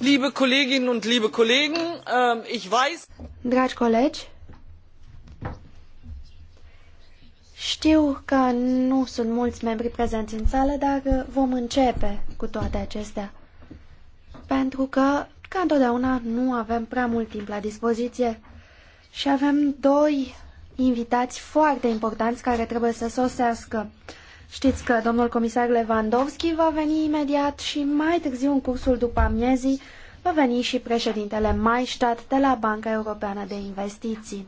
Liebe Kolleginnen und liebe Kollegen, ähm, ich weiß. Dragi colegi, știu că nu sunt mulți membri prezenți în sală, dar vom începe cu toate acestea. Pentru că, ca întotdeauna, nu avem prea mult timp la dispoziție și avem doi invitați foarte importanți care trebuie să sosească. Știți că domnul comisar Lewandowski va veni imediat și mai târziu în cursul după amiezii va veni și președintele Maistat de la Banca Europeană de Investiții.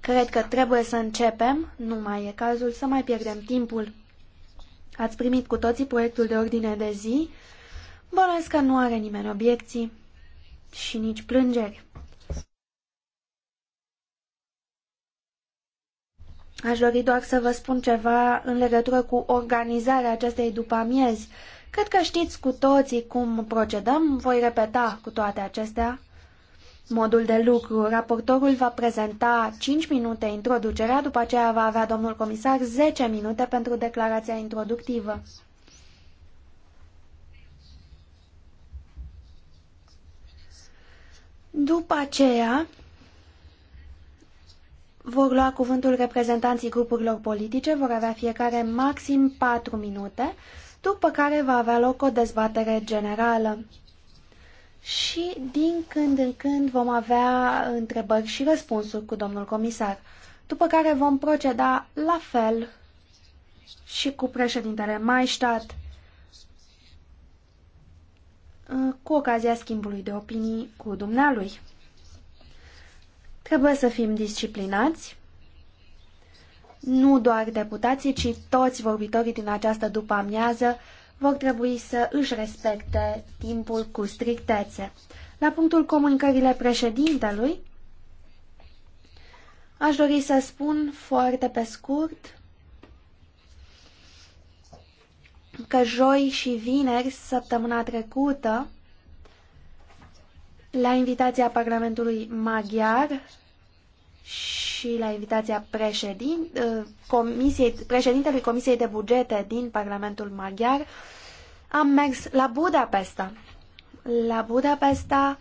Cred că trebuie să începem, nu mai e cazul să mai pierdem timpul. Ați primit cu toții proiectul de ordine de zi? Bănuiesc că nu are nimeni obiecții și nici plângeri. Aș dori doar să vă spun ceva în legătură cu organizarea acestei după amiezi. Cred că știți cu toții cum procedăm, voi repeta cu toate acestea. Modul de lucru. Raportorul va prezenta 5 minute introducerea, după aceea va avea domnul comisar 10 minute pentru declarația introductivă. După aceea, vor lua cuvântul reprezentanții grupurilor politice, vor avea fiecare maxim 4 minute, după care va avea loc o dezbatere generală. Și din când în când vom avea întrebări și răspunsuri cu domnul comisar, după care vom proceda la fel și cu președintele Maistat cu ocazia schimbului de opinii cu dumnealui. Trebuie să fim disciplinați, nu doar deputații, ci toți vorbitorii din această după-amiază vor trebui să își respecte timpul cu strictețe. La punctul comunicările președintelui, aș dori să spun foarte pe scurt că joi și vineri, săptămâna trecută, la invitația Parlamentului Maghiar și la invitația președin, ă, comisiei, președintelui Comisiei de Bugete din Parlamentul Maghiar, am mers la Budapesta. La Budapesta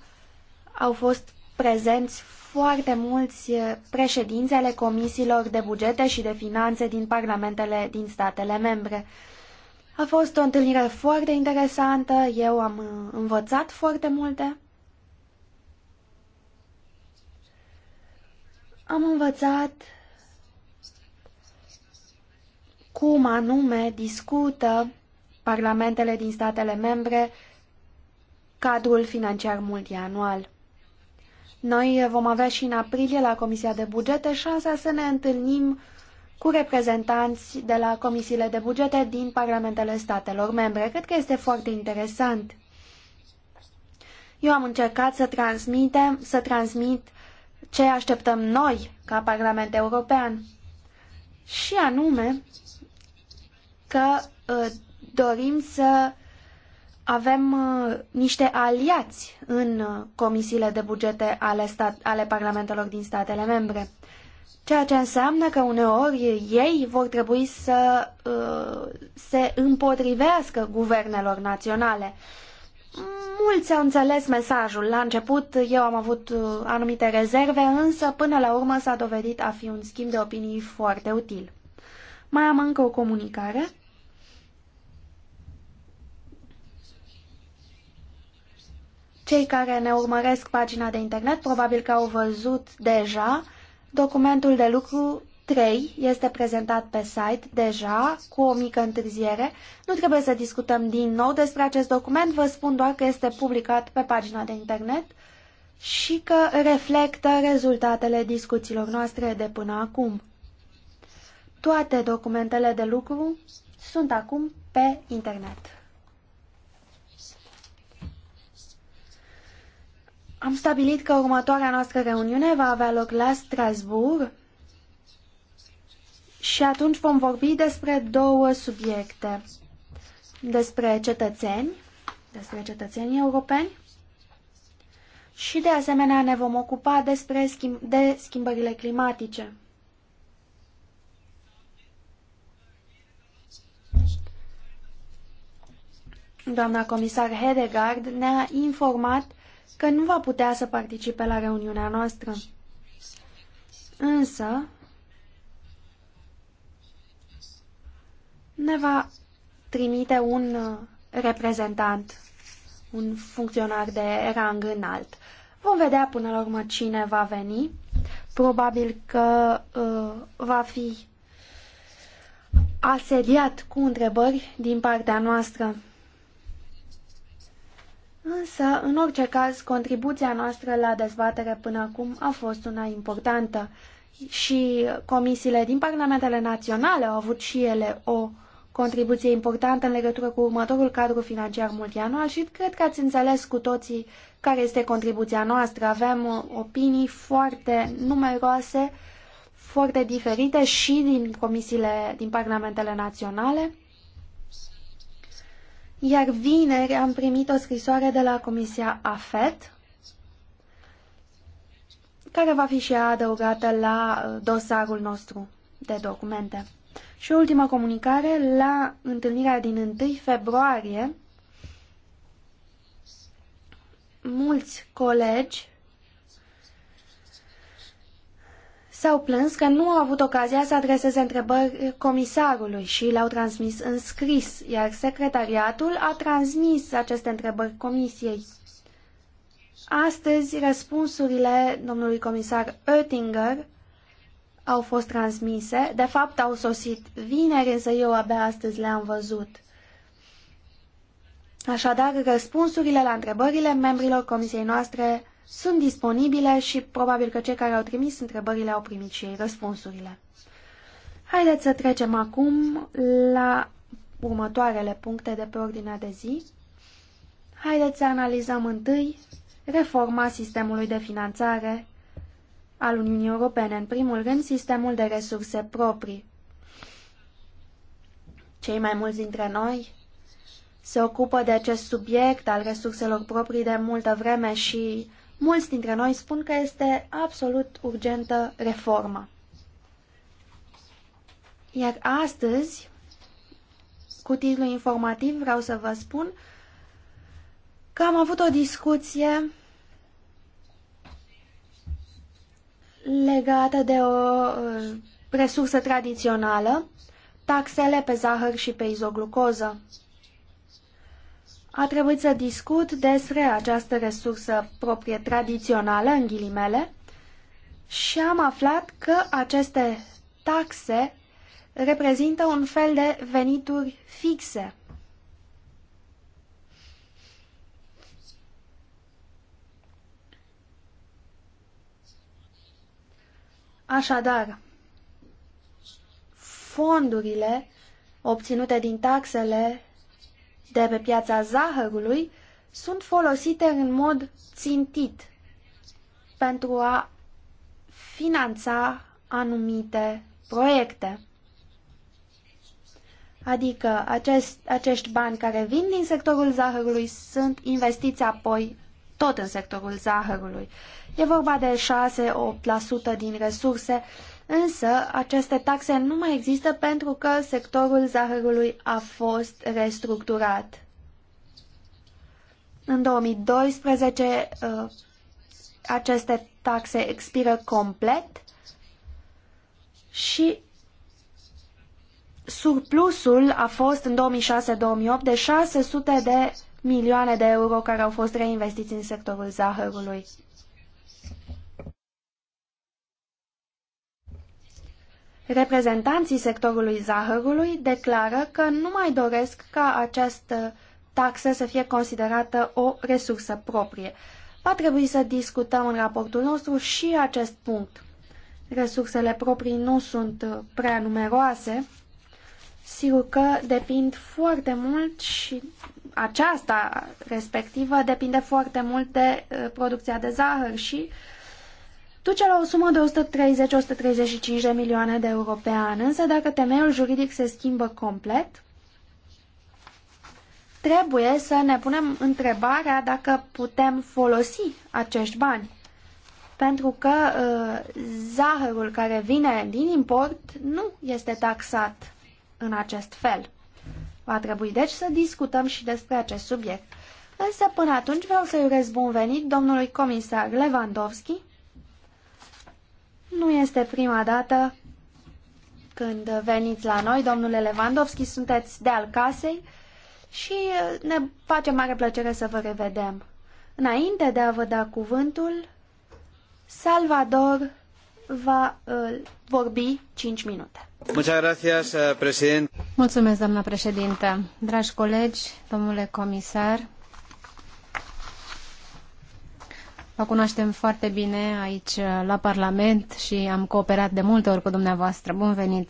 au fost prezenți foarte mulți ă, președinți ale comisiilor de bugete și de finanțe din parlamentele din statele membre. A fost o întâlnire foarte interesantă, eu am ă, învățat foarte multe. Am învățat cum anume discută parlamentele din statele membre cadrul financiar multianual. Noi vom avea și în aprilie la Comisia de Bugete șansa să ne întâlnim cu reprezentanți de la comisiile de bugete din parlamentele statelor membre. Cred că este foarte interesant. Eu am încercat să, transmitem, să transmit ce așteptăm noi ca Parlament European. Și anume că uh, dorim să avem uh, niște aliați în uh, comisiile de bugete ale, stat, ale parlamentelor din statele membre. Ceea ce înseamnă că uneori ei vor trebui să uh, se împotrivească guvernelor naționale. Uh, Mulți au înțeles mesajul. La început eu am avut uh, anumite rezerve, însă până la urmă s-a dovedit a fi un schimb de opinii foarte util. Mai am încă o comunicare. Cei care ne urmăresc pagina de internet probabil că au văzut deja documentul de lucru 3 este prezentat pe site deja, cu o mică întârziere. Nu trebuie să discutăm din nou despre acest document, vă spun doar că este publicat pe pagina de internet și că reflectă rezultatele discuțiilor noastre de până acum. Toate documentele de lucru sunt acum pe internet. Am stabilit că următoarea noastră reuniune va avea loc la Strasbourg și atunci vom vorbi despre două subiecte. Despre cetățeni, despre cetățenii europeni și de asemenea ne vom ocupa despre schimb de schimbările climatice. Doamna comisar Hedegaard ne-a informat că nu va putea să participe la reuniunea noastră. Însă, ne va trimite un uh, reprezentant, un funcționar de rang înalt. Vom vedea până la urmă cine va veni. Probabil că uh, va fi asediat cu întrebări din partea noastră. Însă, în orice caz, contribuția noastră la dezbatere până acum a fost una importantă și comisiile din parlamentele naționale au avut și ele o contribuție importantă în legătură cu următorul cadru financiar multianual și cred că ați înțeles cu toții care este contribuția noastră. Avem uh, opinii foarte numeroase, foarte diferite și din comisiile din parlamentele naționale. Iar vineri am primit o scrisoare de la Comisia AFET, care va fi și ea adăugată la uh, dosarul nostru de documente. Și ultima comunicare, la întâlnirea din 1 februarie, mulți colegi s-au plâns că nu au avut ocazia să adreseze întrebări comisarului și le-au transmis în scris, iar secretariatul a transmis aceste întrebări comisiei. Astăzi, răspunsurile domnului comisar Oettinger au fost transmise. De fapt, au sosit vineri, însă eu abia astăzi le-am văzut. Așadar, răspunsurile la întrebările membrilor comisiei noastre sunt disponibile și probabil că cei care au trimis întrebările au primit și ei răspunsurile. Haideți să trecem acum la următoarele puncte de pe ordinea de zi. Haideți să analizăm întâi reforma sistemului de finanțare al Uniunii Europene, în primul rând sistemul de resurse proprii. Cei mai mulți dintre noi se ocupă de acest subiect al resurselor proprii de multă vreme și mulți dintre noi spun că este absolut urgentă reformă. Iar astăzi, cu titlul informativ, vreau să vă spun că am avut o discuție legată de o uh, resursă tradițională, taxele pe zahăr și pe izoglucoză. A trebuit să discut despre această resursă proprie tradițională, în ghilimele, și am aflat că aceste taxe reprezintă un fel de venituri fixe Așadar, fondurile obținute din taxele de pe piața zahărului sunt folosite în mod țintit pentru a finanța anumite proiecte. Adică acest, acești bani care vin din sectorul zahărului sunt investiți apoi tot în sectorul zahărului. E vorba de 6-8% din resurse, însă aceste taxe nu mai există pentru că sectorul zahărului a fost restructurat. În 2012 uh, aceste taxe expiră complet și surplusul a fost în 2006-2008 de 600 de milioane de euro care au fost reinvestiți în sectorul zahărului. Reprezentanții sectorului zahărului declară că nu mai doresc ca această taxă să fie considerată o resursă proprie. Va trebui să discutăm în raportul nostru și acest punct. Resursele proprii nu sunt prea numeroase. Sigur că depind foarte mult și aceasta respectivă depinde foarte mult de eh, producția de zahăr și uh, duce la o sumă de 130-135 de milioane de euro pe an, însă dacă temeiul juridic se schimbă complet, trebuie să ne punem întrebarea dacă putem folosi acești bani. Pentru că uh, zahărul care vine din import nu este taxat în acest fel. Va trebui deci să discutăm și despre acest subiect. Însă până atunci vreau să-i urez bun venit domnului comisar Lewandowski nu este prima dată când veniți la noi, domnule Lewandowski, sunteți de al casei și uh, ne face mare plăcere să vă revedem. Înainte de a vă da cuvântul, Salvador va uh, vorbi 5 minute. Uh, Mulțumesc, doamna președinte. Dragi colegi, domnule comisar, Vă cunoaștem foarte bine aici uh, la Parlament și am cooperat de multe ori cu dumneavoastră. Bun venit!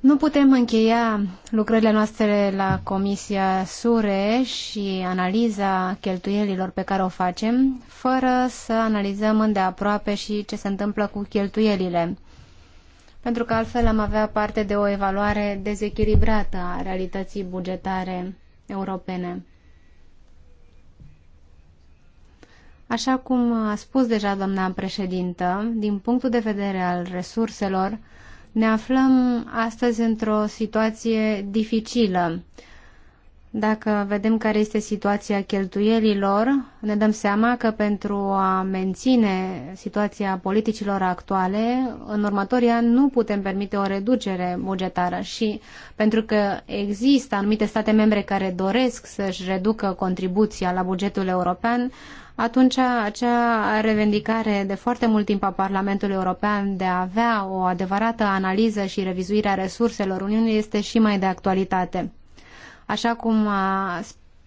Nu putem încheia lucrările noastre la Comisia Sure și analiza cheltuielilor pe care o facem, fără să analizăm îndeaproape și ce se întâmplă cu cheltuielile pentru că altfel am avea parte de o evaluare dezechilibrată a realității bugetare europene. Așa cum a spus deja doamna președintă, din punctul de vedere al resurselor, ne aflăm astăzi într-o situație dificilă dacă vedem care este situația cheltuielilor, ne dăm seama că pentru a menține situația politicilor actuale, în următorii ani nu putem permite o reducere bugetară și pentru că există anumite state membre care doresc să-și reducă contribuția la bugetul european, atunci acea revendicare de foarte mult timp a Parlamentului European de a avea o adevărată analiză și revizuire a resurselor Uniunii este și mai de actualitate. Așa cum a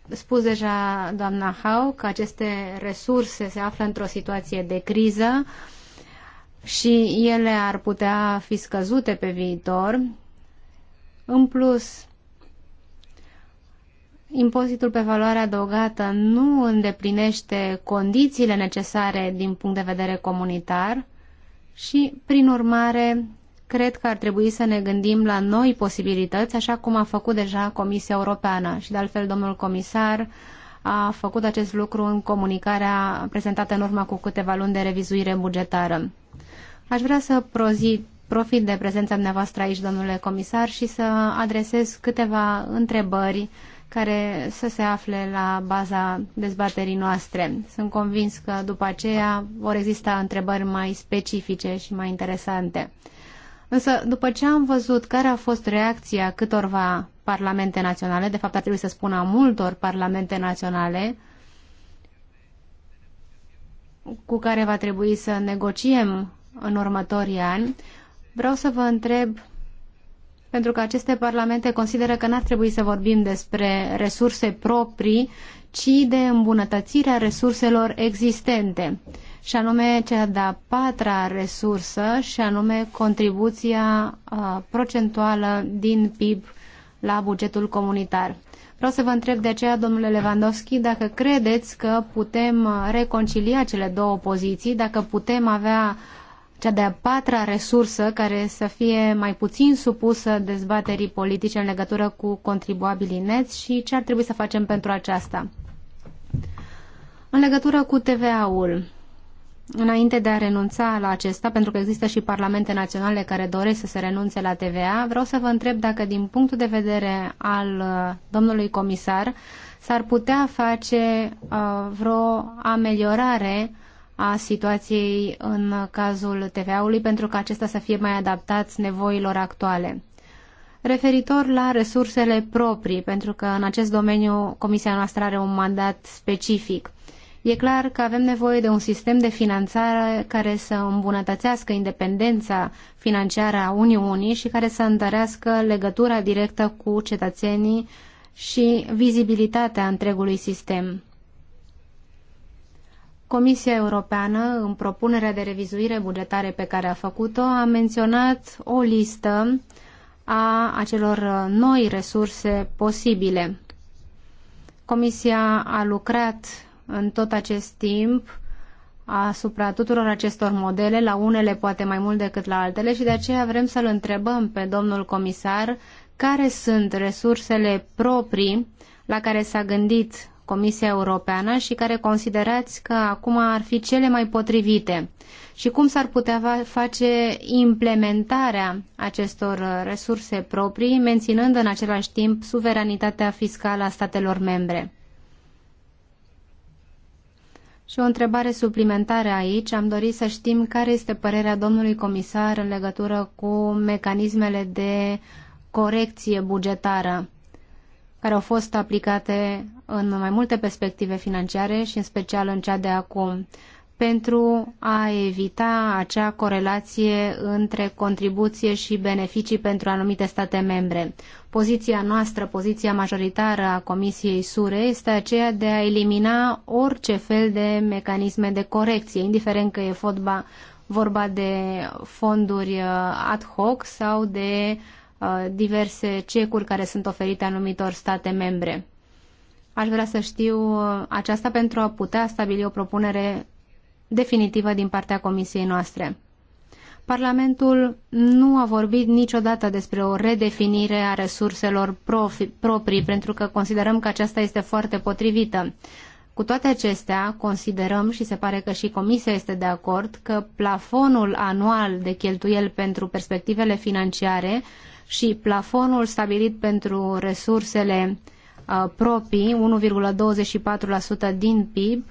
spus deja doamna Hau, că aceste resurse se află într-o situație de criză și ele ar putea fi scăzute pe viitor. În plus, impozitul pe valoare adăugată nu îndeplinește condițiile necesare din punct de vedere comunitar și, prin urmare, cred că ar trebui să ne gândim la noi posibilități, așa cum a făcut deja Comisia Europeană. Și de altfel, domnul comisar a făcut acest lucru în comunicarea prezentată în urmă cu câteva luni de revizuire bugetară. Aș vrea să prozi, profit de prezența dumneavoastră aici, domnule comisar, și să adresez câteva întrebări care să se afle la baza dezbaterii noastre. Sunt convins că după aceea vor exista întrebări mai specifice și mai interesante. Însă, după ce am văzut care a fost reacția câtorva parlamente naționale, de fapt ar trebui să spun a multor parlamente naționale, cu care va trebui să negociem în următorii ani, vreau să vă întreb, pentru că aceste parlamente consideră că n-ar trebui să vorbim despre resurse proprii, ci de îmbunătățirea resurselor existente și anume cea de-a patra resursă și anume contribuția uh, procentuală din PIB la bugetul comunitar. Vreau să vă întreb de aceea, domnule Lewandowski, dacă credeți că putem uh, reconcilia cele două poziții, dacă putem avea cea de-a patra resursă care să fie mai puțin supusă dezbaterii politice în legătură cu contribuabilii neți și ce ar trebui să facem pentru aceasta. În legătură cu TVA-ul, înainte de a renunța la acesta, pentru că există și parlamente naționale care doresc să se renunțe la TVA, vreau să vă întreb dacă din punctul de vedere al uh, domnului comisar s-ar putea face uh, vreo ameliorare a situației în cazul TVA-ului pentru ca acesta să fie mai adaptat nevoilor actuale. Referitor la resursele proprii, pentru că în acest domeniu Comisia noastră are un mandat specific, E clar că avem nevoie de un sistem de finanțare care să îmbunătățească independența financiară a Uniunii și care să întărească legătura directă cu cetățenii și vizibilitatea întregului sistem. Comisia Europeană, în propunerea de revizuire bugetare pe care a făcut-o, a menționat o listă a acelor noi resurse posibile. Comisia a lucrat în tot acest timp asupra tuturor acestor modele, la unele poate mai mult decât la altele și de aceea vrem să-l întrebăm pe domnul comisar care sunt resursele proprii la care s-a gândit Comisia Europeană și care considerați că acum ar fi cele mai potrivite și cum s-ar putea face implementarea acestor resurse proprii, menținând în același timp suveranitatea fiscală a statelor membre. Și o întrebare suplimentară aici. Am dorit să știm care este părerea domnului comisar în legătură cu mecanismele de corecție bugetară care au fost aplicate în mai multe perspective financiare și în special în cea de acum pentru a evita acea corelație între contribuție și beneficii pentru anumite state membre. Poziția noastră, poziția majoritară a Comisiei SURE este aceea de a elimina orice fel de mecanisme de corecție, indiferent că e fotba, vorba de fonduri uh, ad hoc sau de uh, diverse cecuri care sunt oferite anumitor state membre. Aș vrea să știu uh, aceasta pentru a putea stabili o propunere definitivă din partea comisiei noastre. Parlamentul nu a vorbit niciodată despre o redefinire a resurselor profi, proprii, pentru că considerăm că aceasta este foarte potrivită. Cu toate acestea, considerăm și se pare că și Comisia este de acord că plafonul anual de cheltuieli pentru perspectivele financiare și plafonul stabilit pentru resursele uh, proprii, 1,24% din PIB,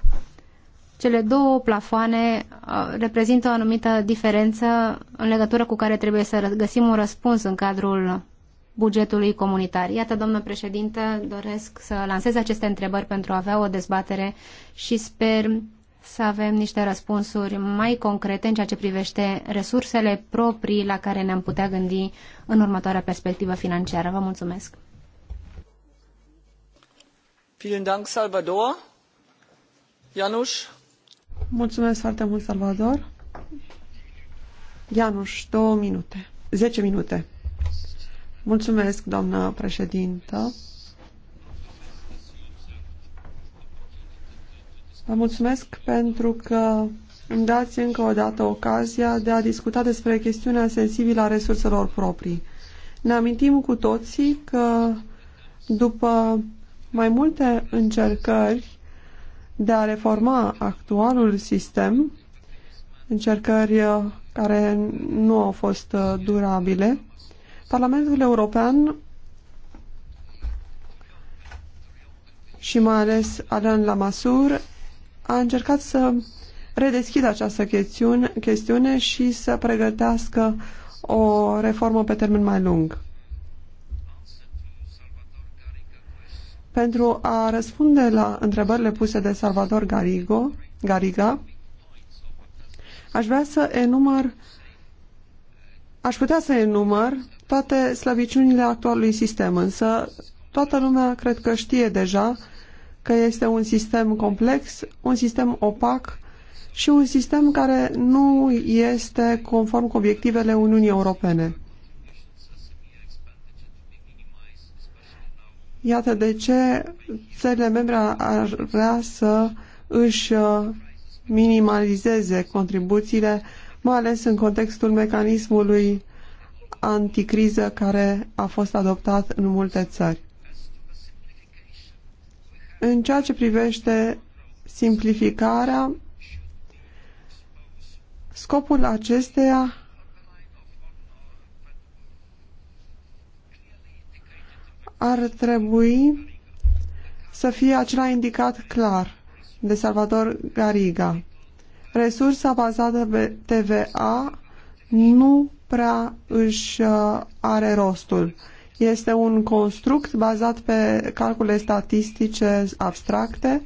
cele două plafoane uh, reprezintă o anumită diferență în legătură cu care trebuie să găsim un răspuns în cadrul bugetului comunitar. Iată, domnul președinte, doresc să lansez aceste întrebări pentru a avea o dezbatere și sper să avem niște răspunsuri mai concrete în ceea ce privește resursele proprii la care ne-am putea gândi în următoarea perspectivă financiară. Vă mulțumesc! Vielen Dank, Salvador. Janusz? Mulțumesc foarte mult, Salvador. Ianuș, două minute. Zece minute. Mulțumesc, doamnă președintă. Vă mulțumesc pentru că îmi dați încă o dată ocazia de a discuta despre chestiunea sensibilă a resurselor proprii. Ne amintim cu toții că după mai multe încercări de a reforma actualul sistem, încercări uh, care nu au fost uh, durabile, Parlamentul European și mai ales Alain Lamassur a încercat să redeschidă această chestiune, chestiune și să pregătească o reformă pe termen mai lung. pentru a răspunde la întrebările puse de Salvador Garigo, Gariga, aș vrea să enumăr aș putea să enumăr toate slăbiciunile actualului sistem, însă toată lumea cred că știe deja că este un sistem complex, un sistem opac și un sistem care nu este conform cu obiectivele Uniunii Europene. Iată de ce țările membre ar vrea să își uh, minimalizeze contribuțiile, mai ales în contextul mecanismului anticriză care a fost adoptat în multe țări. În ceea ce privește simplificarea, scopul acesteia ar trebui să fie acela indicat clar de Salvador Gariga. Resursa bazată pe TVA nu prea își uh, are rostul. Este un construct bazat pe calcule statistice abstracte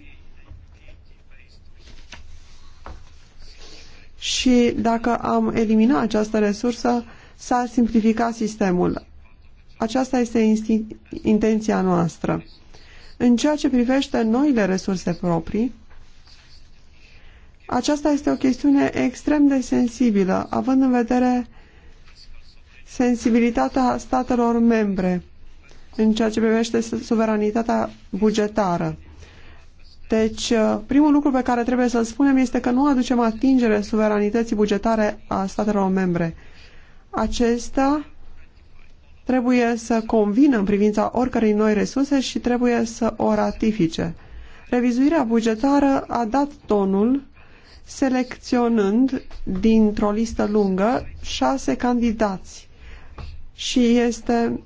și dacă am elimina această resursă, s-ar simplifica sistemul. Aceasta este intenția noastră. În ceea ce privește noile resurse proprii, aceasta este o chestiune extrem de sensibilă, având în vedere sensibilitatea statelor membre în ceea ce privește suveranitatea bugetară. Deci, uh, primul lucru pe care trebuie să-l spunem este că nu aducem atingere suveranității bugetare a statelor membre. Acestea trebuie să convină în privința oricărei noi resurse și trebuie să o ratifice. Revizuirea bugetară a dat tonul selecționând dintr-o listă lungă șase candidați și este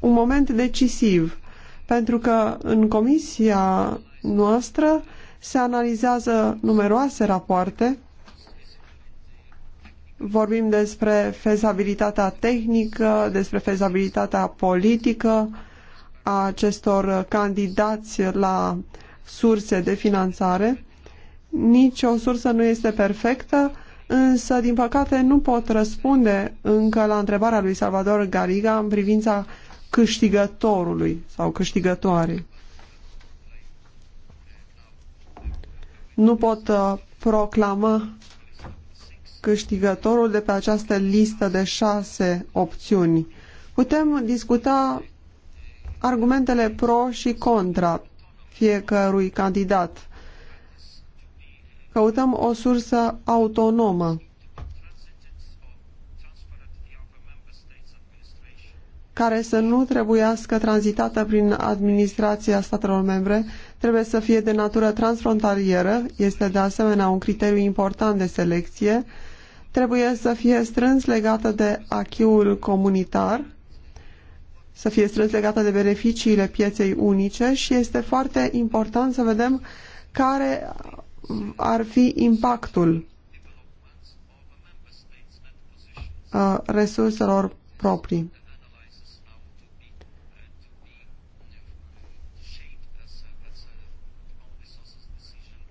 un moment decisiv pentru că în comisia noastră se analizează numeroase rapoarte vorbim despre fezabilitatea tehnică, despre fezabilitatea politică a acestor candidați la surse de finanțare. Nici o sursă nu este perfectă, însă, din păcate, nu pot răspunde încă la întrebarea lui Salvador Gariga în privința câștigătorului sau câștigătoarei. Nu pot uh, proclama câștigătorul de pe această listă de șase opțiuni. Putem discuta argumentele pro și contra fiecărui candidat. Căutăm o sursă autonomă care să nu trebuiască tranzitată prin administrația statelor membre, trebuie să fie de natură transfrontalieră, este de asemenea un criteriu important de selecție, trebuie să fie strâns legată de achiul comunitar, să fie strâns legată de beneficiile pieței unice și este foarte important să vedem care ar fi impactul uh, resurselor proprii.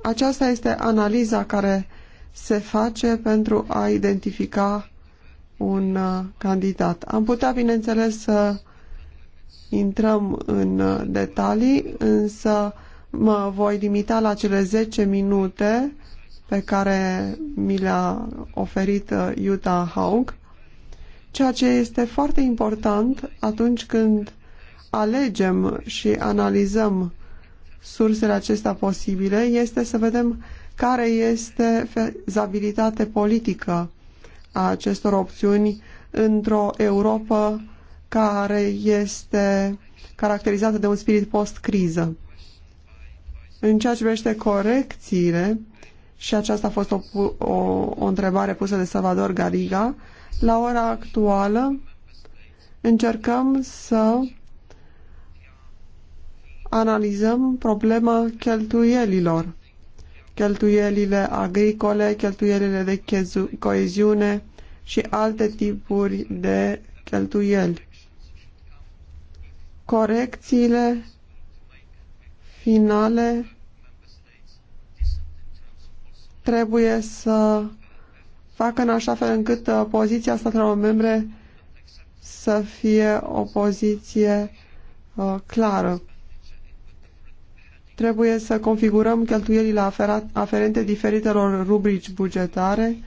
Aceasta este analiza care se face pentru a identifica un uh, candidat. Am putea, bineînțeles, să intrăm în uh, detalii, însă mă voi limita la cele 10 minute pe care mi le-a oferit uh, Utah Haug, ceea ce este foarte important atunci când alegem și analizăm sursele acestea posibile este să vedem care este fezabilitate politică a acestor opțiuni într-o Europa care este caracterizată de un spirit post-criză. În ceea ce privește corecțiile, și aceasta a fost o, o, o întrebare pusă de Salvador Gariga, la ora actuală încercăm să analizăm problema cheltuielilor cheltuielile agricole, cheltuielile de coeziune și alte tipuri de cheltuieli. Corecțiile finale trebuie să facă în așa fel încât uh, poziția statelor membre să fie o poziție uh, clară. Trebuie să configurăm cheltuielile aferente diferitelor rubrici bugetare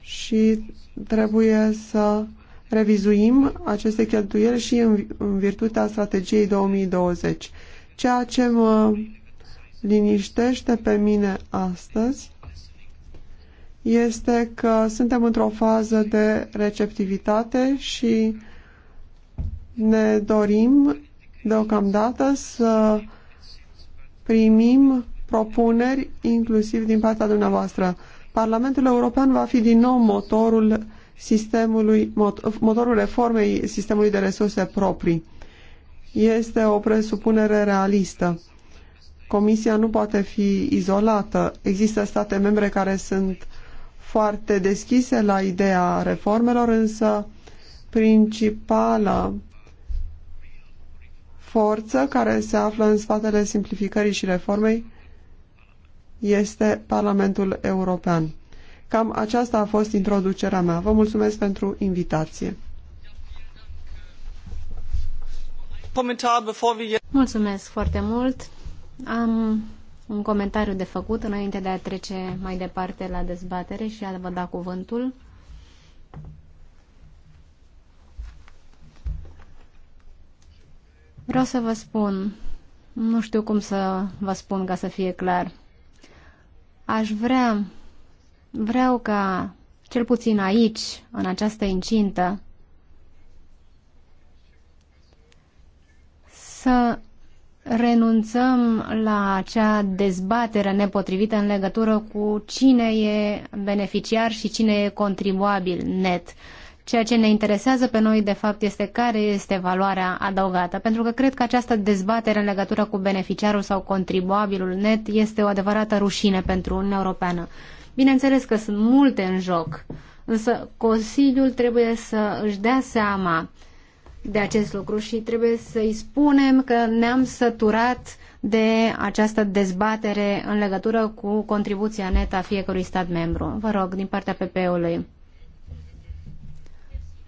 și trebuie să revizuim aceste cheltuieli și în virtutea strategiei 2020. Ceea ce mă liniștește pe mine astăzi este că suntem într-o fază de receptivitate și ne dorim deocamdată să primim propuneri inclusiv din partea dumneavoastră. Parlamentul European va fi din nou motorul sistemului, motorul reformei sistemului de resurse proprii. Este o presupunere realistă. Comisia nu poate fi izolată. Există state membre care sunt foarte deschise la ideea reformelor, însă principala forță care se află în spatele simplificării și reformei este Parlamentul European. Cam aceasta a fost introducerea mea. Vă mulțumesc pentru invitație. Mulțumesc foarte mult. Am un comentariu de făcut înainte de a trece mai departe la dezbatere și a vă da cuvântul. Vreau să vă spun, nu știu cum să vă spun ca să fie clar. Aș vrea, vreau ca, cel puțin aici, în această incintă, să renunțăm la acea dezbatere nepotrivită în legătură cu cine e beneficiar și cine e contribuabil net. Uh, Ceea ce ne interesează pe noi, de fapt, este care este valoarea adăugată, pentru că cred că această dezbatere în legătură cu beneficiarul sau contribuabilul net este o adevărată rușine pentru Uniunea Europeană. Bineînțeles că sunt multe în joc, însă Consiliul trebuie să își dea seama de acest lucru și trebuie să-i spunem că ne-am săturat de această dezbatere în legătură cu contribuția netă a fiecărui stat membru. Vă rog, din partea PP-ului.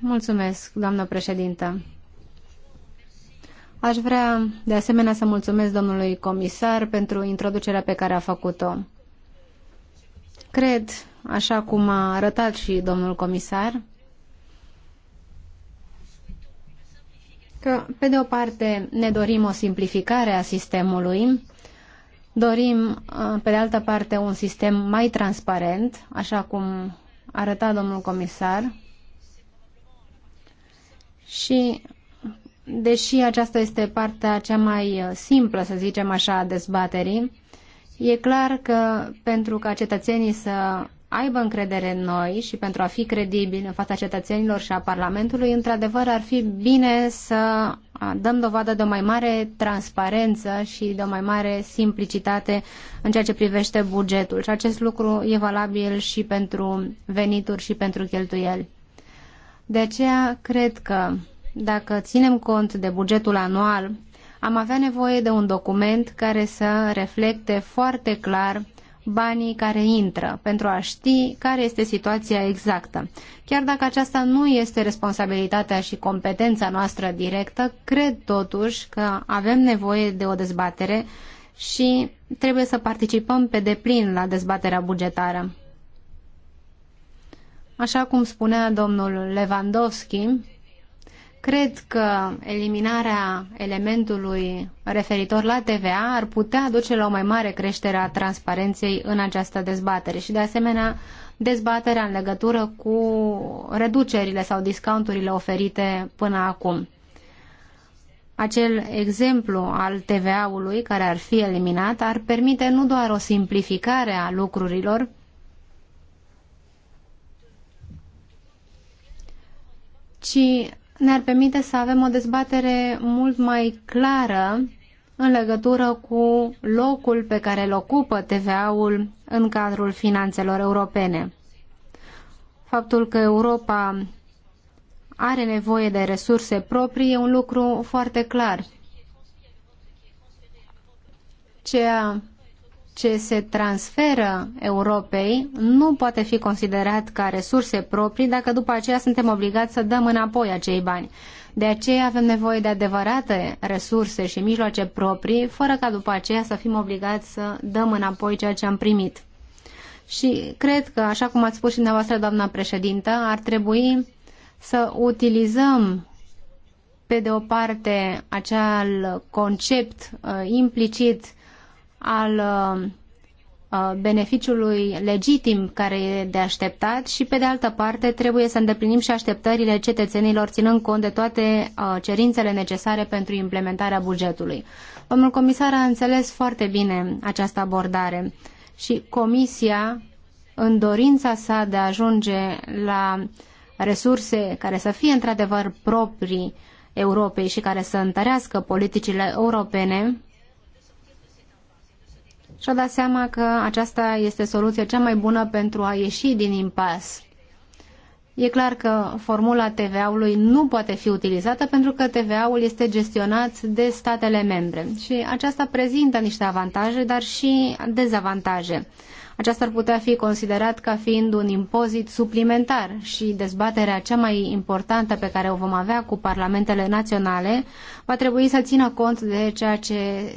Mulțumesc, doamnă președintă. Aș vrea de asemenea să mulțumesc domnului comisar pentru introducerea pe care a făcut-o. Cred, așa cum a arătat și domnul comisar, că, pe de o parte, ne dorim o simplificare a sistemului, dorim, pe de altă parte, un sistem mai transparent, așa cum arăta domnul comisar, și deși aceasta este partea cea mai uh, simplă, să zicem așa, a dezbaterii, e clar că pentru ca cetățenii să aibă încredere în noi și pentru a fi credibili în fața cetățenilor și a Parlamentului, într-adevăr ar fi bine să dăm dovadă de o mai mare transparență și de o mai mare simplicitate în ceea ce privește bugetul. Și acest lucru e valabil și pentru venituri și pentru cheltuieli. De aceea, cred că dacă ținem cont de bugetul anual, am avea nevoie de un document care să reflecte foarte clar banii care intră, pentru a ști care este situația exactă. Chiar dacă aceasta nu este responsabilitatea și competența noastră directă, cred totuși că avem nevoie de o dezbatere și trebuie să participăm pe deplin la dezbaterea bugetară. Așa cum spunea domnul Lewandowski, cred că eliminarea elementului referitor la TVA ar putea duce la o mai mare creștere a transparenței în această dezbatere și, de asemenea, dezbaterea în legătură cu reducerile sau discounturile oferite până acum. Acel exemplu al TVA-ului care ar fi eliminat ar permite nu doar o simplificare a lucrurilor, ci ne-ar permite să avem o dezbatere mult mai clară în legătură cu locul pe care îl ocupă TVA-ul în cadrul finanțelor europene. Faptul că Europa are nevoie de resurse proprii e un lucru foarte clar. Ceea ce se transferă Europei nu poate fi considerat ca resurse proprii dacă după aceea suntem obligați să dăm înapoi acei bani. De aceea avem nevoie de adevărate resurse și mijloace proprii, fără ca după aceea să fim obligați să dăm înapoi ceea ce am primit. Și cred că, așa cum ați spus și dumneavoastră, doamna președintă, ar trebui să utilizăm pe de o parte acel concept uh, implicit al uh, uh, beneficiului legitim care e de așteptat și, pe de altă parte, trebuie să îndeplinim și așteptările cetățenilor, ținând cont de toate uh, cerințele necesare pentru implementarea bugetului. Domnul comisar a înțeles foarte bine această abordare și Comisia, în dorința sa de a ajunge la resurse care să fie într-adevăr proprii Europei și care să întărească politicile europene, și-a dat seama că aceasta este soluția cea mai bună pentru a ieși din impas. E clar că formula TVA-ului nu poate fi utilizată pentru că TVA-ul este gestionat de statele membre și aceasta prezintă niște avantaje, dar și dezavantaje. Aceasta ar putea fi considerat ca fiind un impozit suplimentar și dezbaterea cea mai importantă pe care o vom avea cu parlamentele naționale va trebui să țină cont de ceea ce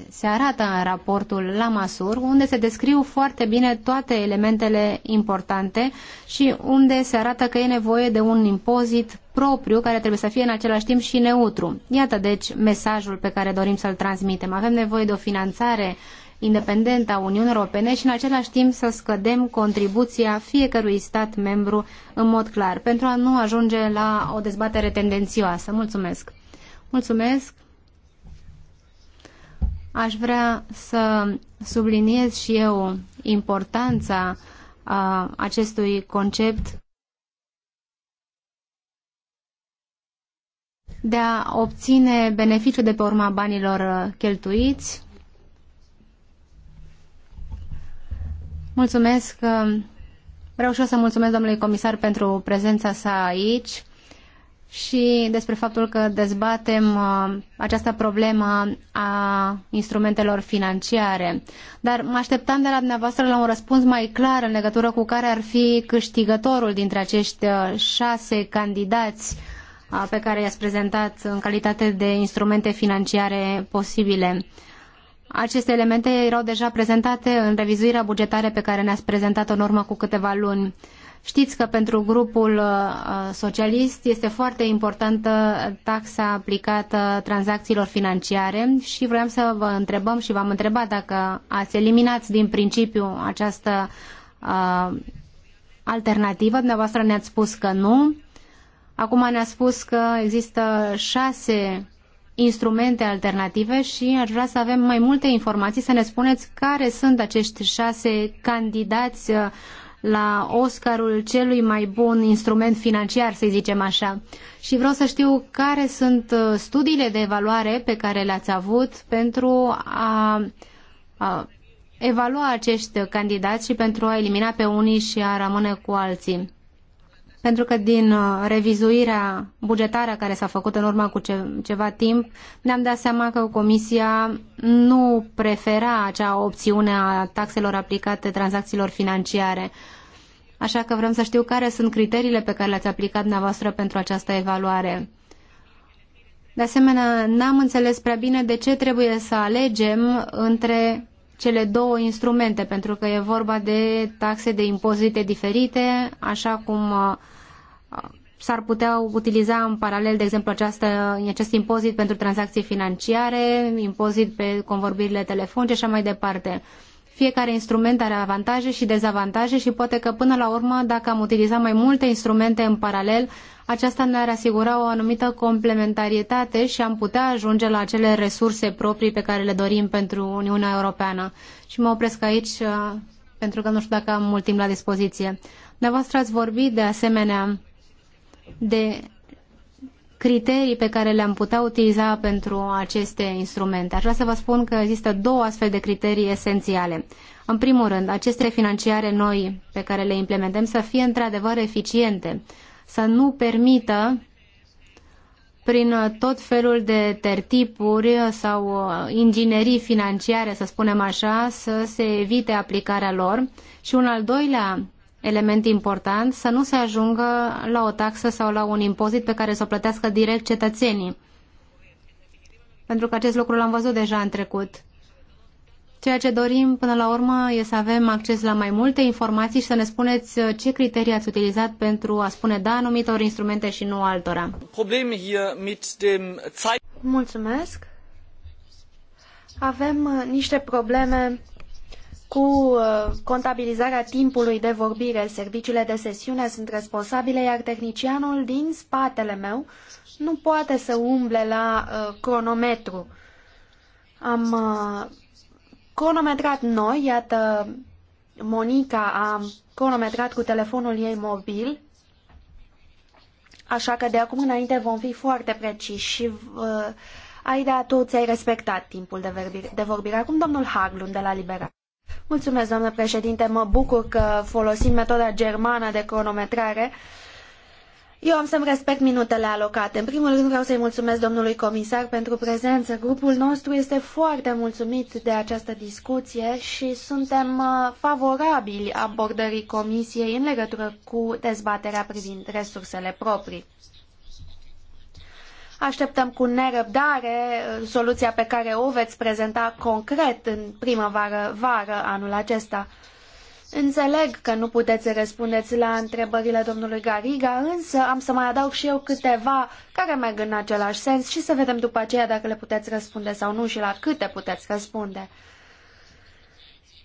se arată în raportul la masur, unde se descriu foarte bine toate elementele importante și unde se arată că e nevoie de un impozit propriu, care trebuie să fie în același timp și neutru. Iată, deci, mesajul pe care dorim să-l transmitem. Avem nevoie de o finanțare independentă a Uniunii Europene și în același timp să scădem contribuția fiecărui stat membru în mod clar, pentru a nu ajunge la o dezbatere tendențioasă. Mulțumesc! Mulțumesc! Aș vrea să subliniez și eu importanța a, acestui concept de a obține beneficiu de pe urma banilor cheltuiți Mulțumesc. Vreau și eu să mulțumesc domnului comisar pentru prezența sa aici și despre faptul că dezbatem uh, această problemă a instrumentelor financiare. Dar mă așteptam de la dumneavoastră la un răspuns mai clar în legătură cu care ar fi câștigătorul dintre acești uh, șase candidați uh, pe care i-ați prezentat în calitate de instrumente financiare posibile. Uh, aceste elemente erau deja prezentate în revizuirea bugetară pe care ne-ați prezentat-o în urmă cu câteva luni. Știți că pentru grupul uh, socialist este foarte importantă taxa aplicată tranzacțiilor financiare și vreau să vă întrebăm și v-am întrebat dacă ați eliminat din principiu această uh, alternativă. Dumneavoastră ne-ați spus că nu. Acum ne-ați spus că există șase instrumente alternative și aș vrea să avem mai multe informații, să ne spuneți care sunt acești șase candidați uh, la Oscarul celui mai bun instrument financiar, să zicem așa. Și vreau să știu care sunt uh, studiile de evaluare pe care le-ați avut pentru a, a evalua acești candidați și pentru a elimina pe unii și a rămâne cu alții pentru că din uh, revizuirea bugetară care s-a făcut în urmă cu ce, ceva timp, ne-am dat seama că Comisia nu prefera acea opțiune a taxelor aplicate tranzacțiilor financiare. Așa că vrem să știu care sunt criteriile pe care le-ați aplicat dumneavoastră pentru această evaluare. De asemenea, n-am înțeles prea bine de ce trebuie să alegem între cele două instrumente, pentru că e vorba de taxe de impozite diferite, așa cum uh, s-ar putea utiliza în paralel, de exemplu, această, acest impozit pentru tranzacții financiare, impozit pe convorbirile telefonice și așa mai departe. Fiecare instrument are avantaje și dezavantaje și poate că până la urmă, dacă am utilizat mai multe instrumente în paralel, aceasta ne-ar asigura o anumită complementarietate și am putea ajunge la acele resurse proprii pe care le dorim pentru Uniunea Europeană. Și mă opresc aici uh, pentru că nu știu dacă am mult timp la dispoziție. Dumneavoastră ați vorbit de asemenea de criterii pe care le-am putea utiliza pentru aceste instrumente. Aș vrea să vă spun că există două astfel de criterii esențiale. În primul rând, aceste financiare noi pe care le implementăm să fie într-adevăr eficiente, să nu permită prin tot felul de tertipuri sau inginerii financiare, să spunem așa, să se evite aplicarea lor. Și un al doilea element important, să nu se ajungă la o taxă sau la un impozit pe care să o plătească direct cetățenii. Pentru că acest lucru l-am văzut deja în trecut. Ceea ce dorim până la urmă e să avem acces la mai multe informații și să ne spuneți uh, ce criterii ați utilizat pentru a spune da anumitor instrumente și nu altora. Mulțumesc. Avem uh, niște probleme cu uh, contabilizarea timpului de vorbire, serviciile de sesiune sunt responsabile, iar tehnicianul din spatele meu nu poate să umble la uh, cronometru. Am uh, cronometrat noi, iată, Monica a cronometrat cu telefonul ei mobil, așa că de acum înainte vom fi foarte preciși și uh, Aida, tu ți-ai respectat timpul de vorbire. De vorbire. Acum domnul Haglund de la Libera. Mulțumesc, doamnă președinte. Mă bucur că folosim metoda germană de cronometrare. Eu am să-mi respect minutele alocate. În primul rând vreau să-i mulțumesc domnului comisar pentru prezență. Grupul nostru este foarte mulțumit de această discuție și suntem uh, favorabili abordării comisiei în legătură cu dezbaterea privind resursele proprii. Așteptăm cu nerăbdare uh, soluția pe care o veți prezenta concret în primăvară-vară anul acesta. Înțeleg că nu puteți răspundeți la întrebările domnului Gariga, însă am să mai adaug și eu câteva care merg în același sens și să vedem după aceea dacă le puteți răspunde sau nu și la câte puteți răspunde.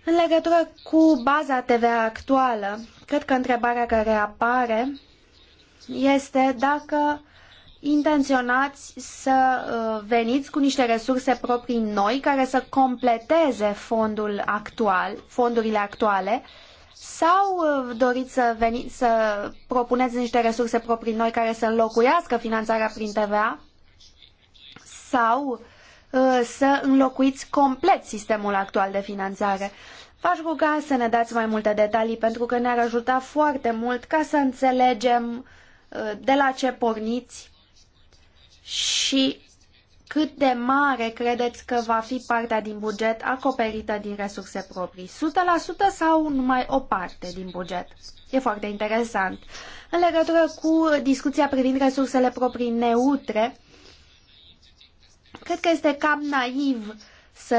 În legătură cu baza TVA actuală, cred că întrebarea care apare este dacă intenționați să uh, veniți cu niște resurse proprii noi care să completeze fondul actual, fondurile actuale sau uh, doriți să, veniți, să propuneți niște resurse proprii noi care să înlocuiască finanțarea prin TVA sau uh, să înlocuiți complet sistemul actual de finanțare. V-aș ruga să ne dați mai multe detalii pentru că ne-ar ajuta foarte mult ca să înțelegem de la ce porniți și cât de mare credeți că va fi partea din buget acoperită din resurse proprii? 100% sau numai o parte din buget? E foarte interesant. În legătură cu discuția privind resursele proprii neutre, cred că este cam naiv să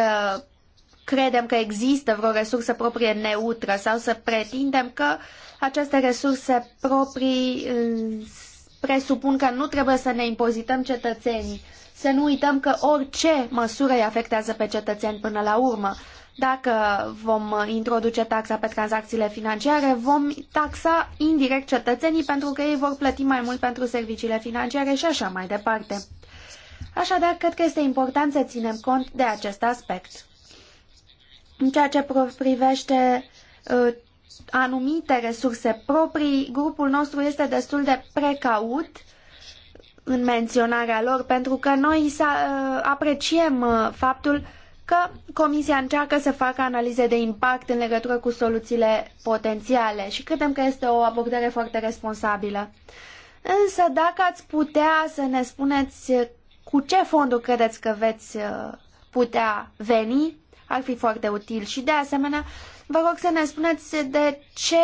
credem că există vreo resursă proprie neutră sau să pretindem că aceste resurse proprii presupun că nu trebuie să ne impozităm cetățenii, să nu uităm că orice măsură îi afectează pe cetățeni până la urmă. Dacă vom introduce taxa pe tranzacțiile financiare, vom taxa indirect cetățenii pentru că ei vor plăti mai mult pentru serviciile financiare și așa mai departe. Așadar, cred că este important să ținem cont de acest aspect. În ceea ce privește uh, anumite resurse proprii, grupul nostru este destul de precaut în menționarea lor, pentru că noi uh, apreciem uh, faptul că Comisia încearcă să facă analize de impact în legătură cu soluțiile potențiale și credem că este o abordare foarte responsabilă. Însă dacă ați putea să ne spuneți uh, cu ce fonduri credeți că veți putea veni, ar fi foarte util. Și de asemenea, Vă rog să ne spuneți de ce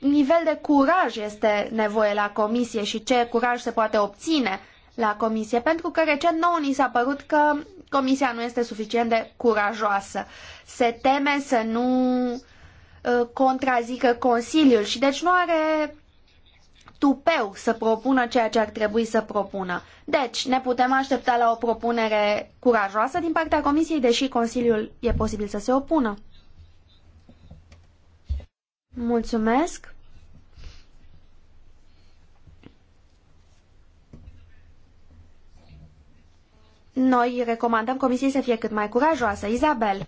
nivel de curaj este nevoie la comisie și ce curaj se poate obține la comisie, pentru că recent nouă ni s-a părut că comisia nu este suficient de curajoasă. Se teme să nu ă, contrazică Consiliul și deci nu are tupeu să propună ceea ce ar trebui să propună. Deci, ne putem aștepta la o propunere curajoasă din partea Comisiei, deși Consiliul e posibil să se opună. Mulțumesc. Noi recomandăm comisiei să fie cât mai curajoasă. Izabel.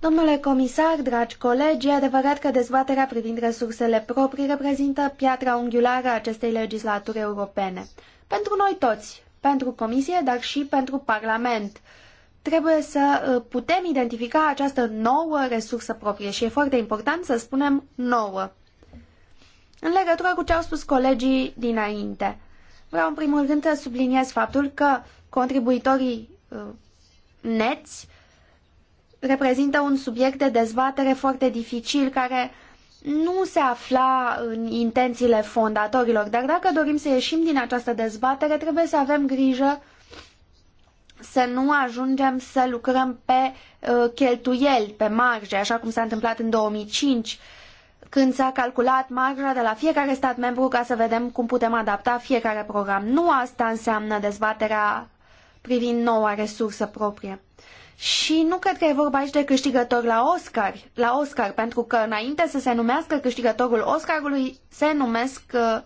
Domnule comisar, dragi colegi, e adevărat că dezbaterea privind resursele proprii reprezintă piatra unghiulară a acestei legislaturi europene. Pentru noi toți, pentru comisie, dar și pentru Parlament. Trebuie să uh, putem identifica această nouă resursă proprie și e foarte important să spunem nouă. În legătură cu ce au spus colegii dinainte, vreau în primul rând să subliniez faptul că contribuitorii uh, neți reprezintă un subiect de dezbatere foarte dificil care nu se afla în intențiile fondatorilor, dar dacă dorim să ieșim din această dezbatere, trebuie să avem grijă să nu ajungem să lucrăm pe uh, cheltuieli, pe marge, așa cum s-a întâmplat în 2005, când s-a calculat marja de la fiecare stat membru ca să vedem cum putem adapta fiecare program. Nu asta înseamnă dezbaterea privind noua resursă proprie. Și nu cred că e vorba aici de câștigător la Oscar, la Oscar pentru că înainte să se numească câștigătorul Oscarului, se numesc uh,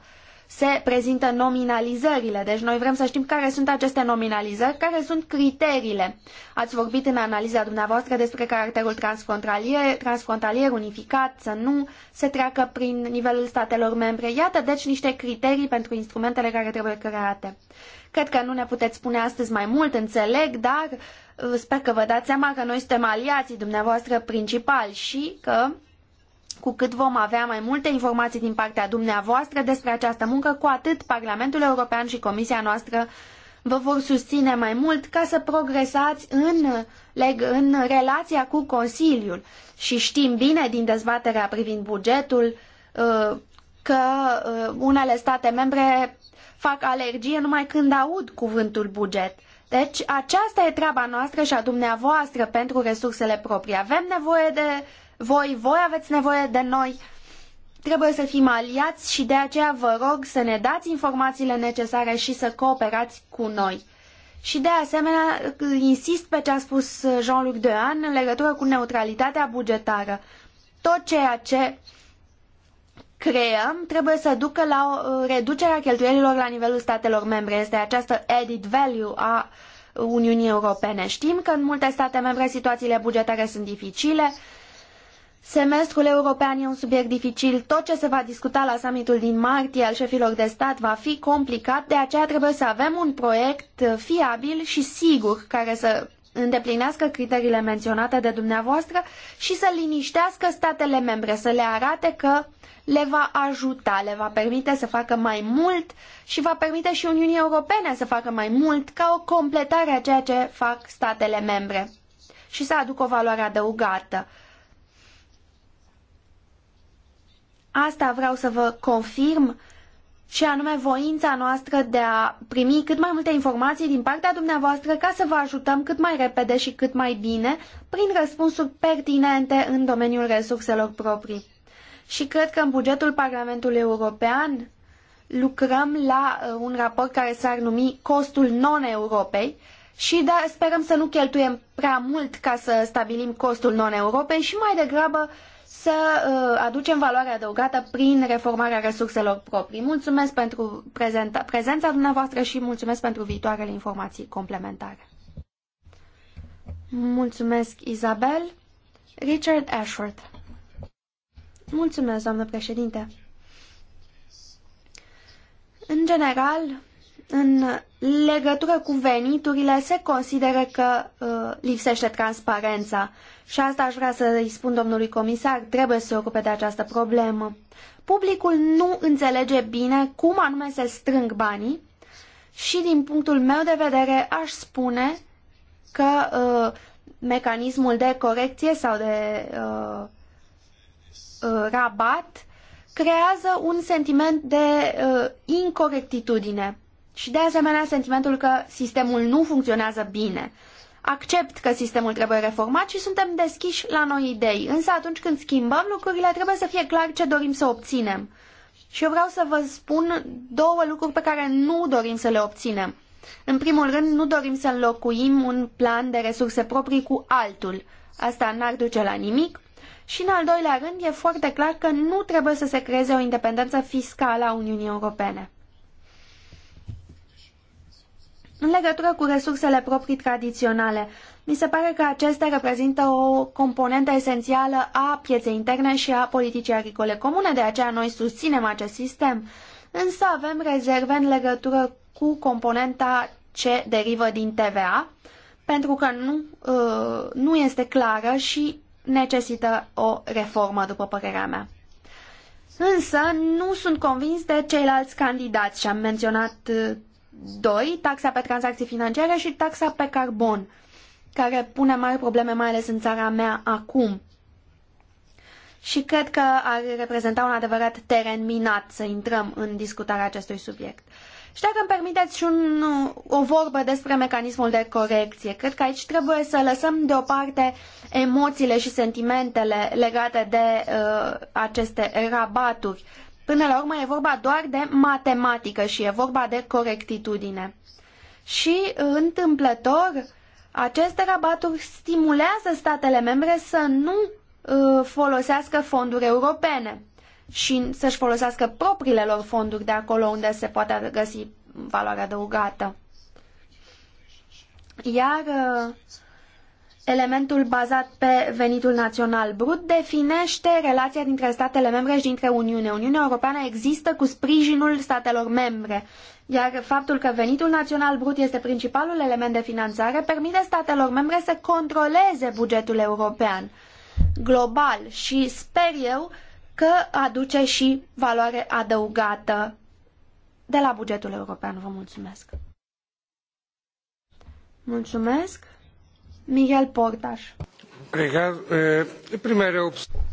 se prezintă nominalizările. Deci noi vrem să știm care sunt aceste nominalizări, care sunt criteriile. Ați vorbit în analiza dumneavoastră despre caracterul transfrontalier, transfrontalier unificat, să nu se treacă prin nivelul statelor membre. Iată deci niște criterii pentru instrumentele care trebuie create. Cred că nu ne puteți spune astăzi mai mult, înțeleg, dar uh, sper că vă dați seama că noi suntem aliații dumneavoastră principali și că cu cât vom avea mai multe informații din partea dumneavoastră despre această muncă, cu atât Parlamentul European și Comisia noastră vă vor susține mai mult ca să progresați în, în relația cu Consiliul. Și știm bine din dezbaterea privind bugetul uh, că uh, unele state membre fac alergie numai când aud cuvântul buget. Deci aceasta e treaba noastră și a dumneavoastră pentru resursele proprii. Avem nevoie de voi, voi aveți nevoie de noi, trebuie să fim aliați și de aceea vă rog să ne dați informațiile necesare și să cooperați cu noi. Și de asemenea, insist pe ce a spus Jean-Luc Dehan în legătură cu neutralitatea bugetară. Tot ceea ce creăm trebuie să ducă la reducerea cheltuielilor la nivelul statelor membre. Este această added value a Uniunii Europene. Știm că în multe state membre situațiile bugetare sunt dificile, Semestrul european e un subiect dificil. Tot ce se va discuta la summitul din martie al șefilor de stat va fi complicat, de aceea trebuie să avem un proiect fiabil și sigur care să îndeplinească criteriile menționate de dumneavoastră și să liniștească statele membre, să le arate că le va ajuta, le va permite să facă mai mult și va permite și Uniunii Europene să facă mai mult ca o completare a ceea ce fac statele membre și să aducă o valoare adăugată. Asta vreau să vă confirm și anume voința noastră de a primi cât mai multe informații din partea dumneavoastră ca să vă ajutăm cât mai repede și cât mai bine prin răspunsuri pertinente în domeniul resurselor proprii. Și cred că în bugetul Parlamentului European lucrăm la uh, un raport care s-ar numi costul non-Europei și da, sperăm să nu cheltuiem prea mult ca să stabilim costul non-Europei și mai degrabă să uh, aducem valoare adăugată prin reformarea resurselor proprii. Mulțumesc pentru prezenta, prezența dumneavoastră și mulțumesc pentru viitoarele informații complementare. Mulțumesc, Isabel. Richard Ashworth. Mulțumesc, doamnă președinte. În general, în legătură cu veniturile se consideră că uh, lipsește transparența. Și asta aș vrea să îi spun domnului comisar, trebuie să se ocupe de această problemă. Publicul nu înțelege bine cum anume se strâng banii și din punctul meu de vedere aș spune că uh, mecanismul de corecție sau de uh, uh rabat creează un sentiment de uh, incorectitudine și de asemenea sentimentul că sistemul nu funcționează bine. Accept că sistemul trebuie reformat și suntem deschiși la noi idei, însă atunci când schimbăm lucrurile trebuie să fie clar ce dorim să obținem. Și eu vreau să vă spun două lucruri pe care nu dorim să le obținem. În primul rând, nu dorim să înlocuim un plan de resurse proprii cu altul. Asta n-ar duce la nimic. Și în al doilea rând, e foarte clar că nu trebuie să se creeze o independență fiscală a Uniunii Europene. În legătură cu resursele proprii tradiționale, mi se pare că acestea reprezintă o componentă esențială a pieței interne și a politicii agricole comune, de aceea noi susținem acest sistem. Însă avem rezerve în legătură cu componenta ce derivă din TVA, pentru că nu, uh, nu este clară și necesită o reformă, după părerea mea. Însă nu sunt convins de ceilalți candidați și am menționat uh, 2, taxa pe tranzacții financiare și taxa pe carbon, care pune mari probleme, mai ales în țara mea acum. Și cred că ar reprezenta un adevărat teren minat să intrăm în discutarea acestui subiect. Și dacă îmi permiteți și un, o vorbă despre mecanismul de corecție, cred că aici trebuie să lăsăm deoparte emoțiile și sentimentele legate de uh, aceste rabaturi. Până la urmă e vorba doar de matematică și e vorba de corectitudine. Și întâmplător, aceste rabaturi stimulează statele membre să nu ă, folosească fonduri europene și să-și folosească propriile lor fonduri de acolo unde se poate găsi valoare adăugată. Iar uh, Elementul bazat pe venitul național brut definește relația dintre statele membre și dintre Uniune. Uniunea Europeană există cu sprijinul statelor membre, iar faptul că venitul național brut este principalul element de finanțare permite statelor membre să controleze bugetul european global și sper eu că aduce și valoare adăugată de la bugetul european. Vă mulțumesc! Mulțumesc! Miguel Portaș.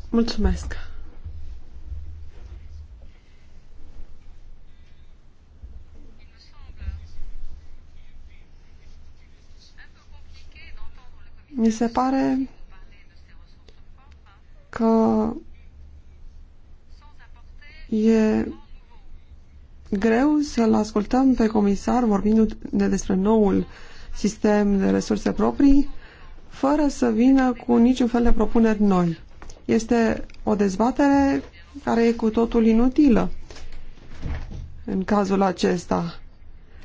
Mulțumesc. Mi se pare că e greu să-l ascultăm pe comisar vorbindu-ne despre noul sistem de resurse proprii fără să vină cu niciun fel de propuneri noi. Este o dezbatere care e cu totul inutilă în cazul acesta.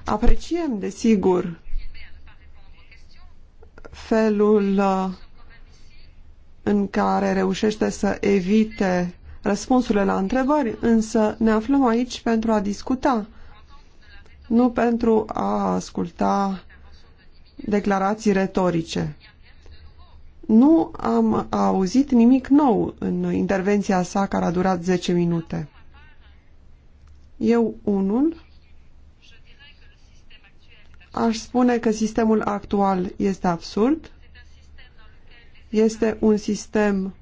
Apreciem, desigur, felul uh, în care reușește să evite răspunsurile la întrebări, însă ne aflăm aici pentru a discuta, nu pentru a asculta declarații retorice. Nu am auzit nimic nou în intervenția sa care a durat 10 minute. Eu, unul, aș spune că sistemul actual este absurd. Este un sistem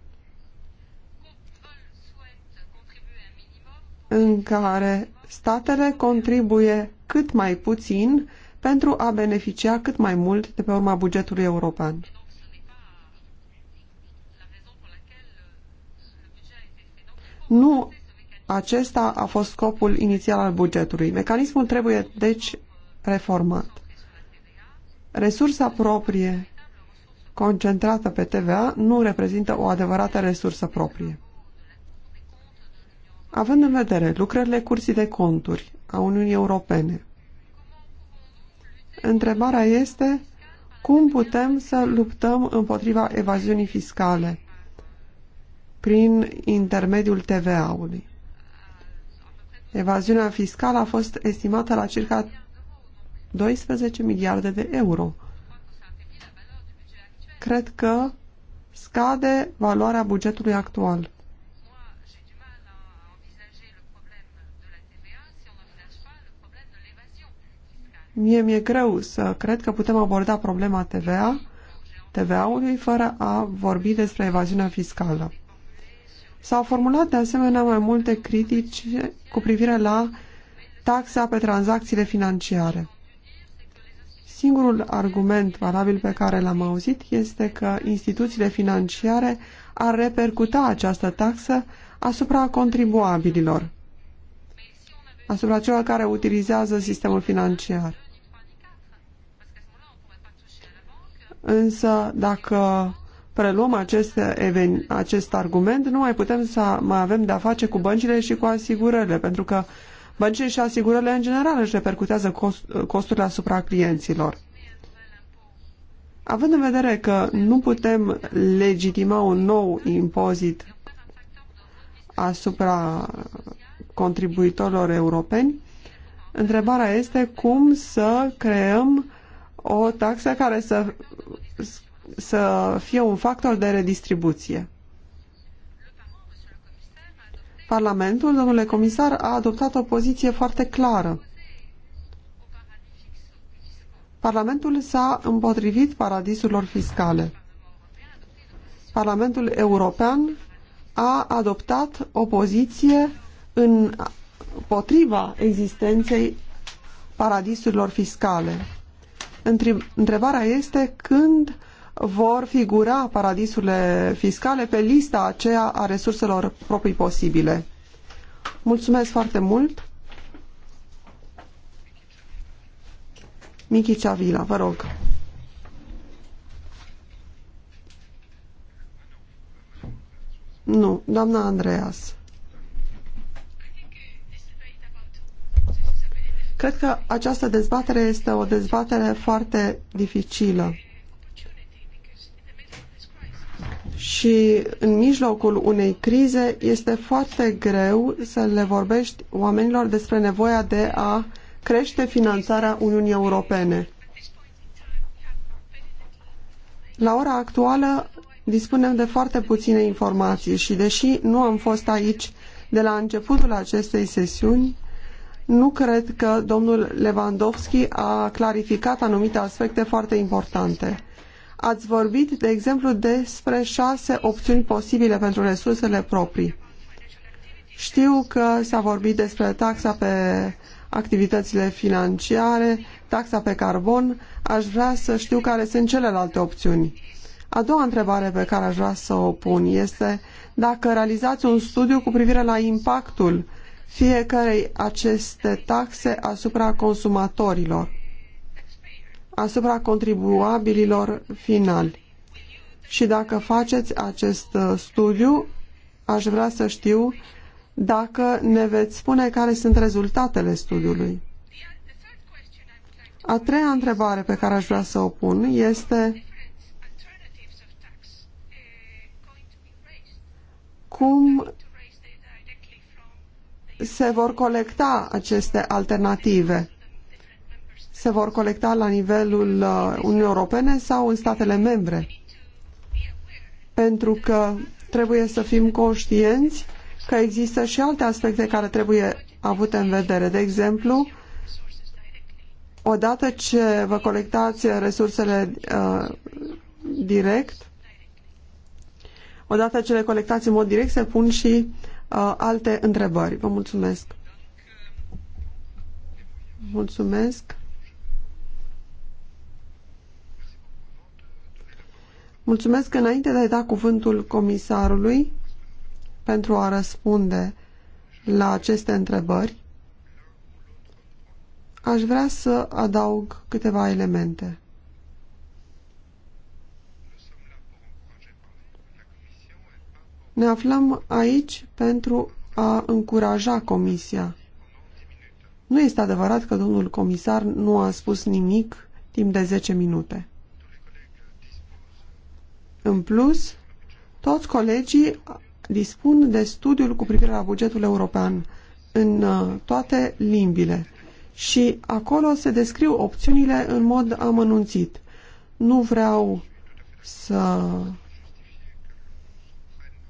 în care statele contribuie cât mai puțin pentru a beneficia cât mai mult de pe urma bugetului european. Nu acesta a fost scopul inițial al bugetului. Mecanismul trebuie, deci, reformat. Resursa proprie concentrată pe TVA nu reprezintă o adevărată resursă proprie. Având în vedere lucrările Curții de Conturi a Uniunii Europene, întrebarea este cum putem să luptăm împotriva evaziunii fiscale prin intermediul TVA-ului. Evaziunea fiscală a fost estimată la circa 12 miliarde de euro. Cred că scade valoarea bugetului actual. Mie mi-e greu să cred că putem aborda problema TVA, tva fără a vorbi despre evaziunea fiscală. S-au formulat de asemenea mai multe critici cu privire la taxa pe tranzacțiile financiare. Singurul argument valabil pe care l-am auzit este că instituțiile financiare ar repercuta această taxă asupra contribuabililor, asupra celor care utilizează sistemul financiar. Însă, dacă preluăm acest, even, acest argument, nu mai putem să mai avem de-a face cu băncile și cu asigurările, pentru că băncile și asigurările în general își repercutează cost, costurile asupra clienților. Având în vedere că nu putem legitima un nou impozit asupra contribuitorilor europeni, întrebarea este cum să creăm o taxă care să să fie un factor de redistribuție. Parlamentul, domnule comisar, a adoptat o poziție foarte clară. Parlamentul s-a împotrivit paradisurilor fiscale. Parlamentul European a adoptat o poziție în potriva existenței paradisurilor fiscale. Întrebarea este când vor figura paradisurile fiscale pe lista aceea a resurselor proprii posibile. Mulțumesc foarte mult! Michi Ceavila, vă rog. Nu, doamna Andreas. Cred că această dezbatere este o dezbatere foarte dificilă. și în mijlocul unei crize este foarte greu să le vorbești oamenilor despre nevoia de a crește finanțarea Uniunii Europene. La ora actuală dispunem de foarte puține informații și deși nu am fost aici de la începutul acestei sesiuni, nu cred că domnul Lewandowski a clarificat anumite aspecte foarte importante. Ați vorbit, de exemplu, despre șase opțiuni posibile pentru resursele proprii. Știu că s-a vorbit despre taxa pe activitățile financiare, taxa pe carbon. Aș vrea să știu care sunt celelalte opțiuni. A doua întrebare pe care aș vrea să o pun este dacă realizați un studiu cu privire la impactul fiecarei aceste taxe asupra consumatorilor asupra contribuabililor finali. Și dacă faceți acest uh, studiu, aș vrea să știu dacă ne veți spune care sunt rezultatele studiului. A treia întrebare pe care aș vrea să o pun este cum se vor colecta aceste alternative? se vor colecta la nivelul uh, Uniunii Europene sau în statele membre. Pentru că trebuie să fim conștienți că există și alte aspecte care trebuie avute în vedere. De exemplu, odată ce vă colectați resursele uh, direct, odată ce le colectați în mod direct, se pun și uh, alte întrebări. Vă mulțumesc! Mulțumesc! Mulțumesc că înainte de a da cuvântul comisarului pentru a răspunde la aceste întrebări, aș vrea să adaug câteva elemente. Ne aflăm aici pentru a încuraja Comisia. Nu este adevărat că domnul comisar nu a spus nimic timp de 10 minute. În plus, toți colegii dispun de studiul cu privire la bugetul european în uh, toate limbile și acolo se descriu opțiunile în mod amănunțit. Nu vreau să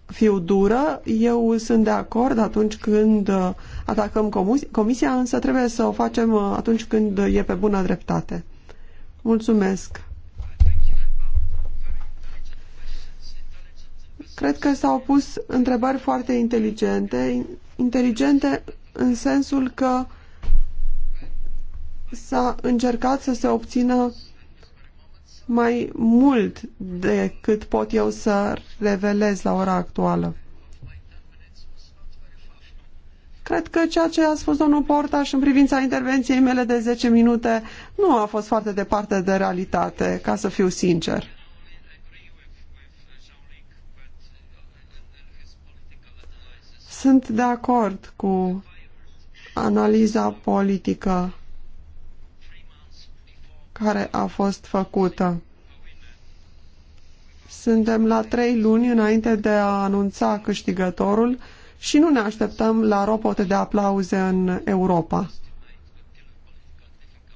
fiu dură, eu sunt de acord atunci când uh, atacăm comisia, însă trebuie să o facem uh, atunci când e pe bună dreptate. Mulțumesc! Cred că s-au pus întrebări foarte inteligente, inteligente în sensul că s-a încercat să se obțină mai mult decât pot eu să revelez la ora actuală. Cred că ceea ce a spus domnul Portaș în privința intervenției mele de 10 minute nu a fost foarte departe de realitate, ca să fiu sincer. Sunt de acord cu analiza politică care a fost făcută. Suntem la trei luni înainte de a anunța câștigătorul și nu ne așteptăm la ropote de aplauze în Europa.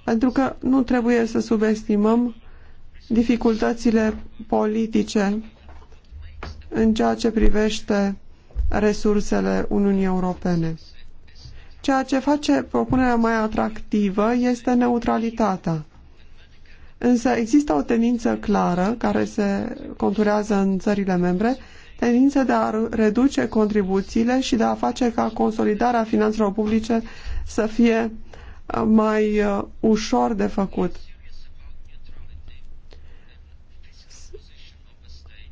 Pentru că nu trebuie să subestimăm dificultățile politice în ceea ce privește resursele Uniunii Europene. Ceea ce face propunerea mai atractivă este neutralitatea. Însă există o tendință clară care se conturează în țările membre, tendință de a reduce contribuțiile și de a face ca consolidarea finanțelor publice să fie uh, mai uh, ușor de făcut.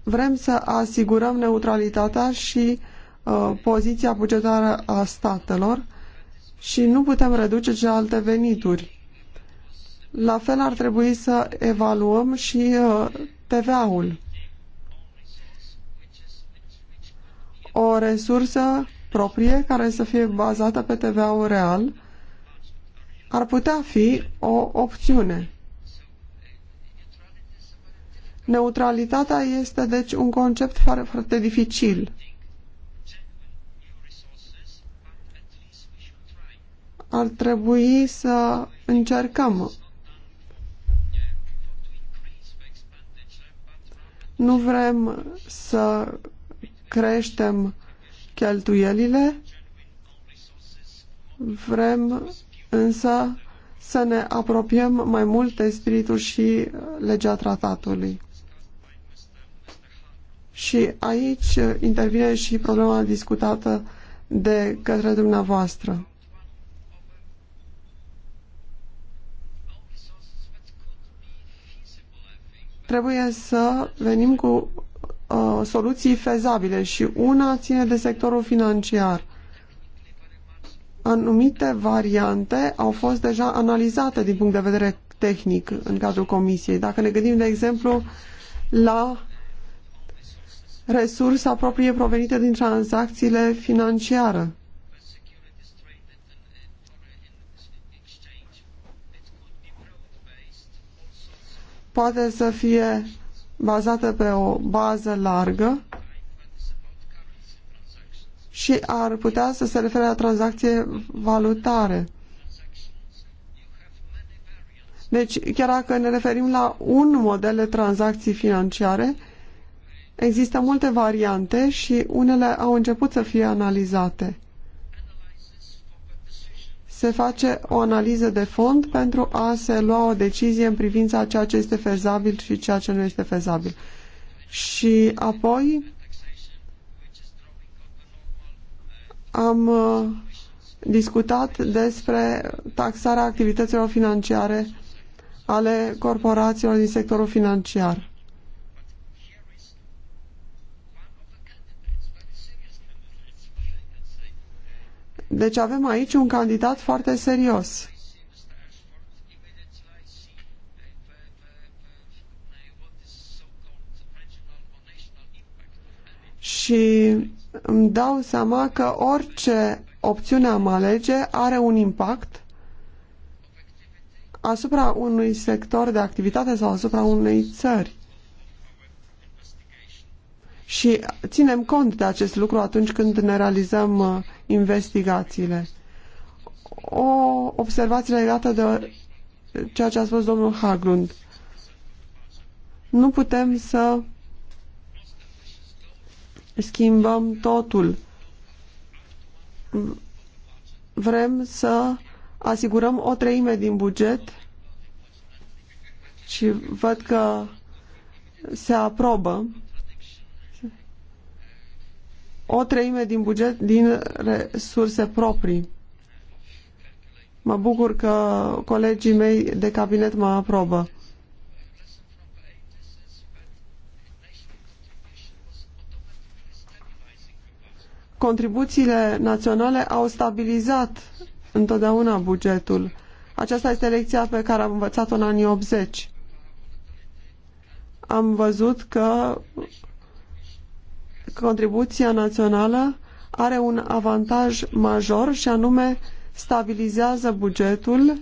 Vrem să asigurăm neutralitatea și uh, Uh, poziția bugetară a statelor și nu putem reduce celelalte venituri. La fel ar trebui să evaluăm și uh, TVA-ul. O resursă proprie care să fie bazată pe TVA-ul real ar putea fi o opțiune. Neutralitatea este deci un concept foarte, foarte dificil. ar trebui să încercăm. Nu vrem să creștem cheltuielile, vrem însă să ne apropiem mai mult de spiritul și legea tratatului. Și aici intervine și problema discutată de către dumneavoastră. trebuie să venim cu uh, soluții fezabile și una ține de sectorul financiar. Anumite variante au fost deja analizate din punct de vedere tehnic în cadrul comisiei. Dacă ne gândim, de exemplu, la resursa proprie provenite din tranzacțiile financiare. poate să fie bazată pe o bază largă și ar putea să se refere la tranzacție valutare. Deci, chiar dacă ne referim la un model de tranzacții financiare, există multe variante și unele au început să fie analizate se face o analiză de fond pentru a se lua o decizie în privința ceea ce este fezabil și ceea ce nu este fezabil. Și apoi am uh, discutat despre taxarea activităților financiare ale corporațiilor din sectorul financiar. Deci avem aici un candidat foarte serios. Și îmi dau seama că orice opțiune am alege are un impact asupra unui sector de activitate sau asupra unei țări și ținem cont de acest lucru atunci când ne realizăm uh, investigațiile. O observație legată de ceea ce a spus domnul Haglund. Nu putem să schimbăm totul. Vrem să asigurăm o treime din buget și văd că se aprobă o treime din buget din resurse proprii. Mă bucur că colegii mei de cabinet mă aprobă. Contribuțiile naționale au stabilizat întotdeauna bugetul. Aceasta este lecția pe care am învățat-o în anii 80. Am văzut că contribuția națională are un avantaj major și anume stabilizează bugetul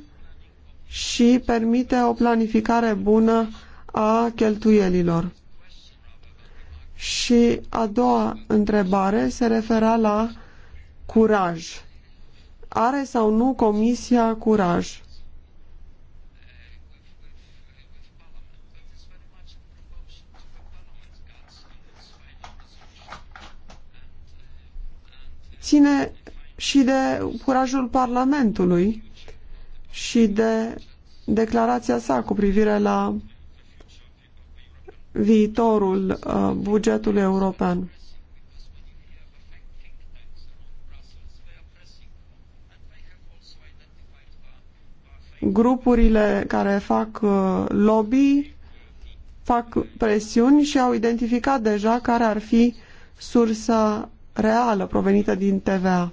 și permite o planificare bună a cheltuielilor. Și a doua întrebare se refera la curaj. Are sau nu Comisia curaj? ține și de curajul Parlamentului și de declarația sa cu privire la viitorul uh, bugetului european. Grupurile care fac uh, lobby fac presiuni și au identificat deja care ar fi sursa reală provenită din TVA.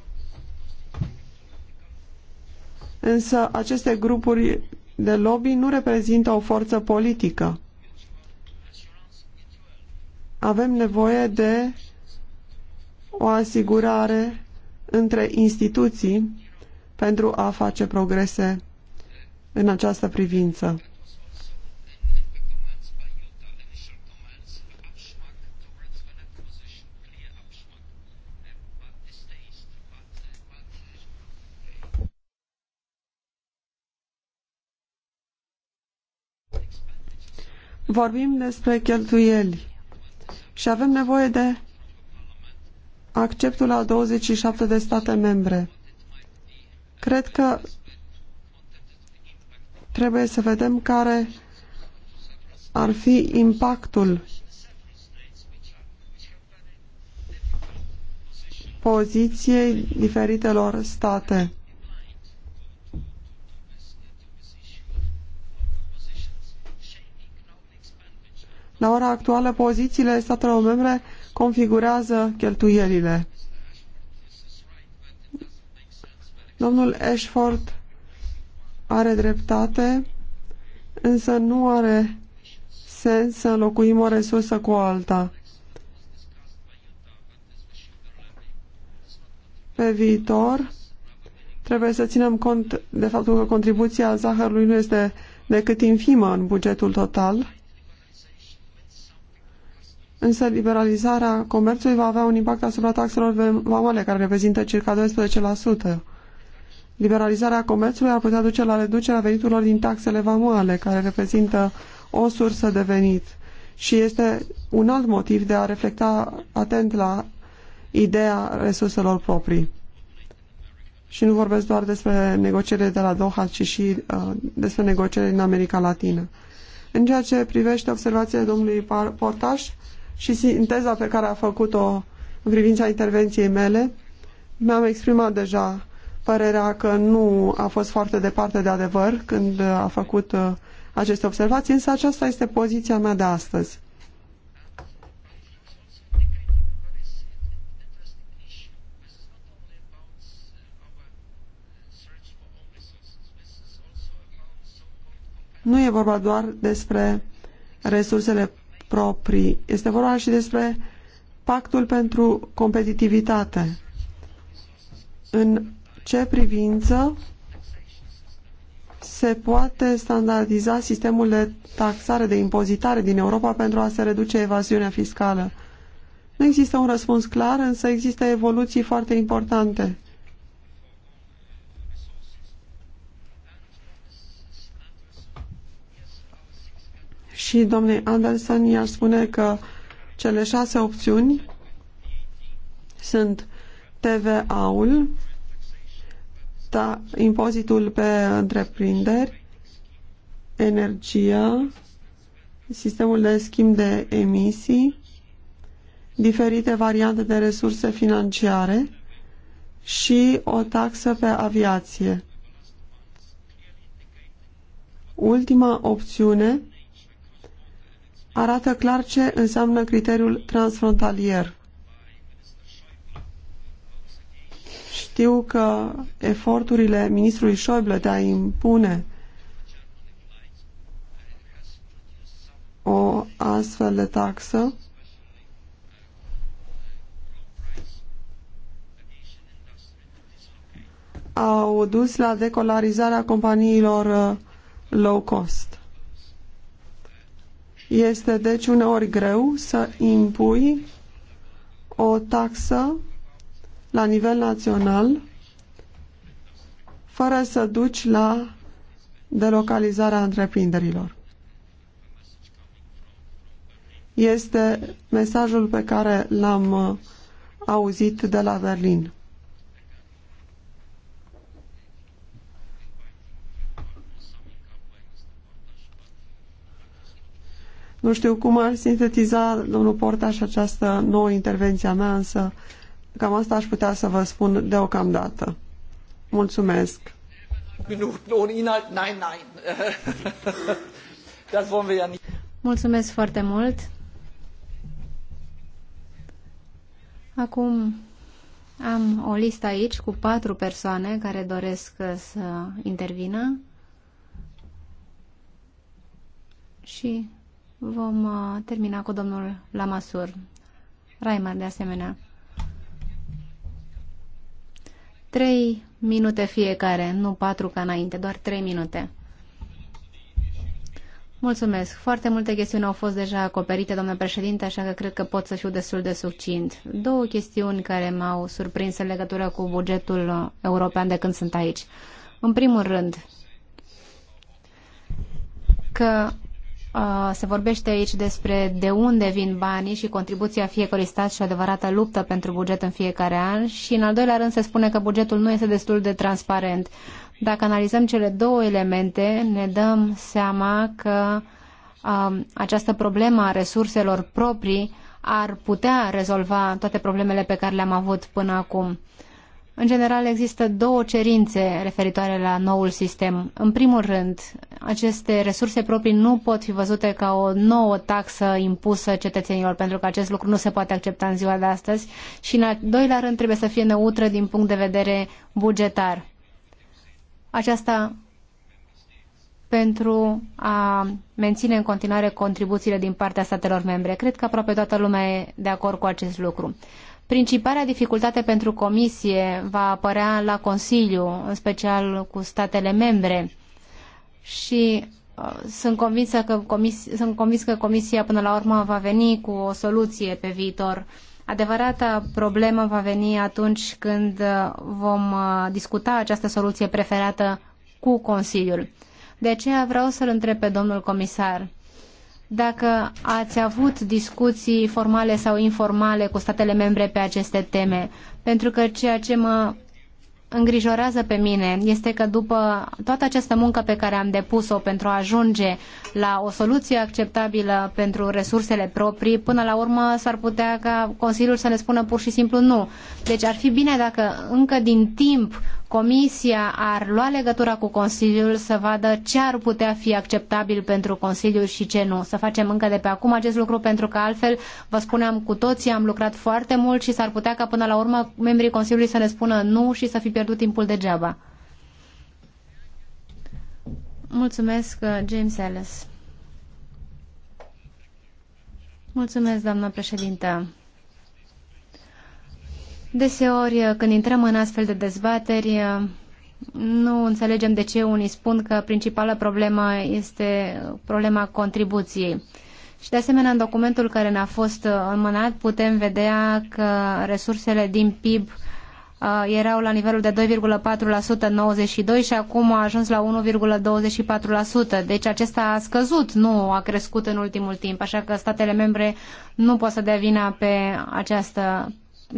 Însă aceste grupuri de lobby nu reprezintă o forță politică. Avem nevoie de o asigurare între instituții pentru a face progrese în această privință. vorbim despre cheltuieli și avem nevoie de acceptul a 27 de state membre. Cred că trebuie să vedem care ar fi impactul poziției diferitelor state. La ora actuală, pozițiile statelor membre configurează cheltuielile. Domnul Ashford are dreptate, însă nu are sens să înlocuim o resursă cu alta. Pe viitor, trebuie să ținem cont de faptul că contribuția zahărului nu este decât infimă în bugetul total Însă liberalizarea comerțului va avea un impact asupra taxelor vamale, care reprezintă circa 12%. Liberalizarea comerțului ar putea duce la reducerea veniturilor din taxele vamale, care reprezintă o sursă de venit. Și este un alt motiv de a reflecta atent la ideea resurselor proprii. Și nu vorbesc doar despre negocierile de la Doha, ci și uh, despre negocierile din America Latină. În ceea ce privește observațiile domnului Portaș, și sinteza pe care a făcut-o în privința intervenției mele. Mi-am exprimat deja părerea că nu a fost foarte departe de adevăr când a făcut uh, aceste observații, însă aceasta este poziția mea de astăzi. Nu e vorba doar despre resursele proprii. Este vorba și despre pactul pentru competitivitate. În ce privință se poate standardiza sistemul de taxare, de impozitare din Europa pentru a se reduce evaziunea fiscală. Nu există un răspuns clar, însă există evoluții foarte importante. și domnul Anderson i-ar spune că cele șase opțiuni sunt TVA-ul, ta, impozitul pe întreprinderi, energia, sistemul de schimb de emisii, diferite variante de resurse financiare și o taxă pe aviație. Ultima opțiune arată clar ce înseamnă criteriul transfrontalier. Știu că eforturile ministrului Schäuble de a impune o astfel de taxă au dus la decolarizarea companiilor uh, low cost. Este deci uneori greu să impui o taxă la nivel național fără să duci la delocalizarea întreprinderilor. Este mesajul pe care l-am uh, auzit de la Berlin. Nu știu cum ar sintetiza domnul Portaș această nouă intervenție a mea, însă cam asta aș putea să vă spun deocamdată. Mulțumesc! Mulțumesc foarte mult. Acum am o listă aici cu patru persoane care doresc să intervină și Vom uh, termina cu domnul Lamasur. Raimar, de asemenea. Trei minute fiecare, nu patru ca înainte, doar trei minute. Mulțumesc. Foarte multe chestiuni au fost deja acoperite, domnule președinte, așa că cred că pot să fiu destul de succint. Două chestiuni care m-au surprins în legătură cu bugetul european de când sunt aici. În primul rând, că se vorbește aici despre de unde vin banii și contribuția fiecărui stat și o adevărată luptă pentru buget în fiecare an și în al doilea rând se spune că bugetul nu este destul de transparent. Dacă analizăm cele două elemente, ne dăm seama că um, această problemă a resurselor proprii ar putea rezolva toate problemele pe care le-am avut până acum. Uh, în general, există două cerințe referitoare la noul sistem. În primul rând, aceste resurse proprii nu pot fi văzute ca o nouă taxă impusă cetățenilor, pentru că acest lucru nu se poate accepta în ziua de astăzi. Și, în al doilea rând, trebuie să fie neutră din punct de vedere bugetar. Aceasta pentru a menține în continuare contribuțiile din partea statelor membre. Cred că aproape toată lumea e de acord cu acest lucru. Principala dificultate pentru Comisie va apărea la Consiliu, în special cu statele membre. Și uh, sunt convinsă că, comis, sunt convins că Comisia până la urmă va veni cu o soluție pe viitor. Adevărata problemă va veni atunci când uh, vom uh, discuta această soluție preferată cu Consiliul. De aceea vreau să-l întreb pe domnul comisar dacă ați avut discuții formale sau informale cu statele membre pe aceste teme, pentru că ceea ce mă îngrijorează pe mine este că după toată această muncă pe care am depus-o pentru a ajunge la o soluție acceptabilă pentru resursele proprii, până la urmă s-ar putea ca Consiliul să ne spună pur și simplu nu. Deci ar fi bine dacă încă din timp Comisia ar lua legătura cu Consiliul să vadă ce ar putea fi acceptabil pentru Consiliu și ce nu. Să facem încă de pe acum acest lucru pentru că altfel, vă spuneam cu toții, am lucrat foarte mult și s-ar putea ca până la urmă membrii Consiliului să ne spună nu și să fi pierdut timpul degeaba. Mulțumesc, uh, James Ellis. Mulțumesc, doamnă președintă. Deseori, uh, când intrăm în astfel de dezbateri, uh, nu înțelegem de ce unii spun că principala problemă este problema contribuției. Și de asemenea, în documentul care ne-a fost uh, înmânat, putem vedea că resursele din PIB erau la nivelul de 2,4% în 92 și acum a ajuns la 1,24%. Deci acesta a scăzut, nu a crescut în ultimul timp, așa că statele membre nu pot să dea vina pe această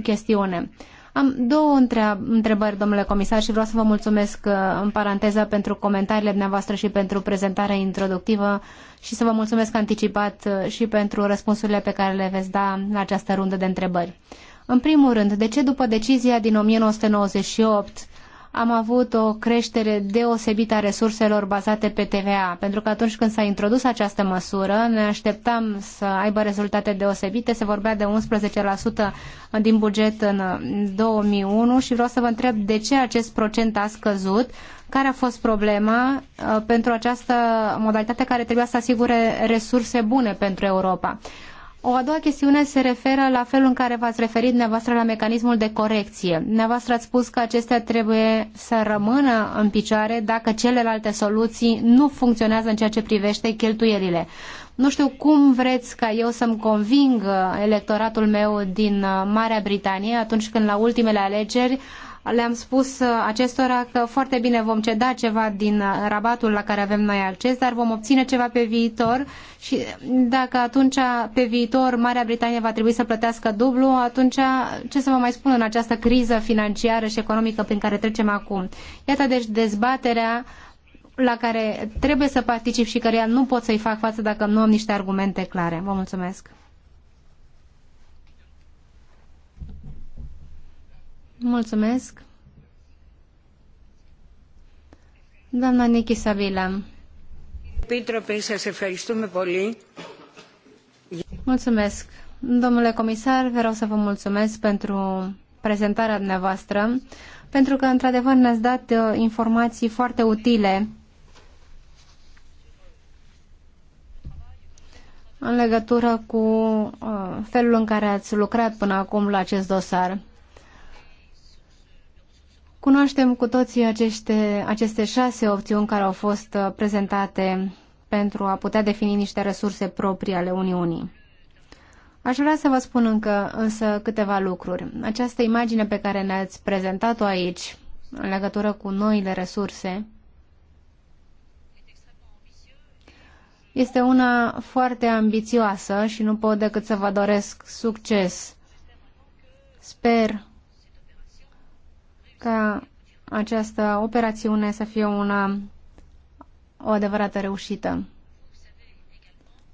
chestiune. Am două întrebări, domnule comisar, și vreau să vă mulțumesc uh, în paranteză pentru comentariile dumneavoastră și pentru prezentarea introductivă și să vă mulțumesc anticipat uh, și pentru răspunsurile pe care le veți da la această rundă de întrebări. În primul rând, de ce după decizia din 1998 am avut o creștere deosebită a resurselor bazate pe TVA, pentru că atunci când s-a introdus această măsură, ne așteptam să aibă rezultate deosebite, se vorbea de 11% din buget în 2001 și vreau să vă întreb de ce acest procent a scăzut, care a fost problema uh, pentru această modalitate care trebuia să asigure resurse bune pentru Europa. O a doua chestiune se referă la felul în care v-ați referit dumneavoastră la mecanismul de corecție. Dumneavoastră ați spus că acestea trebuie să rămână în picioare dacă celelalte soluții nu funcționează în ceea ce privește cheltuielile. Nu știu cum vreți ca eu să-mi conving uh, electoratul meu din uh, Marea Britanie atunci când la ultimele alegeri le-am spus uh, acestora că foarte bine vom ceda ceva din uh, rabatul la care avem noi acces, dar vom obține ceva pe viitor și dacă atunci pe viitor Marea Britanie va trebui să plătească dublu, atunci ce să vă mai spun în această criză financiară și economică prin care trecem acum. Iată deci dezbaterea la care trebuie să particip și căreia nu pot să-i fac față dacă nu am niște argumente clare. Vă mulțumesc! Mulțumesc. Doamna Nichi Savila. Mulțumesc. Domnule comisar, vreau să vă mulțumesc pentru prezentarea dumneavoastră, pentru că, într-adevăr, ne-ați dat uh, informații foarte utile în legătură cu uh, felul în care ați lucrat până acum la acest dosar. Cunoaștem cu toții aceste, aceste șase opțiuni care au fost uh, prezentate pentru a putea defini niște resurse proprii ale Uniunii. Aș vrea să vă spun încă însă câteva lucruri. Această imagine pe care ne-ați prezentat-o aici, în legătură cu noile resurse, este una foarte ambițioasă și nu pot decât să vă doresc succes. Sper ca această operațiune să fie una o adevărată reușită.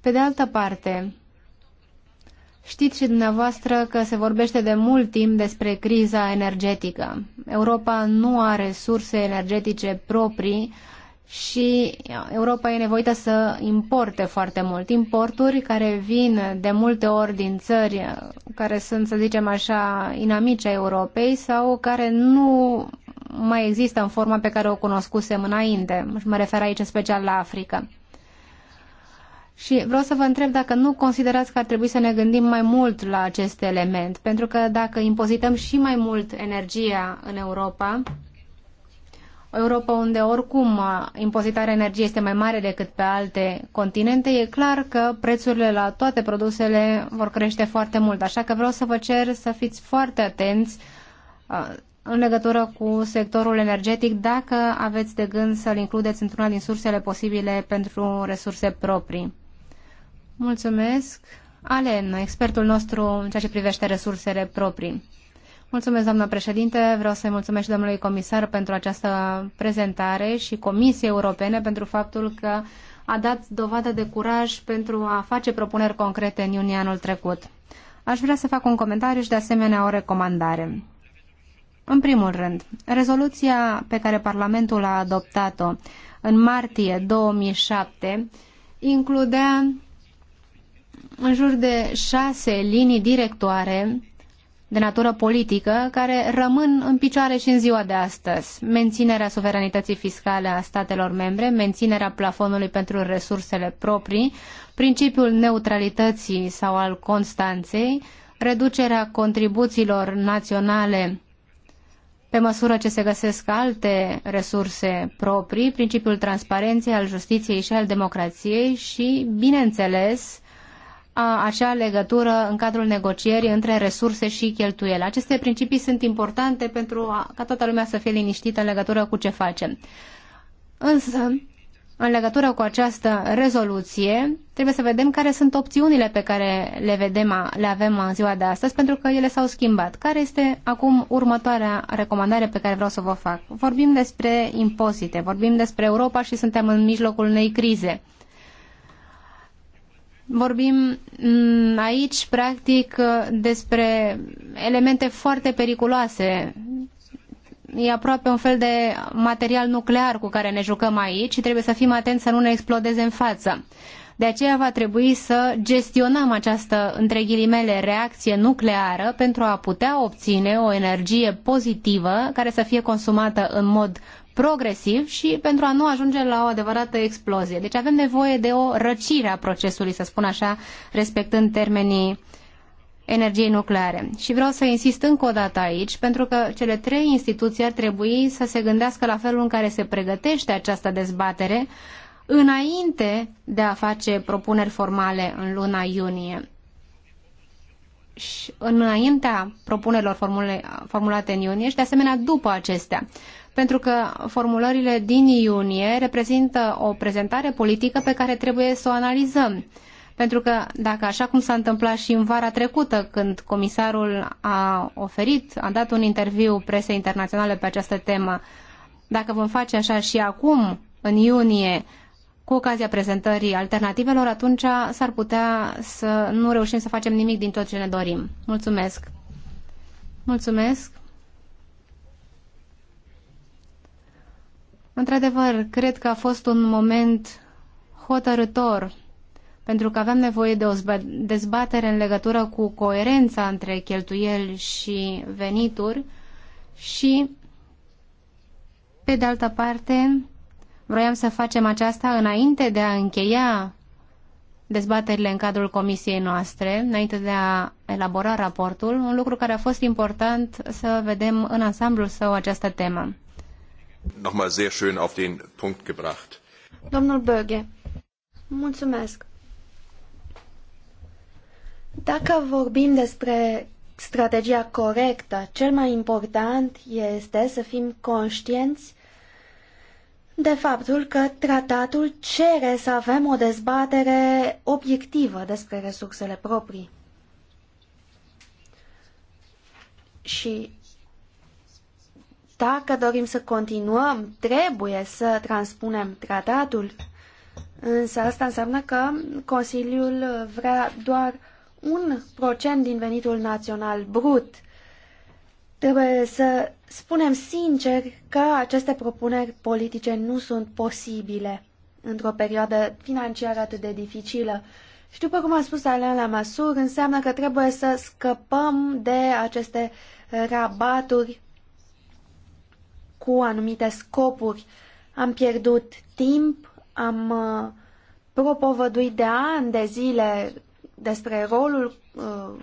Pe de altă parte, știți și dumneavoastră că se vorbește de mult timp despre criza energetică. Europa nu are resurse energetice proprii, și Europa e nevoită să importe foarte mult. Importuri care vin de multe ori din țări care sunt, să zicem așa, inamice a Europei sau care nu mai există în forma pe care o cunoscusem înainte. mă refer aici în special la Africa. Și vreau să vă întreb dacă nu considerați că ar trebui să ne gândim mai mult la acest element, pentru că dacă impozităm și mai mult energia în Europa, o Europa unde oricum uh, impozitarea energiei este mai mare decât pe alte continente, e clar că prețurile la toate produsele vor crește foarte mult. Așa că vreau să vă cer să fiți foarte atenți uh, în legătură cu sectorul energetic, dacă aveți de gând să-l includeți într-una din sursele posibile pentru resurse proprii. Mulțumesc! Alen, expertul nostru în ceea ce privește resursele proprii. Mulțumesc, doamnă președinte. Vreau să-i mulțumesc domnului comisar pentru această prezentare și Comisiei Europene pentru faptul că a dat dovadă de curaj pentru a face propuneri concrete în iunie anul trecut. Aș vrea să fac un comentariu și de asemenea o recomandare. În primul rând, rezoluția pe care Parlamentul a adoptat-o în martie 2007 includea în jur de șase linii directoare de natură politică care rămân în picioare și în ziua de astăzi. Menținerea suveranității fiscale a statelor membre, menținerea plafonului pentru resursele proprii, principiul neutralității sau al constanței, reducerea contribuțiilor naționale pe măsură ce se găsesc alte resurse proprii, principiul transparenței, al justiției și al democrației și, bineînțeles, acea legătură în cadrul negocierii între resurse și cheltuieli. Aceste principii sunt importante pentru a, ca toată lumea să fie liniștită în legătură cu ce facem. Însă, în legătură cu această rezoluție, trebuie să vedem care sunt opțiunile pe care le, vedem, le avem în ziua de astăzi, pentru că ele s-au schimbat. Care este acum următoarea recomandare pe care vreau să vă fac? Vorbim despre impozite, vorbim despre Europa și suntem în mijlocul unei crize vorbim mm, aici, practic, despre elemente foarte periculoase. E aproape un fel de material nuclear cu care ne jucăm aici și trebuie să fim atenți să nu ne explodeze în față. De aceea va trebui să gestionăm această, între ghilimele, reacție nucleară pentru a putea obține o energie pozitivă care să fie consumată în mod progresiv și pentru a nu ajunge la o adevărată explozie. Deci avem nevoie de o răcire a procesului, să spun așa, respectând termenii energiei nucleare. Și vreau să insist încă o dată aici, pentru că cele trei instituții ar trebui să se gândească la felul în care se pregătește această dezbatere înainte de a face propuneri formale în luna iunie. Și înaintea propunerilor formule, formulate în iunie și de asemenea după acestea pentru că formulările din iunie reprezintă o prezentare politică pe care trebuie să o analizăm. Pentru că dacă, așa cum s-a întâmplat și în vara trecută, când comisarul a oferit, a dat un interviu presei internaționale pe această temă, dacă vom face așa și acum, în iunie, cu ocazia prezentării alternativelor, atunci s-ar putea să nu reușim să facem nimic din tot ce ne dorim. Mulțumesc! Mulțumesc! Într-adevăr, cred că a fost un moment hotărător pentru că avem nevoie de o dezbatere în legătură cu coerența între cheltuieli și venituri și, pe de altă parte, vroiam să facem aceasta înainte de a încheia dezbaterile în cadrul comisiei noastre, înainte de a elabora raportul, un lucru care a fost important să vedem în ansamblul său această temă. Nochmal sehr schön auf den Punkt gebracht. Domnul Böge, mulțumesc. Dacă vorbim despre strategia corectă, cel mai important este să fim conștienți de faptul că tratatul cere să avem o dezbatere obiectivă despre resursele proprii. Și dacă dorim să continuăm, trebuie să transpunem tratatul. Însă asta înseamnă că Consiliul vrea doar un procent din venitul național brut. Trebuie să spunem sincer că aceste propuneri politice nu sunt posibile într-o perioadă financiară atât de dificilă. Și după cum a spus Alain Lamassur, înseamnă că trebuie să scăpăm de aceste rabaturi cu anumite scopuri. Am pierdut timp, am uh, propovăduit de ani de zile despre rolul, uh,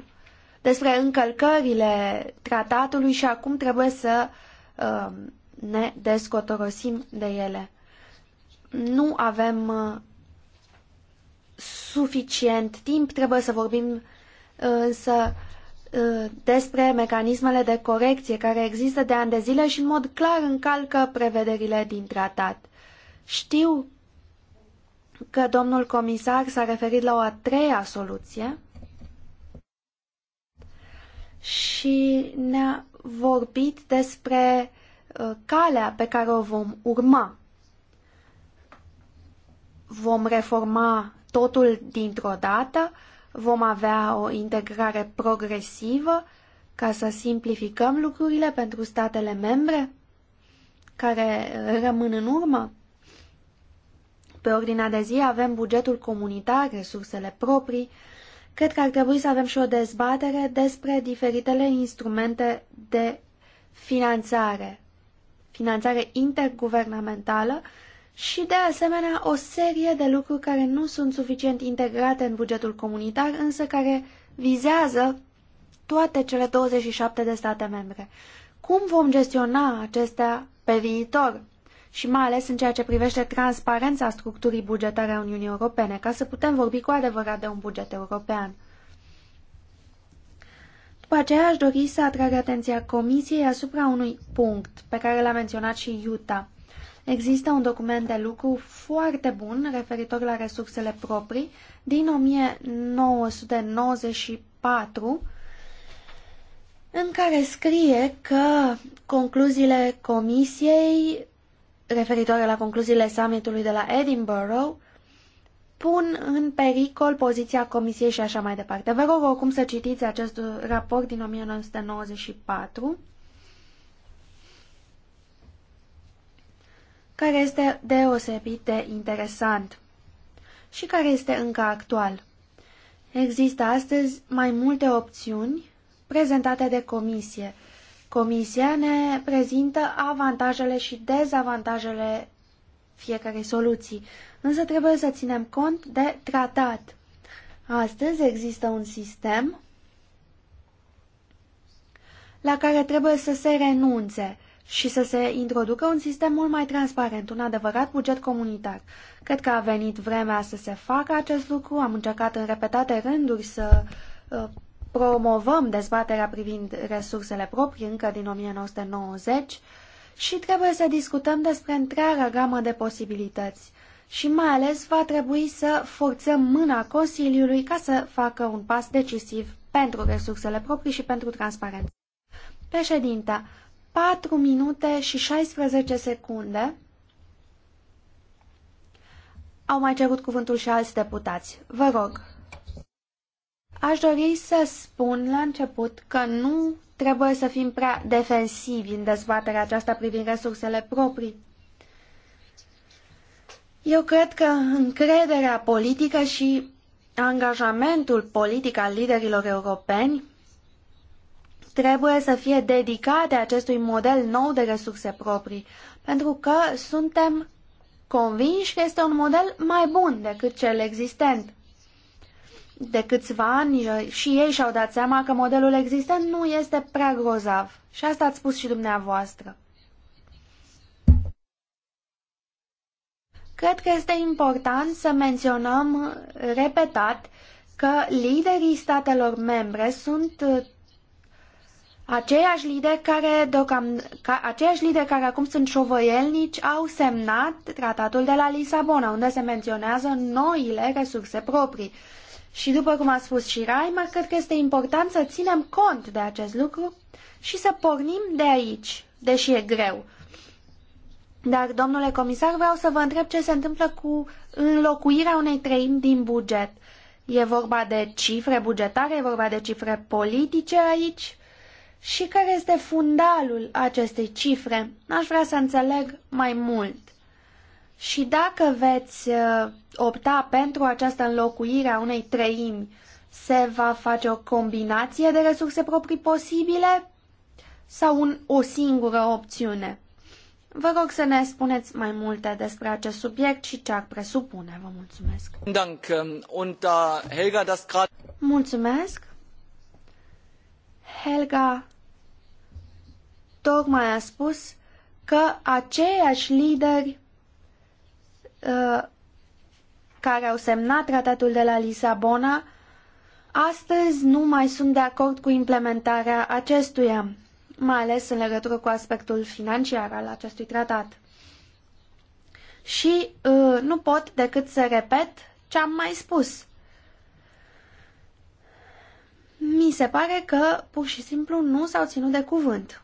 despre încălcările tratatului și acum trebuie să uh, ne descotorosim de ele. Nu avem suficient timp, trebuie să vorbim însă Uh, despre mecanismele de corecție care există de ani de zile și în mod clar încalcă prevederile din tratat. Știu că domnul comisar s-a referit la o a treia soluție și ne-a vorbit despre uh, calea pe care o vom urma. Vom reforma totul dintr-o dată, vom avea o integrare progresivă ca să simplificăm lucrurile pentru statele membre care rămân în urmă? Pe ordinea de zi avem bugetul comunitar, resursele proprii. Cred că ar trebui să avem și o dezbatere despre diferitele instrumente de finanțare, finanțare interguvernamentală și, de asemenea, o serie de lucruri care nu sunt suficient integrate în bugetul comunitar, însă care vizează toate cele 27 de state membre. Cum vom gestiona acestea pe viitor? Și mai ales în ceea ce privește transparența structurii bugetare a Uniunii Europene, ca să putem vorbi cu adevărat de un buget european. După aceea aș dori să atrag atenția Comisiei asupra unui punct pe care l-a menționat și Utah. Există un document de lucru foarte bun referitor la resursele proprii din 1994 în care scrie că concluziile comisiei referitoare la concluziile summitului de la Edinburgh pun în pericol poziția comisiei și așa mai departe. Vă rog oricum să citiți acest raport din 1994 care este deosebit de interesant și care este încă actual. Există astăzi mai multe opțiuni prezentate de comisie. Comisia ne prezintă avantajele și dezavantajele fiecarei soluții, însă trebuie să ținem cont de tratat. Astăzi există un sistem la care trebuie să se renunțe și să se introducă un sistem mult mai transparent, un adevărat buget comunitar. Cred că a venit vremea să se facă acest lucru, am încercat în repetate rânduri să uh, promovăm dezbaterea privind resursele proprii încă din 1990 și trebuie să discutăm despre întreaga gamă de posibilități și mai ales va trebui să forțăm mâna Consiliului ca să facă un pas decisiv pentru resursele proprii și pentru transparență. Președinta, 4 minute și 16 secunde. Au mai cerut cuvântul și alți deputați. Vă rog. Aș dori să spun la început că nu trebuie să fim prea defensivi în dezbaterea aceasta privind resursele proprii. Eu cred că încrederea politică și angajamentul politic al liderilor europeni trebuie să fie dedicate acestui model nou de resurse proprii, pentru că suntem convinși că este un model mai bun decât cel existent. De câțiva ani uh, și ei și-au dat seama că modelul existent nu este prea grozav. Și asta ați spus și dumneavoastră. Cred că este important să menționăm repetat că liderii statelor membre sunt uh, Aceiași lideri care, deocam, ca, aceiași lideri care acum sunt șovăielnici au semnat tratatul de la Lisabona, unde se menționează noile resurse proprii. Și după cum a spus și Reimer, cred că este important să ținem cont de acest lucru și să pornim de aici, deși e greu. Dar, domnule comisar, vreau să vă întreb ce se întâmplă cu înlocuirea unei treimi din buget. E vorba de cifre bugetare, e vorba de cifre politice aici? și care este fundalul acestei cifre. Aș vrea să înțeleg mai mult. Și dacă veți uh, opta pentru această înlocuire a unei treimi, se va face o combinație de resurse proprii posibile sau un, o singură opțiune? Vă rog să ne spuneți mai multe despre acest subiect și ce ar presupune. Vă mulțumesc. Um, da mulțumesc. Helga tocmai a spus că aceiași lideri uh, care au semnat tratatul de la Lisabona astăzi nu mai sunt de acord cu implementarea acestuia, mai ales în legătură cu aspectul financiar al acestui tratat. Și uh, nu pot decât să repet ce am mai spus. Mi se pare că pur și simplu nu s-au ținut de cuvânt.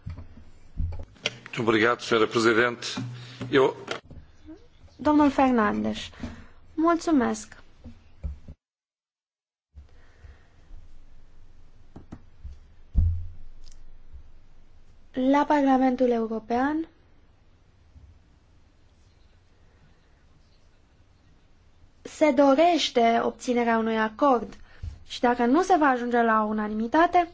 Eu... Domnul Fernandes, mulțumesc. La Parlamentul European se dorește obținerea unui acord și dacă nu se va ajunge la unanimitate,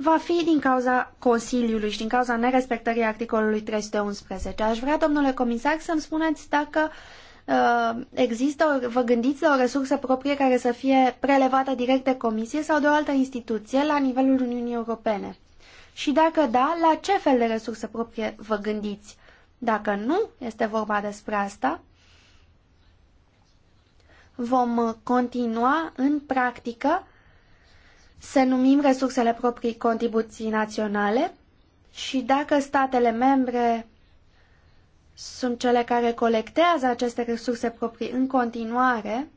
va fi din cauza Consiliului și din cauza nerespectării articolului 311. Aș vrea, domnule comisar, să-mi spuneți dacă uh, există, o, vă gândiți la o resursă proprie care să fie prelevată direct de comisie sau de o altă instituție la nivelul Uniunii Europene. Și dacă da, la ce fel de resursă proprie vă gândiți? Dacă nu este vorba despre asta, vom continua în practică să numim resursele proprii contribuții naționale și dacă statele membre sunt cele care colectează aceste resurse proprii în continuare,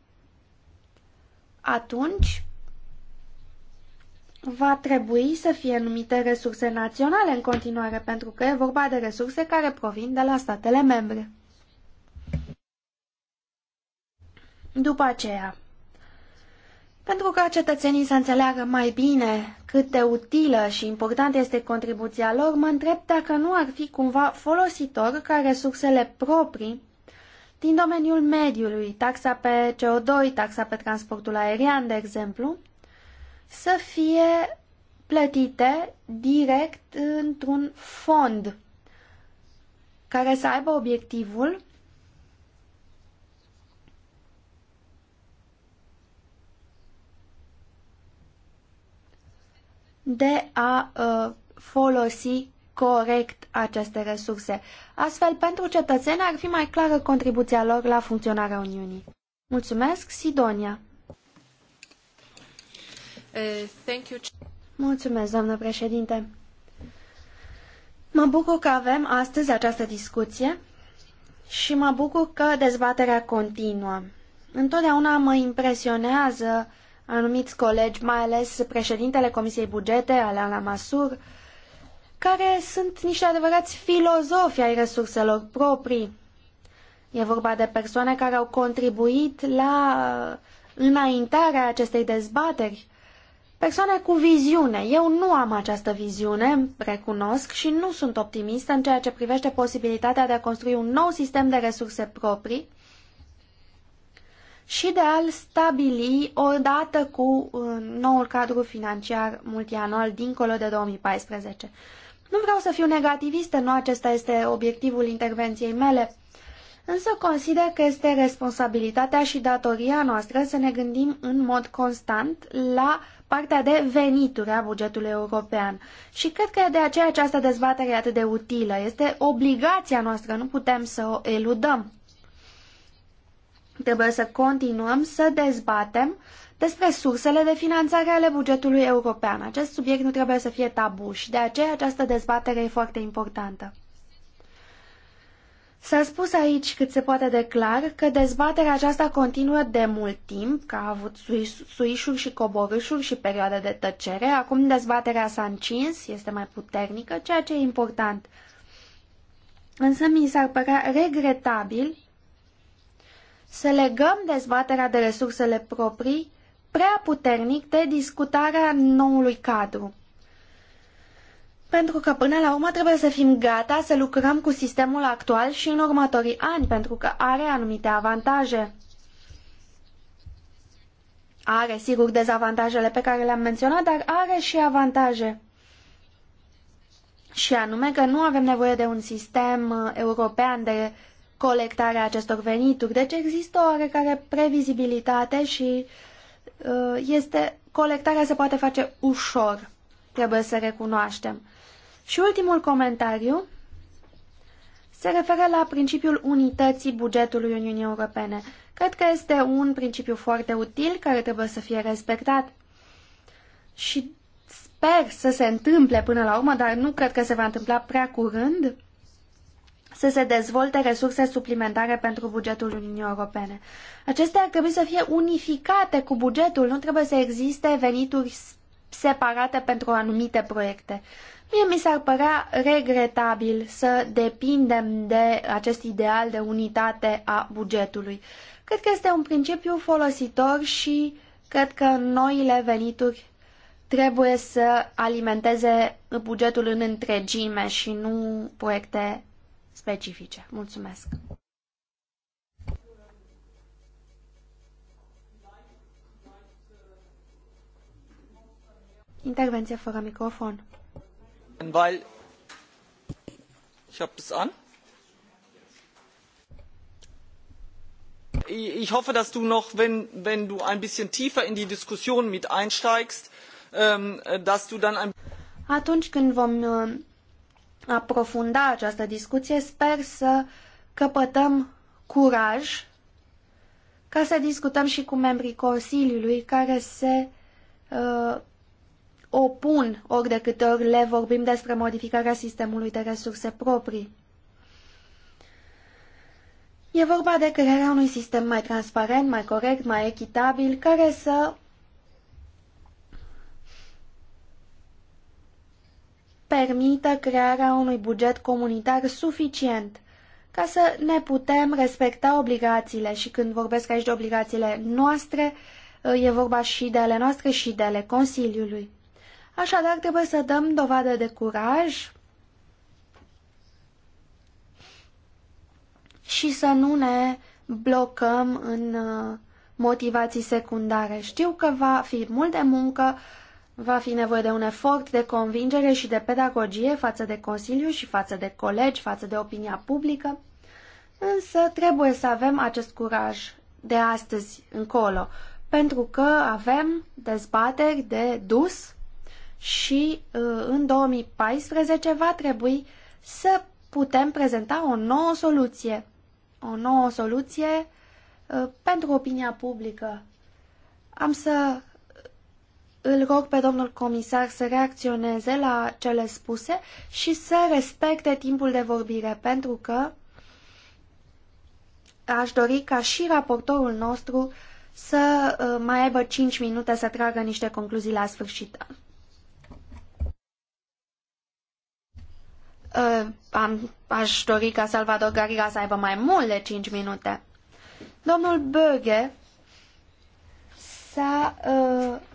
atunci va trebui să fie numite resurse naționale în continuare, pentru că e vorba de resurse care provin de la statele membre. După aceea, pentru ca cetățenii să înțeleagă mai bine cât de utilă și importantă este contribuția lor, mă întreb dacă nu ar fi cumva folositor ca resursele proprii din domeniul mediului, taxa pe CO2, taxa pe transportul aerian, de exemplu, să fie plătite direct într-un fond care să aibă obiectivul de a uh, folosi corect aceste resurse. Astfel, pentru cetățeni ar fi mai clară contribuția lor la funcționarea Uniunii. Mulțumesc, Sidonia. Uh, thank you. Mulțumesc, doamnă președinte. Mă bucur că avem astăzi această discuție și mă bucur că dezbaterea continuă. Întotdeauna mă impresionează anumiți colegi, mai ales președintele Comisiei Bugete, Alain Lamassur, care sunt niște adevărați filozofi ai resurselor proprii. E vorba de persoane care au contribuit la uh, înaintarea acestei dezbateri. Persoane cu viziune. Eu nu am această viziune, recunosc, și nu sunt optimistă în ceea ce privește posibilitatea de a construi un nou sistem de resurse proprii, și de a-l stabili odată cu uh, noul cadru financiar multianual dincolo de 2014. Nu vreau să fiu negativistă, nu acesta este obiectivul intervenției mele, însă consider că este responsabilitatea și datoria noastră să ne gândim în mod constant la partea de venituri a bugetului european. Și cred că de aceea această dezbatere e atât de utilă. Este obligația noastră, nu putem să o eludăm. Trebuie să continuăm să dezbatem despre sursele de finanțare ale bugetului european. Acest subiect nu trebuie să fie tabu și de aceea această dezbatere e foarte importantă. S-a spus aici cât se poate de clar că dezbaterea aceasta continuă de mult timp, că a avut suișuri și coborâșuri și perioade de tăcere. Acum dezbaterea s-a încins, este mai puternică, ceea ce e important. Însă mi s-ar părea regretabil să legăm dezbaterea de resursele proprii prea puternic de discutarea noului cadru. Pentru că până la urmă trebuie să fim gata să lucrăm cu sistemul actual și în următorii ani, pentru că are anumite avantaje. Are, sigur, dezavantajele pe care le-am menționat, dar are și avantaje. Și anume că nu avem nevoie de un sistem uh, european de colectarea acestor venituri. Deci există o oarecare previzibilitate și uh, este, colectarea se poate face ușor, trebuie să recunoaștem. Și ultimul comentariu se referă la principiul unității bugetului Uniunii Europene. Cred că este un principiu foarte util care trebuie să fie respectat. Și sper să se întâmple până la urmă, dar nu cred că se va întâmpla prea curând să se dezvolte resurse suplimentare pentru bugetul Uniunii Europene. Acestea ar trebui să fie unificate cu bugetul, nu trebuie să existe venituri separate pentru anumite proiecte. Mie mi s-ar părea regretabil să depindem de acest ideal de unitate a bugetului. Cred că este un principiu folositor și cred că noile venituri trebuie să alimenteze bugetul în întregime și nu proiecte specifice. Mulțumesc! Intervenție fără microfon. Weil ich habe das an. Ich hoffe, dass du noch, wenn, wenn du ein bisschen tiefer in die Diskussion mit einsteigst, ähm, dass du dann ein Atunci când vom aprofunda această discuție. Sper să căpătăm curaj ca să discutăm și cu membrii Consiliului care se uh, opun ori de câte ori le vorbim despre modificarea sistemului de resurse proprii. E vorba de crearea unui sistem mai transparent, mai corect, mai echitabil, care să permită crearea unui buget comunitar suficient ca să ne putem respecta obligațiile și când vorbesc aici de obligațiile noastre, e vorba și de ale noastre și de ale Consiliului. Așadar, trebuie să dăm dovadă de curaj și să nu ne blocăm în uh, motivații secundare. Știu că va fi mult de muncă, Va fi nevoie de un efort de convingere și de pedagogie față de Consiliu și față de colegi, față de opinia publică, însă trebuie să avem acest curaj de astăzi încolo, pentru că avem dezbateri de dus și uh, în 2014 va trebui să putem prezenta o nouă soluție, o nouă soluție uh, pentru opinia publică. Am să îl rog pe domnul comisar să reacționeze la cele spuse și să respecte timpul de vorbire, pentru că aș dori ca și raportorul nostru să uh, mai aibă 5 minute să tragă niște concluzii la sfârșit. Uh, am, aș dori ca Salvador Gariga să aibă mai mult de 5 minute. Domnul Böge s-a uh,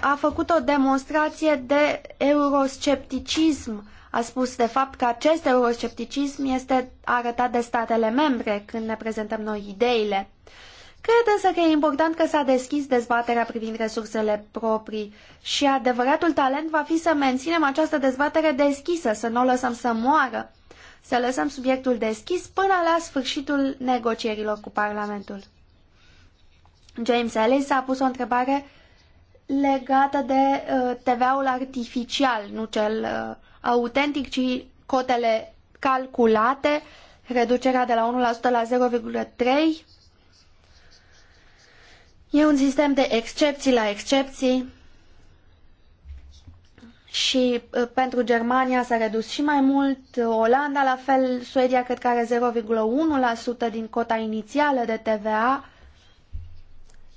a făcut o demonstrație de euroscepticism. A spus, de fapt, că acest euroscepticism este arătat de statele membre când ne prezentăm noi ideile. Cred însă că e important că s-a deschis dezbaterea privind resursele proprii și adevăratul talent va fi să menținem această dezbatere deschisă, să nu o lăsăm să moară, să lăsăm subiectul deschis până la sfârșitul negocierilor cu Parlamentul. James Ellis a pus o întrebare legată de uh, TVA-ul artificial, nu cel uh, autentic, ci cotele calculate, reducerea de la 1% la 0,3%. E un sistem de excepții la excepții și uh, pentru Germania s-a redus și mai mult, Olanda la fel, Suedia cred că are 0,1% din cota inițială de TVA,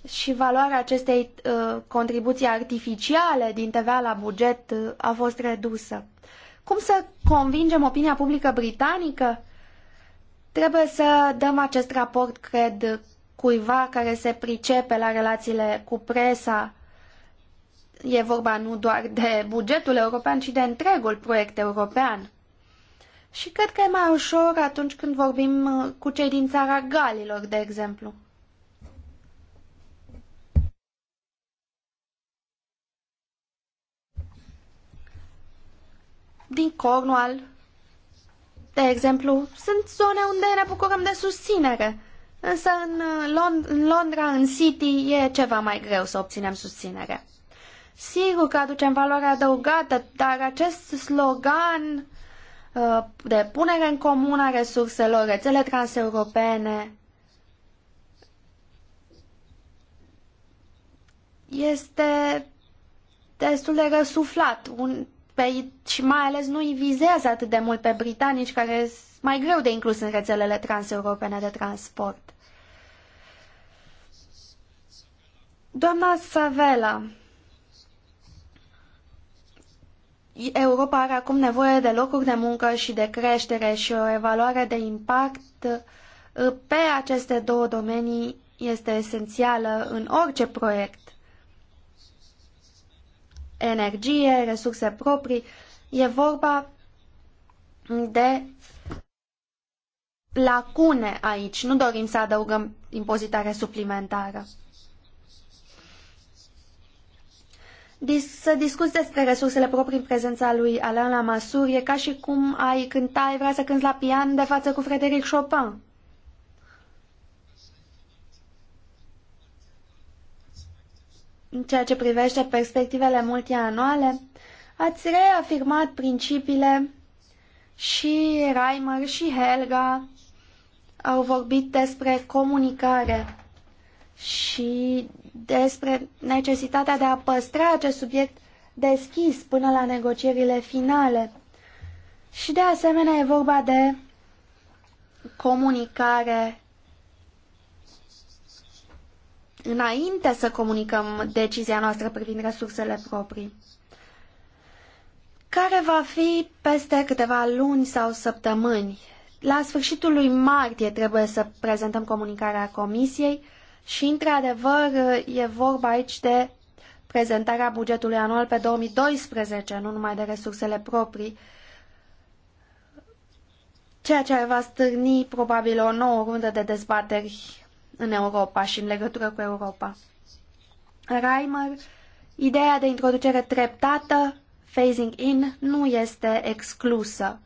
și valoarea acestei uh, contribuții artificiale din TVA la buget uh, a fost redusă. Cum să convingem opinia publică britanică? Trebuie să dăm acest raport, cred, cuiva care se pricepe la relațiile cu presa. E vorba nu doar de bugetul european, ci de întregul proiect european. Și cred că e mai ușor atunci când vorbim uh, cu cei din țara Galilor, de exemplu. din Cornwall, de exemplu, sunt zone unde ne bucurăm de susținere. Însă în, uh, Lond- în Londra, în City, e ceva mai greu să obținem susținere. Sigur că aducem valoare adăugată, dar acest slogan uh, de punere în comun a resurselor, rețele transeuropene, este destul de răsuflat. Un, pe, și mai ales nu îi vizează atât de mult pe britanici, care sunt mai greu de inclus în rețelele transeuropene de transport. Doamna Savela, Europa are acum nevoie de locuri de muncă și de creștere și o evaluare de impact uh, pe aceste două domenii este esențială în orice proiect energie, resurse proprii. E vorba de lacune aici. Nu dorim să adăugăm impozitare suplimentară. Dis să discuți despre resursele proprii în prezența lui Alain Lamassur e ca și cum ai cânta, ai vrea să cânti la pian de față cu Frederic Chopin. În ceea ce privește perspectivele multianuale, ați reafirmat principiile și Reimer și Helga au vorbit despre comunicare și despre necesitatea de a păstra acest subiect deschis până la negocierile finale. Și de asemenea e vorba de comunicare înainte să comunicăm decizia noastră privind resursele proprii, care va fi peste câteva luni sau săptămâni. La sfârșitul lui martie trebuie să prezentăm comunicarea Comisiei și, într-adevăr, e vorba aici de prezentarea bugetului anual pe 2012, nu numai de resursele proprii, ceea ce va stârni probabil o nouă rundă de dezbateri în Europa și în legătură cu Europa. Reimer, ideea de introducere treptată, phasing in, nu este exclusă.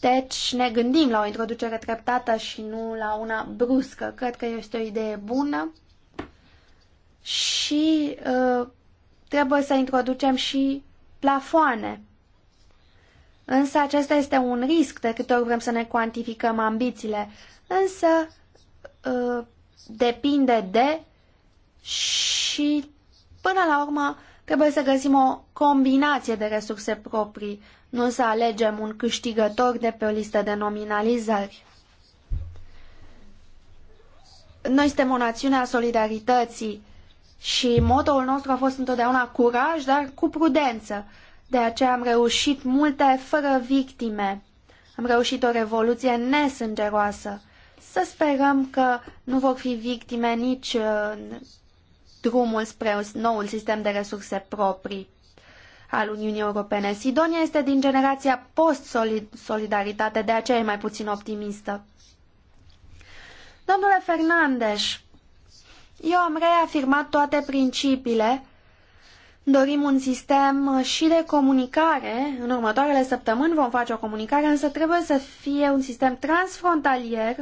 Deci ne gândim la o introducere treptată și nu la una bruscă. Cred că este o idee bună și uh, trebuie să introducem și plafoane. Însă acesta este un risc de câte ori vrem să ne cuantificăm ambițiile. Însă Uh, depinde de și până la urmă trebuie să găsim o combinație de resurse proprii, nu să alegem un câștigător de pe o listă de nominalizări. Noi suntem o națiune a solidarității și motoul nostru a fost întotdeauna curaj, dar cu prudență. De aceea am reușit multe fără victime. Am reușit o revoluție nesângeroasă. Să sperăm că nu vor fi victime nici în uh, drumul spre un noul sistem de resurse proprii al Uniunii Europene. Sidonia este din generația post-solidaritate, de aceea e mai puțin optimistă. Domnule Fernandes, eu am reafirmat toate principiile. Dorim un sistem și de comunicare. În următoarele săptămâni vom face o comunicare, însă trebuie să fie un sistem transfrontalier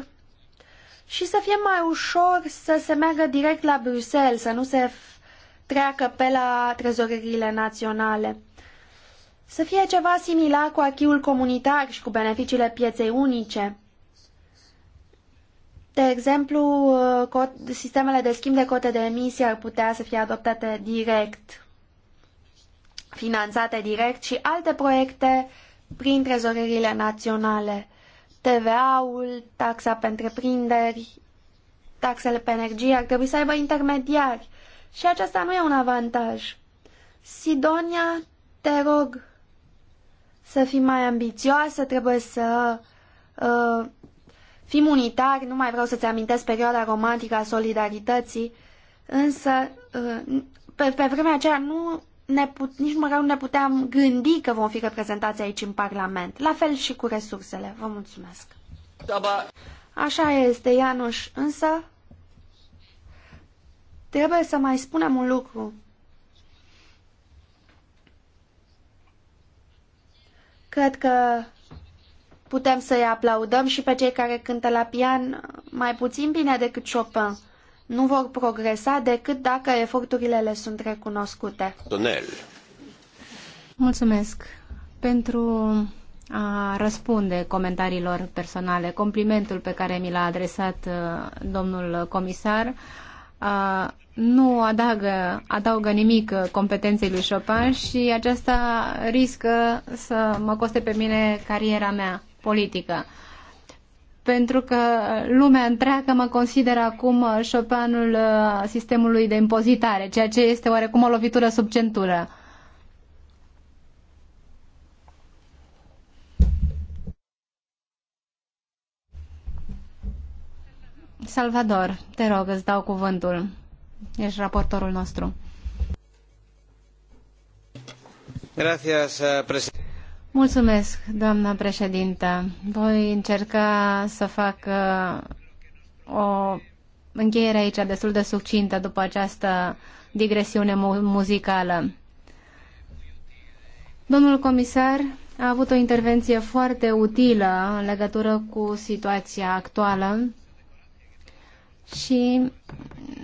și să fie mai ușor să se meargă direct la Bruxelles, să nu se treacă pe la trezoreriile naționale. Să fie ceva similar cu achiul comunitar și cu beneficiile pieței unice. De exemplu, sistemele de schimb de cote de emisie ar putea să fie adoptate direct, finanțate direct și alte proiecte prin trezoreriile naționale. TVA-ul, taxa pe întreprinderi, taxele pe energie ar trebui să aibă intermediari. Și aceasta nu e un avantaj. Sidonia, te rog să fii mai ambițioasă, trebuie să uh, fim unitari, nu mai vreau să-ți amintesc perioada romantică a solidarității, însă uh, pe, pe vremea aceea nu ne put, nici măcar nu ne puteam gândi că vom fi reprezentați aici în Parlament. La fel și cu resursele. Vă mulțumesc. Așa este, Ianuș, însă trebuie să mai spunem un lucru. Cred că putem să-i aplaudăm și pe cei care cântă la pian mai puțin bine decât Chopin nu vor progresa decât dacă eforturile le sunt recunoscute. Donel. Mulțumesc pentru a răspunde comentariilor personale. Complimentul pe care mi l-a adresat uh, domnul comisar uh, nu adaugă, adaugă nimic competenței lui Chopin și aceasta riscă să mă coste pe mine cariera mea politică pentru că lumea întreagă mă consideră acum uh, șopanul uh, sistemului de impozitare, ceea ce este oarecum o lovitură sub centură. Salvador, te rog, îți dau cuvântul. Ești raportorul nostru. Gracias, uh, președinte. Mulțumesc, doamna președintă. Voi încerca să fac uh, o încheiere aici destul de succintă după această digresiune mu- muzicală. Domnul comisar a avut o intervenție foarte utilă în legătură cu situația actuală și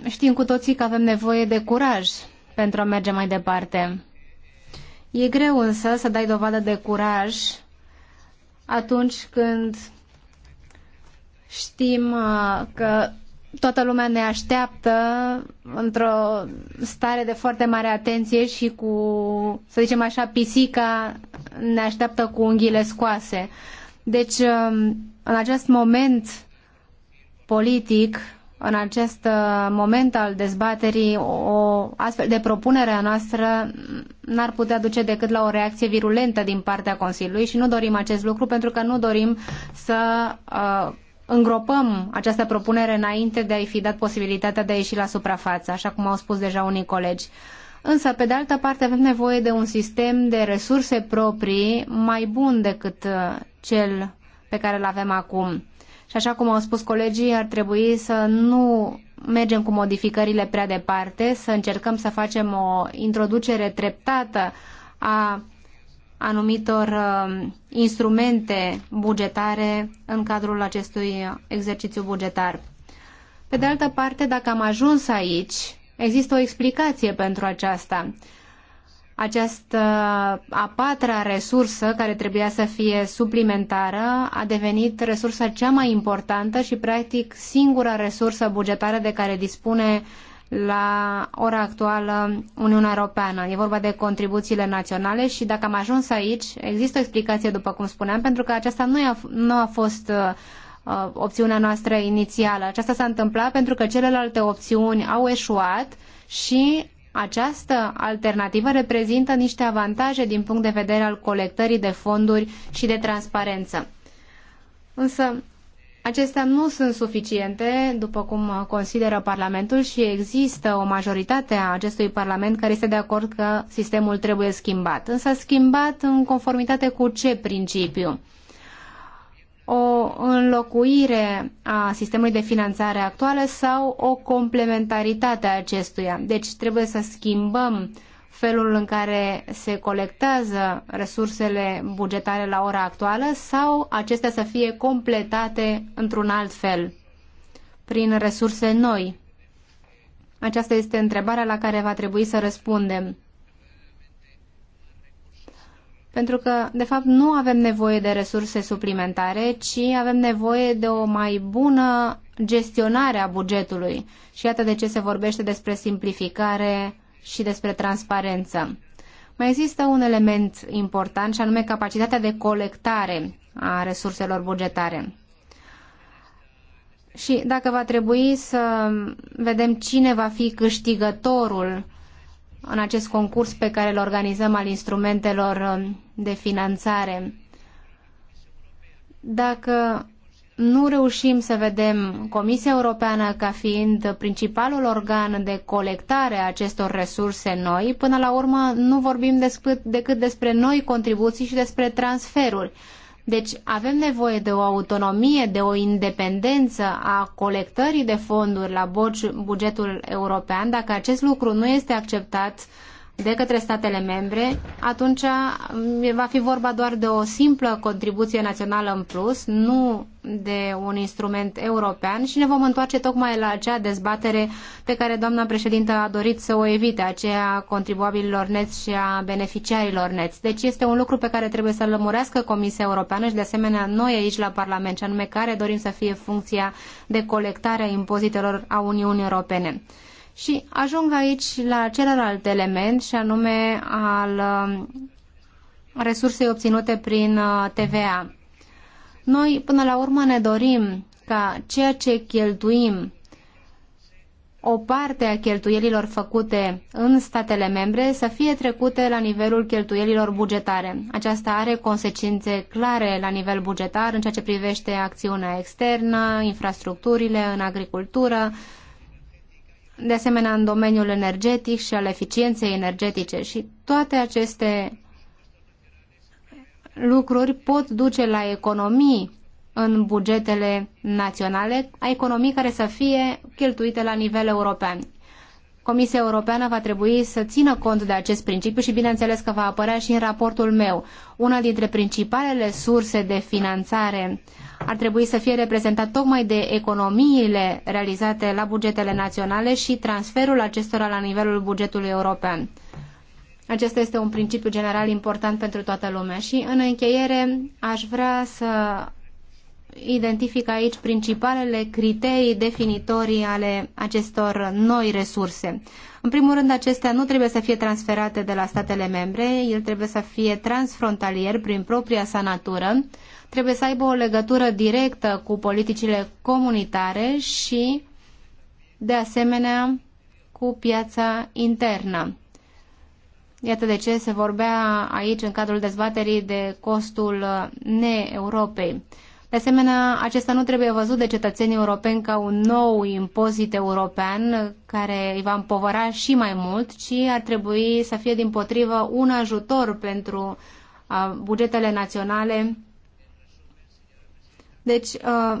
știm cu toții că avem nevoie de curaj pentru a merge mai departe. E greu însă să dai dovadă de curaj atunci când știm uh, că toată lumea ne așteaptă într-o stare de foarte mare atenție și cu, să zicem așa, pisica ne așteaptă cu unghiile scoase. Deci, um, în acest moment politic, în acest uh, moment al dezbaterii o astfel de propunere a noastră n-ar putea duce decât la o reacție virulentă din partea Consiliului și nu dorim acest lucru pentru că nu dorim să uh, îngropăm această propunere înainte de a-i fi dat posibilitatea de a ieși la suprafață, așa cum au spus deja unii colegi. Însă, pe de altă parte, avem nevoie de un sistem de resurse proprii mai bun decât uh, cel pe care îl avem acum și așa cum au spus colegii, ar trebui să nu mergem cu modificările prea departe, să încercăm să facem o introducere treptată a anumitor uh, instrumente bugetare în cadrul acestui exercițiu bugetar. Pe de altă parte, dacă am ajuns aici, există o explicație pentru aceasta această a patra resursă care trebuia să fie suplimentară a devenit resursa cea mai importantă și practic singura resursă bugetară de care dispune la ora actuală Uniunea Europeană. E vorba de contribuțiile naționale și dacă am ajuns aici, există o explicație, după cum spuneam, pentru că aceasta nu, a, nu a fost uh, uh, opțiunea noastră inițială. Aceasta s-a întâmplat pentru că celelalte opțiuni au eșuat și această alternativă reprezintă niște avantaje din punct de vedere al colectării de fonduri și de transparență. Însă, acestea nu sunt suficiente, după cum consideră Parlamentul și există o majoritate a acestui Parlament care este de acord că sistemul trebuie schimbat. Însă schimbat în conformitate cu ce principiu? o înlocuire a sistemului de finanțare actuală sau o complementaritate a acestuia. Deci trebuie să schimbăm felul în care se colectează resursele bugetare la ora actuală sau acestea să fie completate într-un alt fel, prin resurse noi. Aceasta este întrebarea la care va trebui să răspundem pentru că, de fapt, nu avem nevoie de resurse suplimentare, ci avem nevoie de o mai bună gestionare a bugetului. Și iată de ce se vorbește despre simplificare și despre transparență. Mai există un element important și anume capacitatea de colectare a resurselor bugetare. Și dacă va trebui să vedem cine va fi câștigătorul în acest concurs pe care îl organizăm al instrumentelor um, de finanțare. Dacă nu reușim să vedem Comisia Europeană ca fiind principalul organ de colectare a acestor resurse noi, până la urmă nu vorbim decât despre noi contribuții și despre transferuri. Deci avem nevoie de o autonomie, de o independență a colectării de fonduri la bugetul european. Dacă acest lucru nu este acceptat, uh, de către statele membre, atunci mm, va fi vorba doar de o simplă contribuție națională în plus, nu de un instrument european și ne vom întoarce tocmai la acea dezbatere pe care doamna președintă a dorit să o evite, aceea a contribuabililor neți și a beneficiarilor net. Deci este un lucru pe care trebuie să-l lămurească Comisia Europeană și de asemenea noi aici la Parlament, și anume care dorim să fie funcția de colectare a impozitelor a Uniunii Europene. Și ajung aici la celălalt element și anume al um, resursei obținute prin uh, TVA. Noi, până la urmă, ne dorim ca ceea ce cheltuim, o parte a cheltuielilor făcute în statele membre să fie trecute la nivelul cheltuielilor bugetare. Aceasta are consecințe clare la nivel bugetar în ceea ce privește acțiunea externă, infrastructurile în agricultură, de asemenea în domeniul energetic și al eficienței energetice și toate aceste lucruri pot duce la economii în bugetele naționale, a economii care să fie cheltuite la nivel european. Comisia Europeană va trebui să țină cont de acest principiu și bineînțeles că va apărea și în raportul meu. Una dintre principalele surse de finanțare ar trebui să fie reprezentat tocmai de economiile realizate la bugetele naționale și transferul acestora la nivelul bugetului european. Acesta este un principiu general important pentru toată lumea și în încheiere aș vrea să identific aici principalele criterii definitorii ale acestor noi resurse. În primul rând, acestea nu trebuie să fie transferate de la statele membre, el trebuie să fie transfrontalier prin propria sa natură, trebuie să aibă o legătură directă cu politicile comunitare și, de asemenea, cu piața internă. Iată de ce se vorbea aici în cadrul dezbaterii de costul ne-Europei. De asemenea, acesta nu trebuie văzut de cetățenii europeni ca un nou impozit european care îi va împovăra și mai mult, ci ar trebui să fie din potrivă un ajutor pentru bugetele naționale. Deci,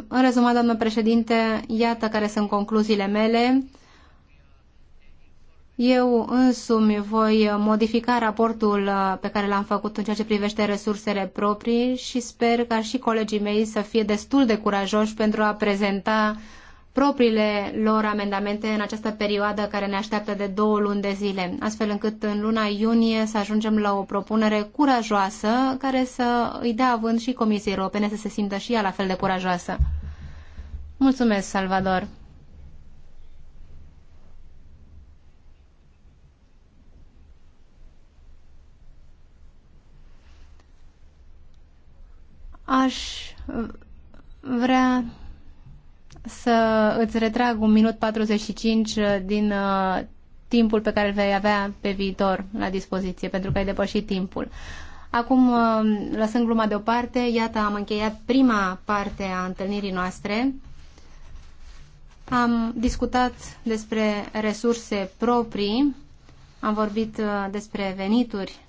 în rezumat, doamnă președinte, iată care sunt concluziile mele. Eu însumi voi modifica raportul uh, pe care l-am făcut în ceea ce privește resursele proprii și sper ca și colegii mei să fie destul de curajoși pentru a prezenta propriile lor amendamente în această perioadă care ne așteaptă de două luni de zile, astfel încât în luna iunie să ajungem la o propunere curajoasă care să îi dea având și Comisiei Europene să se simtă și ea la fel de curajoasă. Mulțumesc, Salvador! Aș vrea să îți retrag un minut 45 din uh, timpul pe care îl vei avea pe viitor la dispoziție, pentru că ai depășit timpul. Acum, uh, lăsând gluma deoparte, iată, am încheiat prima parte a întâlnirii noastre. Am discutat despre resurse proprii, am vorbit uh, despre venituri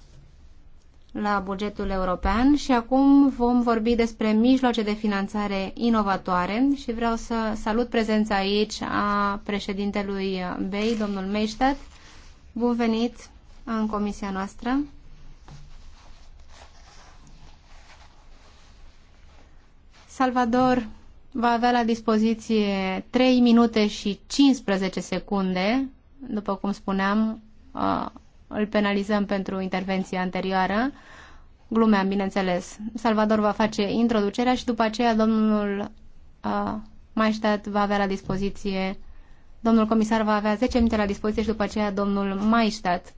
la bugetul european și acum vom vorbi despre mijloace de finanțare inovatoare și vreau să salut prezența aici a președintelui BEI, domnul Meistat. Bun venit în comisia noastră. Salvador va avea la dispoziție 3 minute și 15 secunde, după cum spuneam, uh, îl penalizăm pentru intervenția anterioară. Glumeam, bineînțeles. Salvador va face introducerea și după aceea domnul uh, Maestat va avea la dispoziție, domnul comisar va avea 10 minute la dispoziție și după aceea domnul Maestat.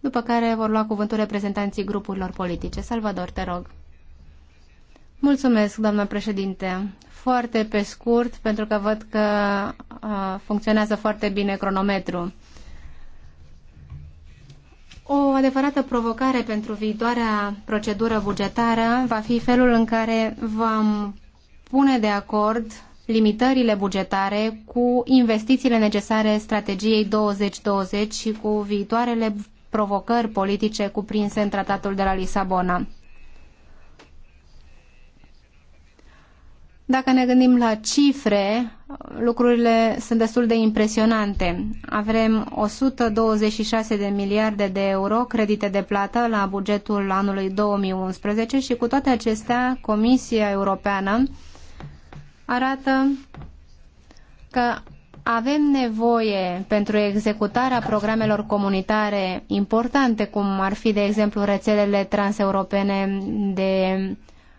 După care vor lua cuvântul reprezentanții grupurilor politice. Salvador, te rog. Mulțumesc, doamnă președinte. Foarte pe scurt, pentru că văd că uh, funcționează foarte bine cronometru. O adevărată provocare pentru viitoarea procedură bugetară va fi felul în care vom pune de acord limitările bugetare cu investițiile necesare strategiei 2020 și cu viitoarele provocări politice cuprinse în tratatul de la Lisabona. Dacă ne gândim la cifre, lucrurile sunt destul de impresionante. Avem 126 de miliarde de euro credite de plată la bugetul anului 2011 și cu toate acestea Comisia Europeană arată că avem nevoie pentru executarea programelor comunitare importante, cum ar fi, de exemplu, rețelele transeuropene de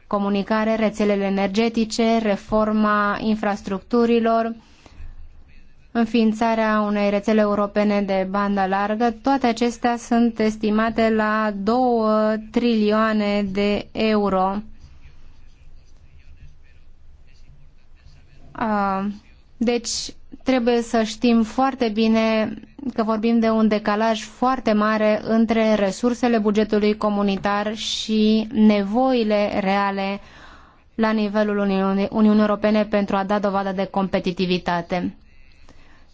comunicare, rețelele energetice, reforma infrastructurilor, înființarea unei rețele europene de bandă largă, toate acestea sunt estimate la 2 trilioane de euro. Deci, trebuie să știm foarte bine că vorbim de un decalaj foarte mare între resursele bugetului comunitar și nevoile reale la nivelul Uniunii Europene pentru a da dovadă de competitivitate.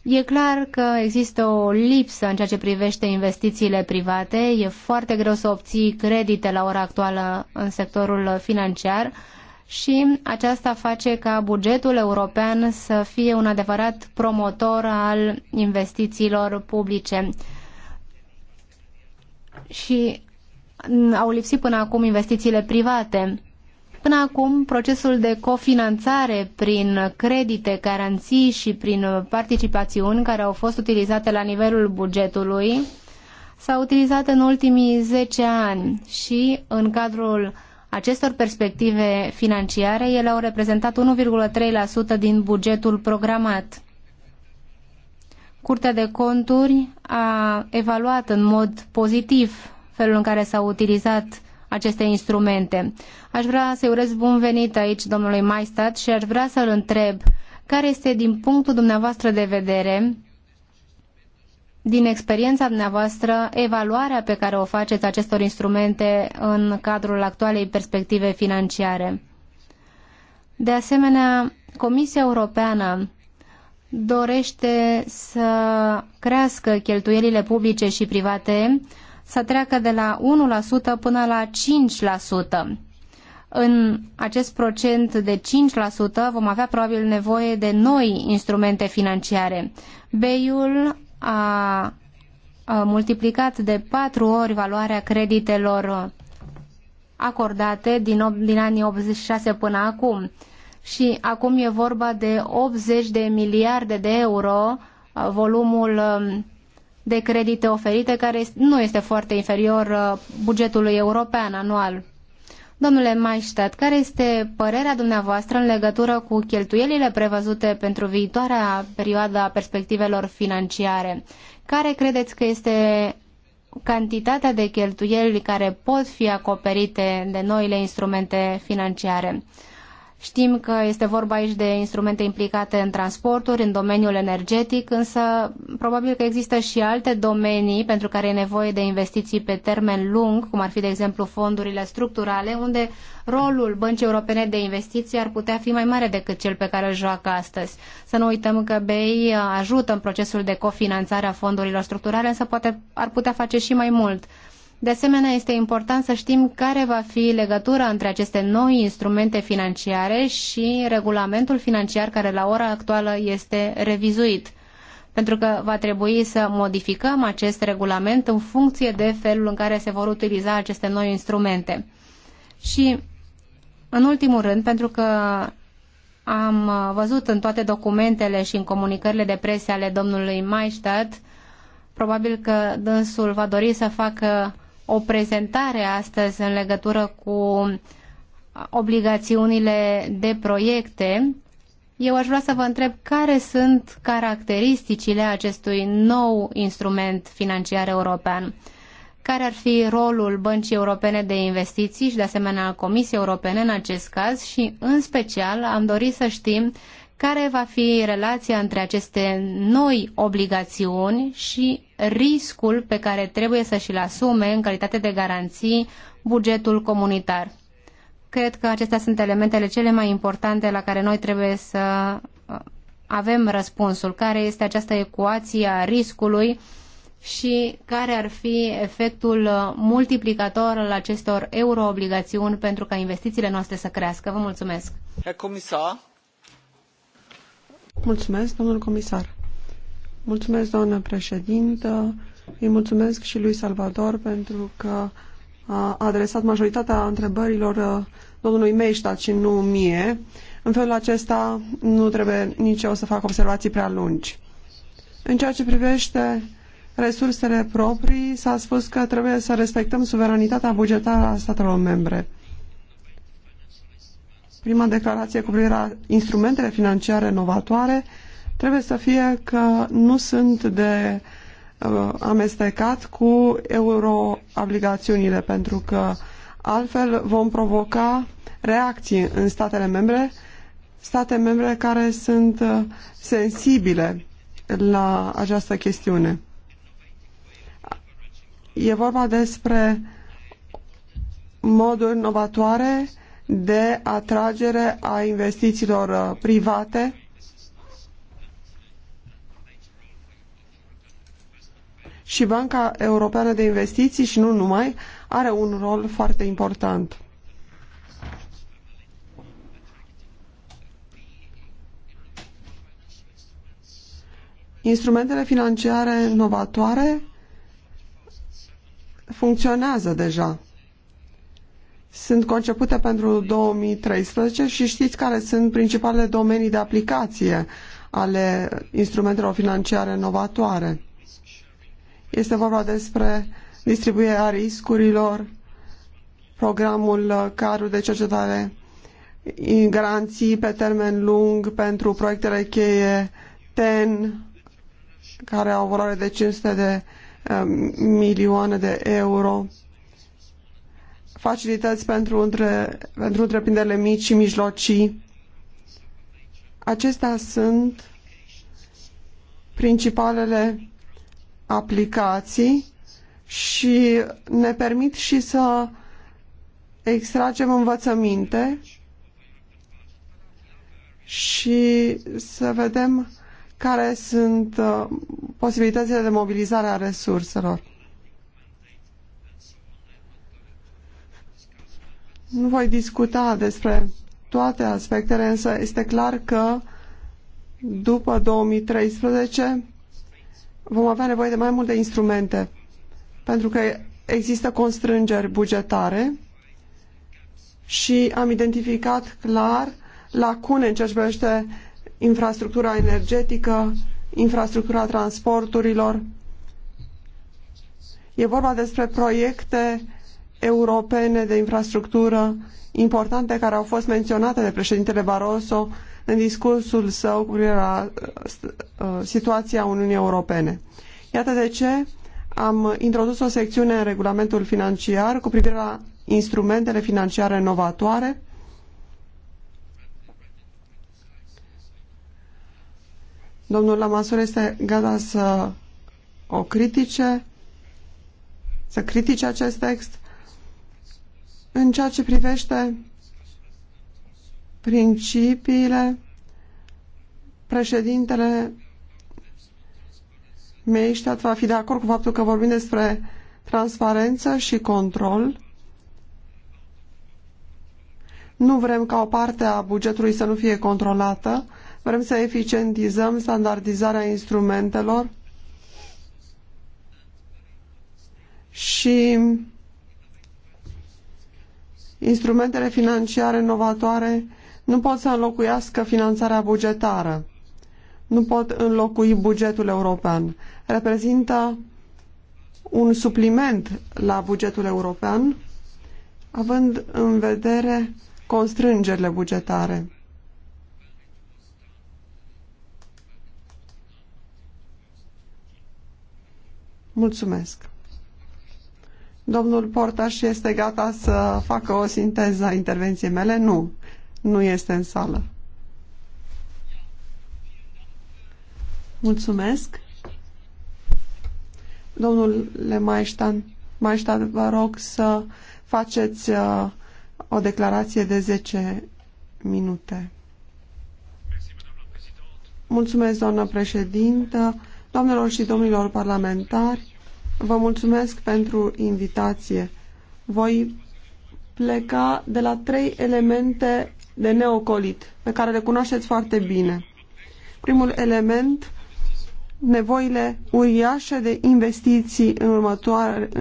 E clar că există o lipsă în ceea ce privește investițiile private, e foarte greu să obții credite la ora actuală în sectorul financiar, și aceasta face ca bugetul european să fie un adevărat promotor al investițiilor publice. Și mm, au lipsit până acum investițiile private. Până acum, procesul de cofinanțare prin credite, garanții și prin participațiuni care au fost utilizate la nivelul bugetului s-a utilizat în ultimii 10 ani și în cadrul acestor perspective financiare, ele au reprezentat 1,3% din bugetul programat. Curtea de conturi a evaluat în mod pozitiv felul în care s-au utilizat aceste instrumente. Aș vrea să-i urez bun venit aici domnului Maistat și aș vrea să-l întreb care este din punctul dumneavoastră de vedere din experiența dumneavoastră, evaluarea pe care o faceți acestor instrumente în cadrul actualei perspective financiare. De asemenea, Comisia Europeană dorește să crească cheltuielile publice și private, să treacă de la 1% până la 5%. În acest procent de 5% vom avea probabil nevoie de noi instrumente financiare. Beiul a multiplicat de patru ori valoarea creditelor acordate din, din anii 86 până acum. Și acum e vorba de 80 de miliarde de euro, volumul de credite oferite, care nu este foarte inferior bugetului european anual. Domnule Maistat, care este părerea dumneavoastră în legătură cu cheltuielile prevăzute pentru viitoarea perioadă a perspectivelor financiare? Care credeți că este cantitatea de cheltuieli care pot fi acoperite de noile instrumente financiare? Știm că este vorba aici de instrumente implicate în transporturi, în domeniul energetic, însă probabil că există și alte domenii pentru care e nevoie de investiții pe termen lung, cum ar fi, de exemplu, fondurile structurale, unde rolul Băncii Europene de Investiții ar putea fi mai mare decât cel pe care îl joacă astăzi. Să nu uităm că BEI ajută în procesul de cofinanțare a fondurilor structurale, însă poate ar putea face și mai mult. De asemenea, este important să știm care va fi legătura între aceste noi instrumente financiare și regulamentul financiar care la ora actuală este revizuit. Pentru că va trebui să modificăm acest regulament în funcție de felul în care se vor utiliza aceste noi instrumente. Și, în ultimul rând, pentru că am văzut în toate documentele și în comunicările de presă ale domnului Maistat, probabil că dânsul va dori să facă o prezentare astăzi în legătură cu obligațiunile de proiecte, eu aș vrea să vă întreb care sunt caracteristicile acestui nou instrument financiar european. Care ar fi rolul Băncii Europene de Investiții și, de asemenea, al Comisiei Europene în acest caz și, în special, am dorit să știm care va fi relația între aceste noi obligațiuni și riscul pe care trebuie să și-l asume în calitate de garanții bugetul comunitar. Cred că acestea sunt elementele cele mai importante la care noi trebuie să uh, avem răspunsul, care este această ecuație a riscului și care ar fi efectul uh, multiplicator al acestor euroobligațiuni pentru ca investițiile noastre să crească. Vă mulțumesc. Herr Comisar, Mulțumesc, domnul comisar. Mulțumesc, doamnă președintă. Îi mulțumesc și lui Salvador pentru că a adresat majoritatea întrebărilor uh, domnului Meșta, și nu mie. În felul acesta nu trebuie nici eu să fac observații prea lungi. În ceea ce privește resursele proprii, s-a spus că trebuie să respectăm suveranitatea bugetară a statelor membre prima declarație cu privire la instrumentele financiare novatoare trebuie să fie că nu sunt de uh, amestecat cu euroobligațiunile, pentru că altfel vom provoca reacții în statele membre, state membre care sunt uh, sensibile la această chestiune. E vorba despre moduri novatoare uh, de atragere a investițiilor uh, private și Banca Europeană de Investiții și nu numai are un rol foarte important. Instrumentele financiare novatoare funcționează deja sunt concepute pentru 2013 și știți care sunt principalele domenii de aplicație ale instrumentelor financiare novatoare. Este vorba despre distribuirea riscurilor, programul cadru de cercetare, garanții pe termen lung pentru proiectele cheie TEN, care au valoare de 500 de eh, milioane de euro facilități pentru, între, pentru întreprinderile mici și mijlocii. Acestea sunt principalele aplicații și ne permit și să extragem învățăminte și să vedem care sunt uh, posibilitățile de mobilizare a resurselor. Nu voi discuta despre toate aspectele, însă este clar că după 2013 vom avea nevoie de mai multe instrumente, pentru că există constrângeri bugetare și am identificat clar lacune în ceea ce privește infrastructura energetică, infrastructura transporturilor. E vorba despre proiecte europene de infrastructură importante care au fost menționate de președintele Barroso în discursul său cu privire la uh, uh, situația Uniunii Europene. Iată de ce am introdus o secțiune în regulamentul financiar cu privire la instrumentele financiare novatoare. Domnul Lamasur este gata să o critique, să critique acest text. În ceea ce privește principiile, președintele Meiștat va fi de acord cu faptul că vorbim despre transparență și control. Nu vrem ca o parte a bugetului să nu fie controlată, vrem să eficientizăm standardizarea instrumentelor și instrumentele financiare novatoare nu pot să înlocuiască finanțarea bugetară, nu pot înlocui bugetul european. Reprezintă un supliment la bugetul european, având în vedere constrângerile bugetare. Mulțumesc! Domnul Portaș este gata să facă o sinteză a intervenției mele? Nu, nu este în sală. Mulțumesc. Domnule Maestan, Maestan, vă rog să faceți uh, o declarație de 10 minute. Mulțumesc, doamnă președintă, doamnelor și domnilor parlamentari. Vă mulțumesc pentru invitație. Voi pleca de la trei elemente de neocolit, pe care le cunoașteți foarte bine. Primul element, nevoile uriașe de investiții în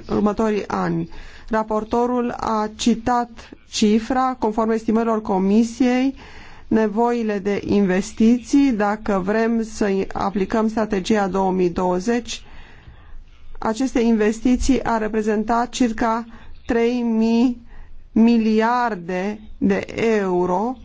următorii ani. Raportorul a citat cifra, conform estimărilor comisiei, nevoile de investiții, dacă vrem să aplicăm strategia 2020, aceste investiții a reprezentat circa 3.000 miliarde de euro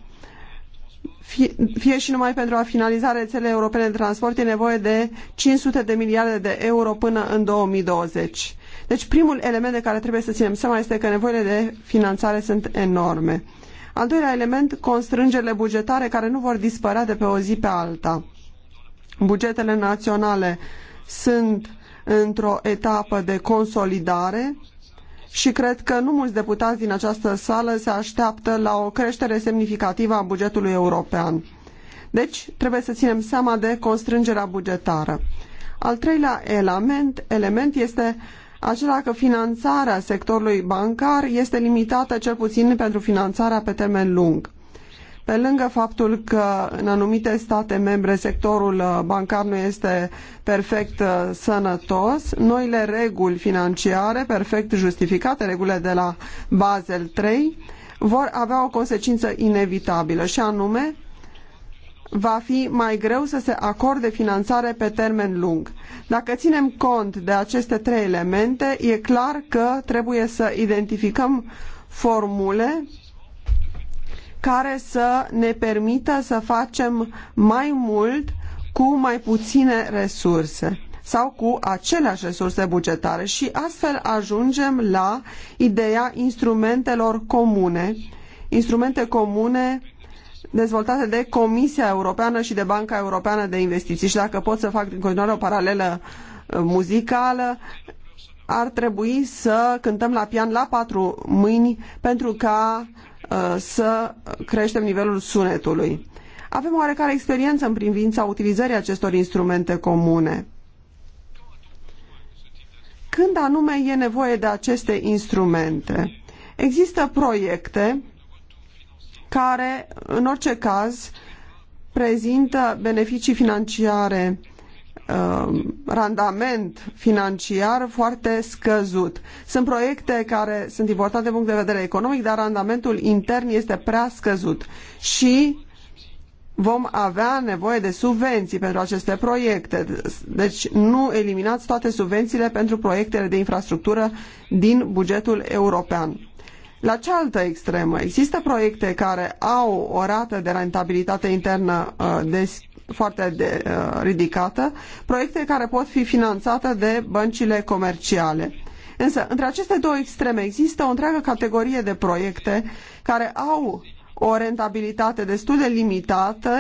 fie, fie și numai pentru a finaliza rețelele europene de transport e nevoie de 500 de miliarde de euro până în 2020. Deci primul element de care trebuie să ținem seama este că nevoile de finanțare sunt enorme. Al doilea element, constrângerile bugetare care nu vor dispărea de pe o zi pe alta. Bugetele naționale sunt într-o etapă de consolidare și cred că nu mulți deputați din această sală se așteaptă la o creștere semnificativă a bugetului european. Deci, trebuie să ținem seama de constrângerea bugetară. Al treilea element, element este acela că finanțarea sectorului bancar este limitată cel puțin pentru finanțarea pe termen lung. Pe lângă faptul că în anumite state membre sectorul uh, bancar nu este perfect uh, sănătos, noile reguli financiare perfect justificate, regulile de la Basel III, vor avea o consecință inevitabilă și anume va fi mai greu să se acorde finanțare pe termen lung. Dacă ținem cont de aceste trei elemente, e clar că trebuie să identificăm formule care să ne permită să facem mai mult cu mai puține resurse sau cu aceleași resurse bugetare și astfel ajungem la ideea instrumentelor comune, instrumente comune dezvoltate de Comisia Europeană și de Banca Europeană de Investiții. Și dacă pot să fac în continuare o paralelă uh, muzicală, ar trebui să cântăm la pian la patru mâini pentru ca Uh, să creștem nivelul sunetului. Avem oarecare experiență în privința utilizării acestor instrumente comune. Când anume e nevoie de aceste instrumente? Există proiecte care, în orice caz, prezintă beneficii financiare Um, randament financiar foarte scăzut. Sunt proiecte care sunt importante din punct de vedere economic, dar randamentul intern este prea scăzut și vom avea nevoie de subvenții pentru aceste proiecte. Deci nu eliminați toate subvențiile pentru proiectele de infrastructură din bugetul european. La cealaltă extremă, există proiecte care au o rată de rentabilitate internă uh, des, foarte de, uh, ridicată, proiecte care pot fi finanțate de băncile comerciale. Însă, între aceste două extreme există o întreagă categorie de proiecte care au o rentabilitate destul de limitată,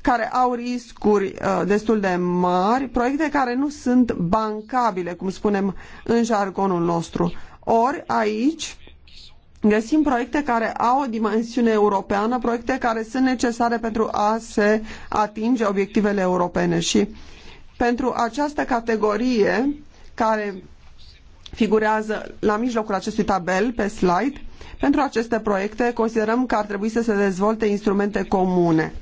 care au riscuri uh, destul de mari, proiecte care nu sunt bancabile, cum spunem în jargonul nostru. Ori aici găsim proiecte care au o dimensiune europeană, proiecte care sunt necesare pentru a se atinge obiectivele europene și pentru această categorie care figurează la mijlocul acestui tabel pe slide, pentru aceste proiecte considerăm că ar trebui să se dezvolte instrumente comune.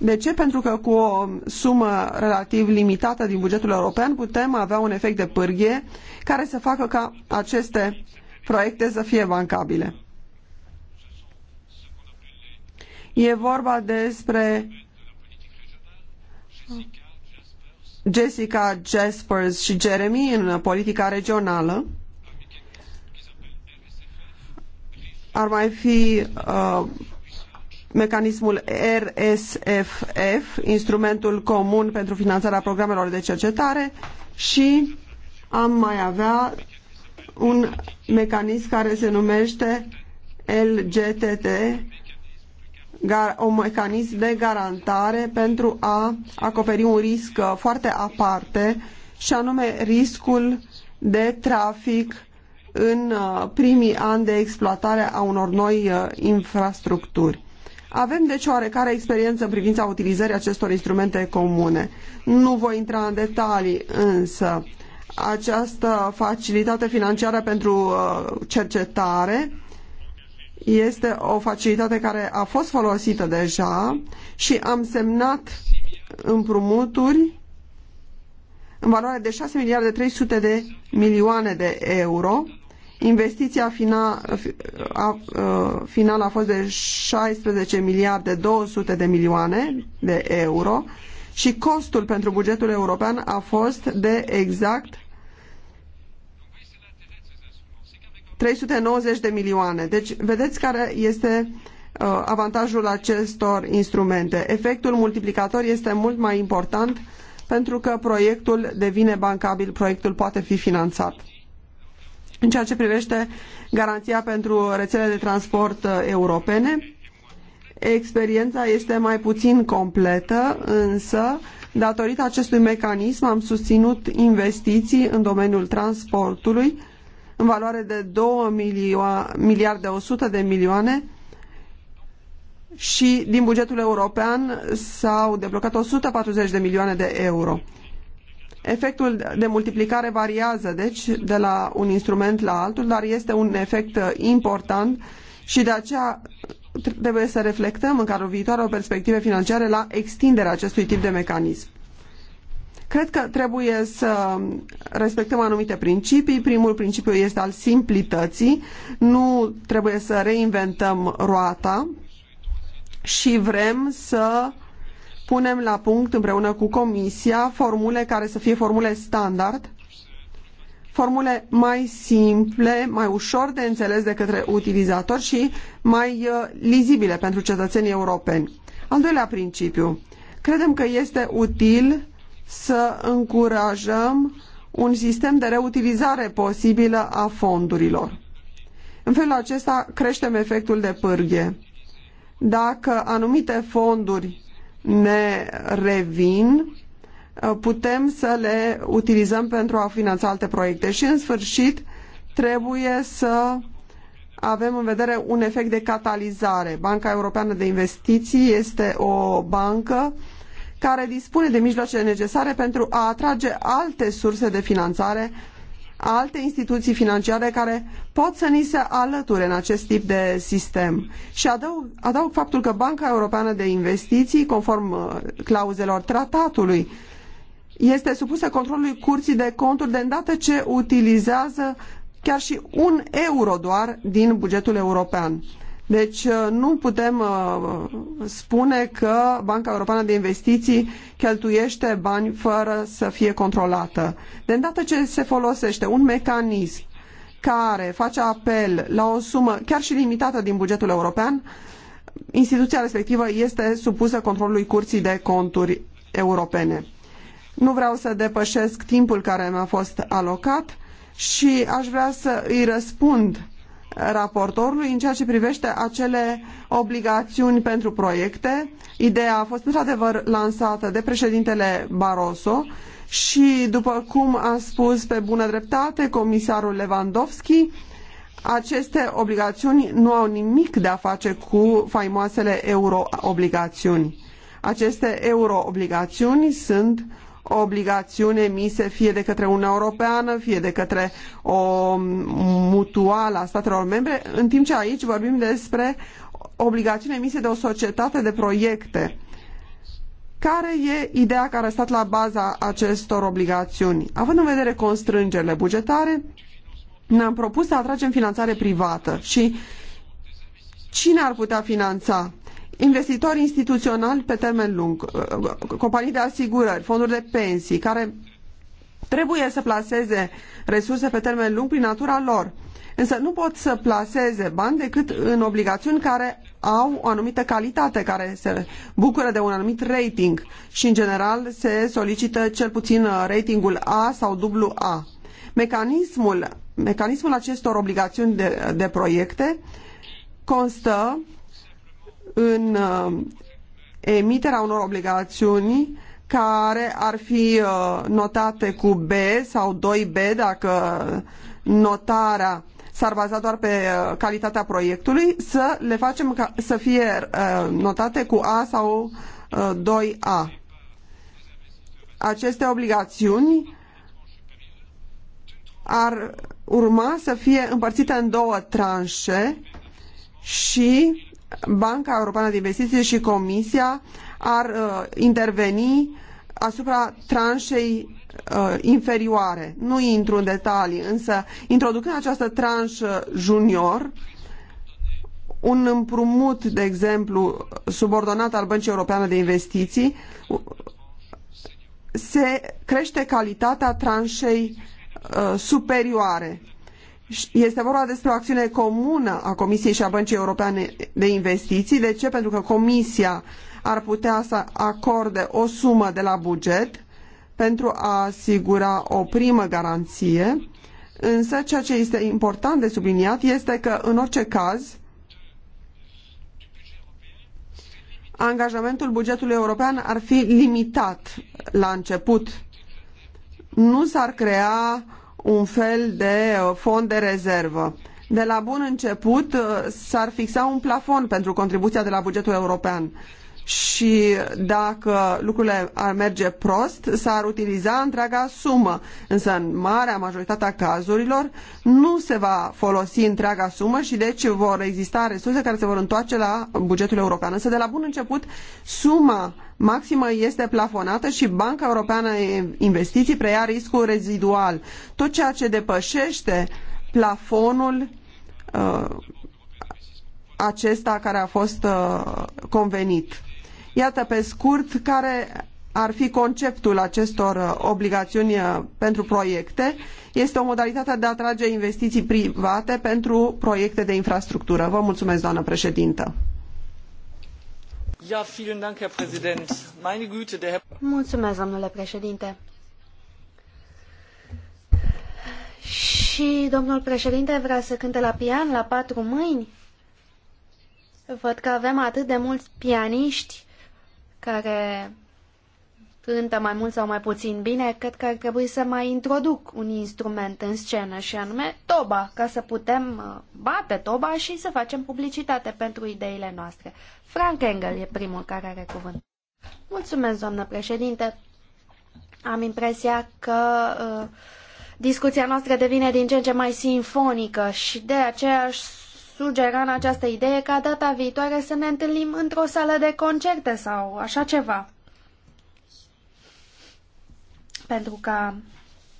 De ce? Pentru că cu o sumă relativ limitată din bugetul european putem avea un efect de pârghie care să facă ca aceste proiecte să fie bancabile. E vorba despre Jessica Jaspers și Jeremy în politica regională. Ar mai fi uh, mecanismul RSFF, instrumentul comun pentru finanțarea programelor de cercetare și am mai avea un mecanism care se numește LGTT, un mecanism de garantare pentru a acoperi un risc uh, foarte aparte și anume riscul de trafic în uh, primii ani de exploatare a unor noi uh, infrastructuri. Avem deci oarecare experiență în privința utilizării acestor instrumente comune. Nu voi intra în detalii, însă această facilitate financiară pentru uh, cercetare este o facilitate care a fost folosită deja și am semnat împrumuturi în valoare de 6 miliarde 300 de milioane de euro Investiția final, a, a, finală a fost de 16 miliarde 200 de milioane de euro și costul pentru bugetul european a fost de exact 390 de milioane. Deci, vedeți care este uh, avantajul acestor instrumente. Efectul multiplicator este mult mai important pentru că proiectul devine bancabil, proiectul poate fi finanțat în ceea ce privește garanția pentru rețelele de transport uh, europene. Experiența este mai puțin completă, însă, datorită acestui mecanism, am susținut investiții în domeniul transportului în valoare de 2 milio- miliarde 100 de milioane și din bugetul european s-au deblocat 140 de milioane de euro. Efectul de multiplicare variază, deci, de la un instrument la altul, dar este un efect uh, important și de aceea trebuie să reflectăm în cadrul viitoare o perspective financiare la extinderea acestui tip de mecanism. Cred că trebuie să um, respectăm anumite principii. Primul principiu este al simplității. Nu trebuie să reinventăm roata și vrem să uh, punem la punct împreună cu Comisia formule care să fie formule standard, formule mai simple, mai ușor de înțeles de către utilizatori și mai uh, lizibile pentru cetățenii europeni. Al doilea principiu. Credem că este util să încurajăm un sistem de reutilizare posibilă a fondurilor. În felul acesta creștem efectul de pârghie. Dacă anumite fonduri ne revin, putem să le utilizăm pentru a finanța alte proiecte. Și, în sfârșit, trebuie să avem în vedere un efect de catalizare. Banca Europeană de Investiții este o bancă care dispune de mijloacele necesare pentru a atrage alte surse de finanțare alte instituții financiare care pot să ni se alăture în acest tip de sistem. Și adaug, adaug faptul că Banca Europeană de Investiții, conform uh, clauzelor tratatului, este supusă controlului curții de conturi de îndată ce utilizează chiar și un euro doar din bugetul european. Deci uh, nu putem uh, spune că Banca Europeană de Investiții cheltuiește bani fără să fie controlată. De îndată ce se folosește un mecanism care face apel la o sumă chiar și limitată din bugetul european, instituția respectivă este supusă controlului Curții de Conturi Europene. Nu vreau să depășesc timpul care mi-a fost alocat și aș vrea să îi răspund raportorului în ceea ce privește acele obligațiuni pentru proiecte. Ideea a fost într-adevăr lansată de președintele Barroso și, după cum a spus pe bună dreptate comisarul Lewandowski, aceste obligațiuni nu au nimic de a face cu faimoasele euroobligațiuni. Aceste euroobligațiuni sunt obligațiuni emise fie de către Uniunea Europeană, fie de către o mutuală a statelor membre, în timp ce aici vorbim despre obligațiuni emise de o societate de proiecte. Care e ideea care a stat la baza acestor obligațiuni? Având în vedere constrângerile bugetare, ne-am propus să atragem finanțare privată și cine ar putea finanța investitori instituționali pe termen lung, companii de asigurări, fonduri de pensii, care trebuie să placeze resurse pe termen lung prin natura lor. Însă nu pot să placeze bani decât în obligațiuni care au o anumită calitate, care se bucură de un anumit rating și în general se solicită cel puțin ratingul A sau AA. Mecanismul, mecanismul acestor obligațiuni de, de proiecte constă în uh, emiterea unor obligațiuni care ar fi uh, notate cu B sau 2B dacă notarea s-ar baza doar pe uh, calitatea proiectului, să le facem ca, să fie notate cu A sau 2A. Aceste obligațiuni ar urma să fie împărțite în două tranșe și Banca Europeană de Investiții și Comisia ar uh, interveni asupra tranșei uh, inferioare. Nu intru în detalii, însă introducând această tranșă junior, un împrumut, de exemplu, subordonat al Băncii Europeană de Investiții, se crește calitatea tranșei uh, superioare. Este vorba despre o acțiune comună a Comisiei și a Băncii Europene de Investiții. De ce? Pentru că Comisia ar putea să acorde o sumă de la buget pentru a asigura o primă garanție, însă ceea ce este important de subliniat este că, în orice caz, angajamentul bugetului european ar fi limitat la început. Nu s-ar crea un fel de uh, fond de rezervă. De la bun început uh, s-ar fixa un plafon pentru contribuția de la bugetul european și dacă lucrurile ar merge prost, s-ar utiliza întreaga sumă. Însă în marea majoritate a cazurilor nu se va folosi întreaga sumă și deci vor exista resurse care se vor întoarce la bugetul european. Însă de la bun început suma maximă este plafonată și Banca Europeană de Investiții preia riscul rezidual. Tot ceea ce depășește plafonul uh, acesta care a fost uh, convenit. Iată pe scurt care ar fi conceptul acestor uh, obligațiuni uh, pentru proiecte. Este o modalitate de a atrage investiții private pentru proiecte de infrastructură. Vă mulțumesc, doamnă președintă domnule președinte. Și domnul președinte vrea să cânte la pian la patru mâini? Văd că avem atât de mulți pianiști care cântă mai mult sau mai puțin bine, cred că ar trebui să mai introduc un instrument în scenă și anume toba, ca să putem uh, bate toba și să facem publicitate pentru ideile noastre. Frank Engel e primul care are cuvânt. Mulțumesc, doamnă președinte. Am impresia că uh, discuția noastră devine din ce în ce mai sinfonică și de aceea aș sugera în această idee ca data viitoare să ne întâlnim într-o sală de concerte sau așa ceva pentru ca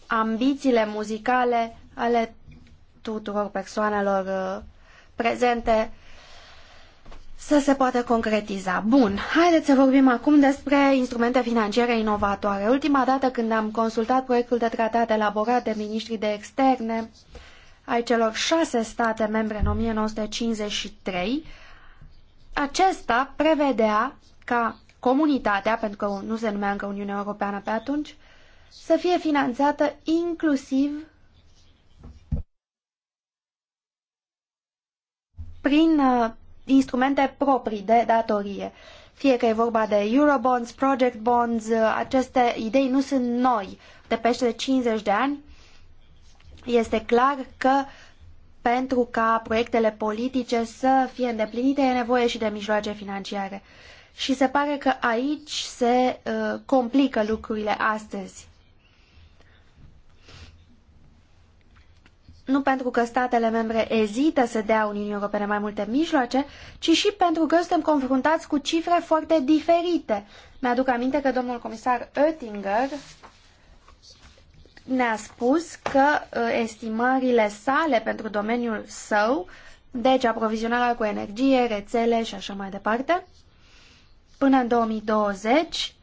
ambițiile muzicale ale tuturor persoanelor uh, prezente să se poată concretiza. Bun, haideți să vorbim acum despre instrumente financiare inovatoare. Ultima dată când am consultat proiectul de tratat elaborat de ministrii de externe ai celor șase state membre în 1953, acesta prevedea ca comunitatea, pentru că nu se numea încă Uniunea Europeană pe atunci, să fie finanțată inclusiv prin uh, instrumente proprii de datorie. Fie că e vorba de Eurobonds, Project Bonds, uh, aceste idei nu sunt noi, de peste de 50 de ani. Este clar că pentru ca proiectele politice să fie îndeplinite e nevoie și de mijloace financiare. Și se pare că aici se uh, complică lucrurile astăzi. nu pentru că statele membre ezită să dea Uniunii Europene mai multe mijloace, ci și pentru că suntem confruntați cu cifre foarte diferite. Mi-aduc aminte că domnul comisar Oettinger ne-a spus că ă, estimările sale pentru domeniul său, deci aprovizionarea cu energie, rețele și așa mai departe, până în 2020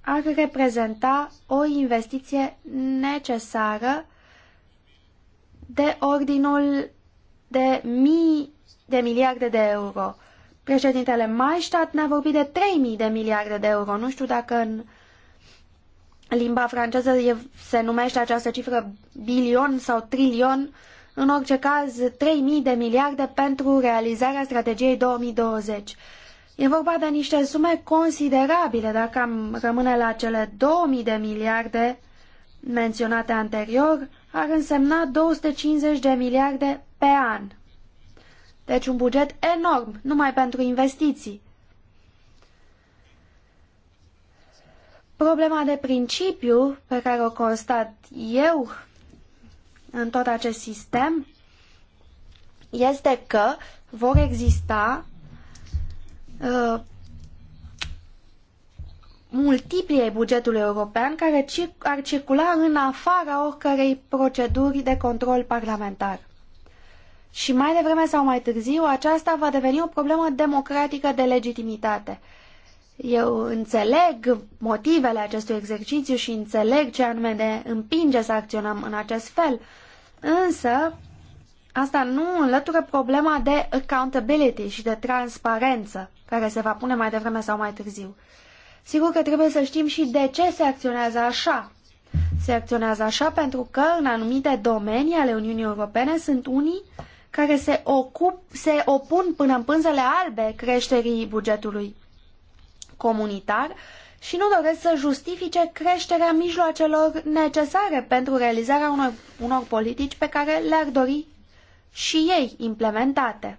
ar reprezenta o investiție necesară de ordinul de mii de miliarde de euro. Președintele Maistat ne-a vorbit de 3000 de miliarde de euro. Nu știu dacă în limba franceză e, se numește această cifră bilion sau trilion. În orice caz, 3000 de miliarde pentru realizarea strategiei 2020. E vorba de niște sume considerabile dacă am rămâne la cele 2000 de miliarde menționate anterior ar însemna 250 de miliarde pe an. Deci un buget enorm, numai pentru investiții. Problema de principiu pe care o constat eu în tot acest sistem este că vor exista uh, multipliei bugetului european care ar circula în afara oricărei proceduri de control parlamentar. Și mai devreme sau mai târziu, aceasta va deveni o problemă democratică de legitimitate. Eu înțeleg motivele acestui exercițiu și înțeleg ce anume ne împinge să acționăm în acest fel, însă asta nu înlătură problema de accountability și de transparență care se va pune mai devreme sau mai târziu. Sigur că trebuie să știm și de ce se acționează așa. Se acționează așa pentru că în anumite domenii ale Uniunii Europene sunt unii care se, ocup, se opun până în pânzele albe creșterii bugetului comunitar și nu doresc să justifice creșterea mijloacelor necesare pentru realizarea unor, unor politici pe care le-ar dori și ei implementate.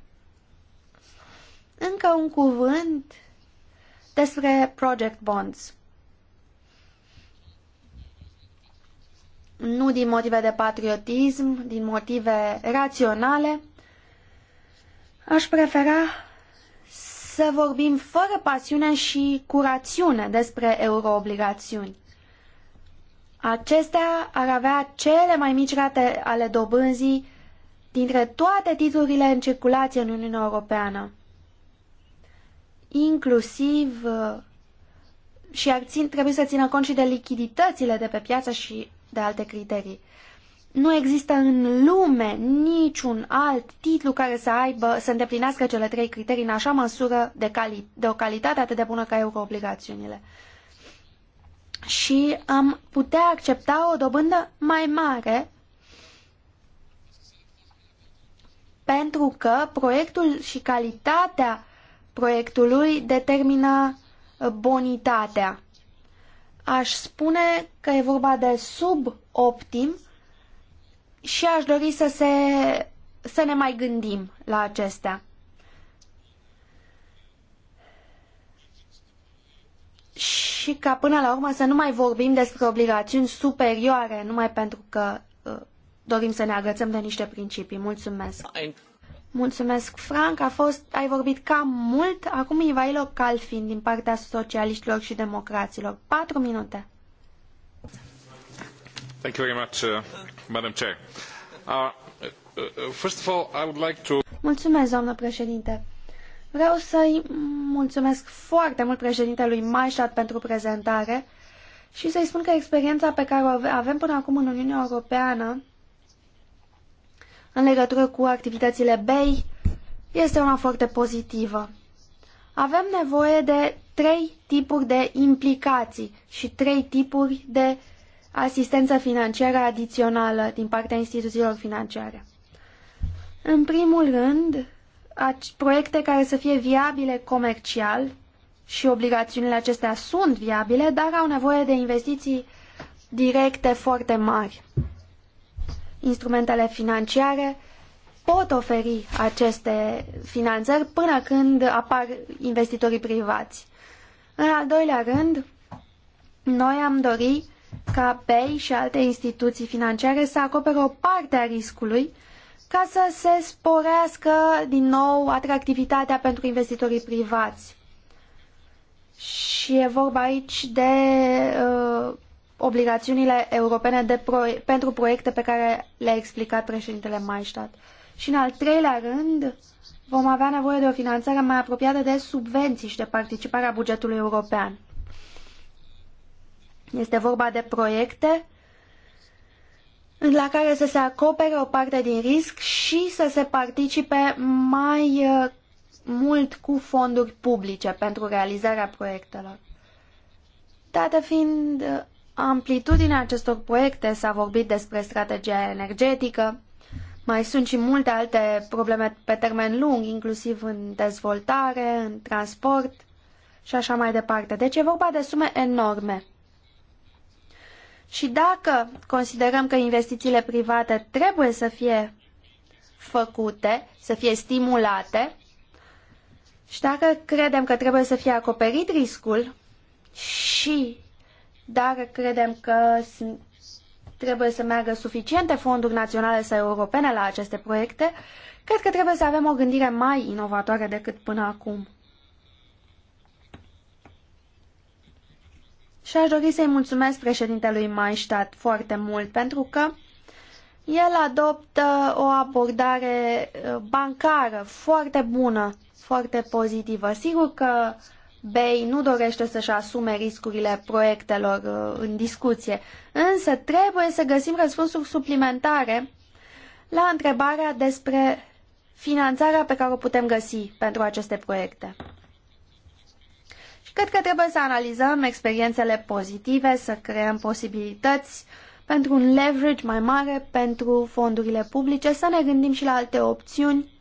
Încă un cuvânt despre project bonds. Nu din motive de patriotism, din motive raționale, aș prefera să vorbim fără pasiune și curațiune despre euroobligațiuni. Acestea ar avea cele mai mici rate ale dobânzii dintre toate titlurile în circulație în Uniunea Europeană inclusiv uh, și ar țin, trebuie să țină cont și de lichiditățile de pe piață și de alte criterii. Nu există în lume niciun alt titlu care să aibă, să îndeplinească cele trei criterii în așa măsură de, cali, de o calitate atât de bună ca euroobligațiunile. Și am putea accepta o dobândă mai mare pentru că proiectul și calitatea proiectului determină uh, bonitatea. Aș spune că e vorba de suboptim și aș dori să, se, să ne mai gândim la acestea. Și ca până la urmă să nu mai vorbim despre obligațiuni superioare, numai pentru că uh, dorim să ne agățăm de niște principii. Mulțumesc! Mulțumesc, Frank. A fost, ai vorbit cam mult. Acum Ivailo Calfin din partea socialiștilor și democraților. Patru minute. Thank you very much, uh, Madam Chair. Uh, uh first of all, I would like to... Mulțumesc, doamnă președinte. Vreau să-i mulțumesc foarte mult președintelui Maishat pentru prezentare și să-i spun că experiența pe care o avem până acum în Uniunea Europeană în legătură cu activitățile BEI este una foarte pozitivă. Avem nevoie de trei tipuri de implicații și trei tipuri de asistență financiară adițională din partea instituțiilor financiare. În primul rând, proiecte care să fie viabile comercial și obligațiunile acestea sunt viabile, dar au nevoie de investiții directe foarte mari instrumentele financiare pot oferi aceste finanțări până când apar investitorii privați. În al doilea rând, noi am dori ca BEI și alte instituții financiare să acopere o parte a riscului ca să se sporească din nou atractivitatea pentru investitorii privați. Și e vorba aici de uh, obligațiunile europene de pentru proiecte pe care le-a explicat președintele Maistat. Și în al treilea rând, vom avea nevoie de o finanțare mai apropiată de subvenții și de participarea bugetului european. Este vorba de proiecte la care să se acopere o parte din risc și să se participe mai uh, mult cu fonduri publice pentru realizarea proiectelor. Date fiind uh, amplitudinea acestor proiecte, s-a vorbit despre strategia energetică, mai sunt și multe alte probleme pe termen lung, inclusiv în dezvoltare, în transport și așa mai departe. Deci e vorba de sume enorme. Și dacă considerăm că investițiile private trebuie să fie făcute, să fie stimulate, și dacă credem că trebuie să fie acoperit riscul și dar credem că trebuie să meargă suficiente fonduri naționale sau europene la aceste proiecte, cred că trebuie să avem o gândire mai inovatoare decât până acum. Și aș dori să-i mulțumesc președintelui Maistat foarte mult, pentru că el adoptă o abordare eh, bancară foarte bună, foarte pozitivă. Sigur că uh, Bay nu dorește să-și asume riscurile proiectelor uh, în discuție, însă trebuie să găsim răspunsuri suplimentare la întrebarea despre finanțarea pe care o putem găsi pentru aceste proiecte. Și cred că trebuie să analizăm experiențele pozitive, să creăm posibilități pentru un leverage mai mare pentru fondurile publice, să ne gândim și la alte opțiuni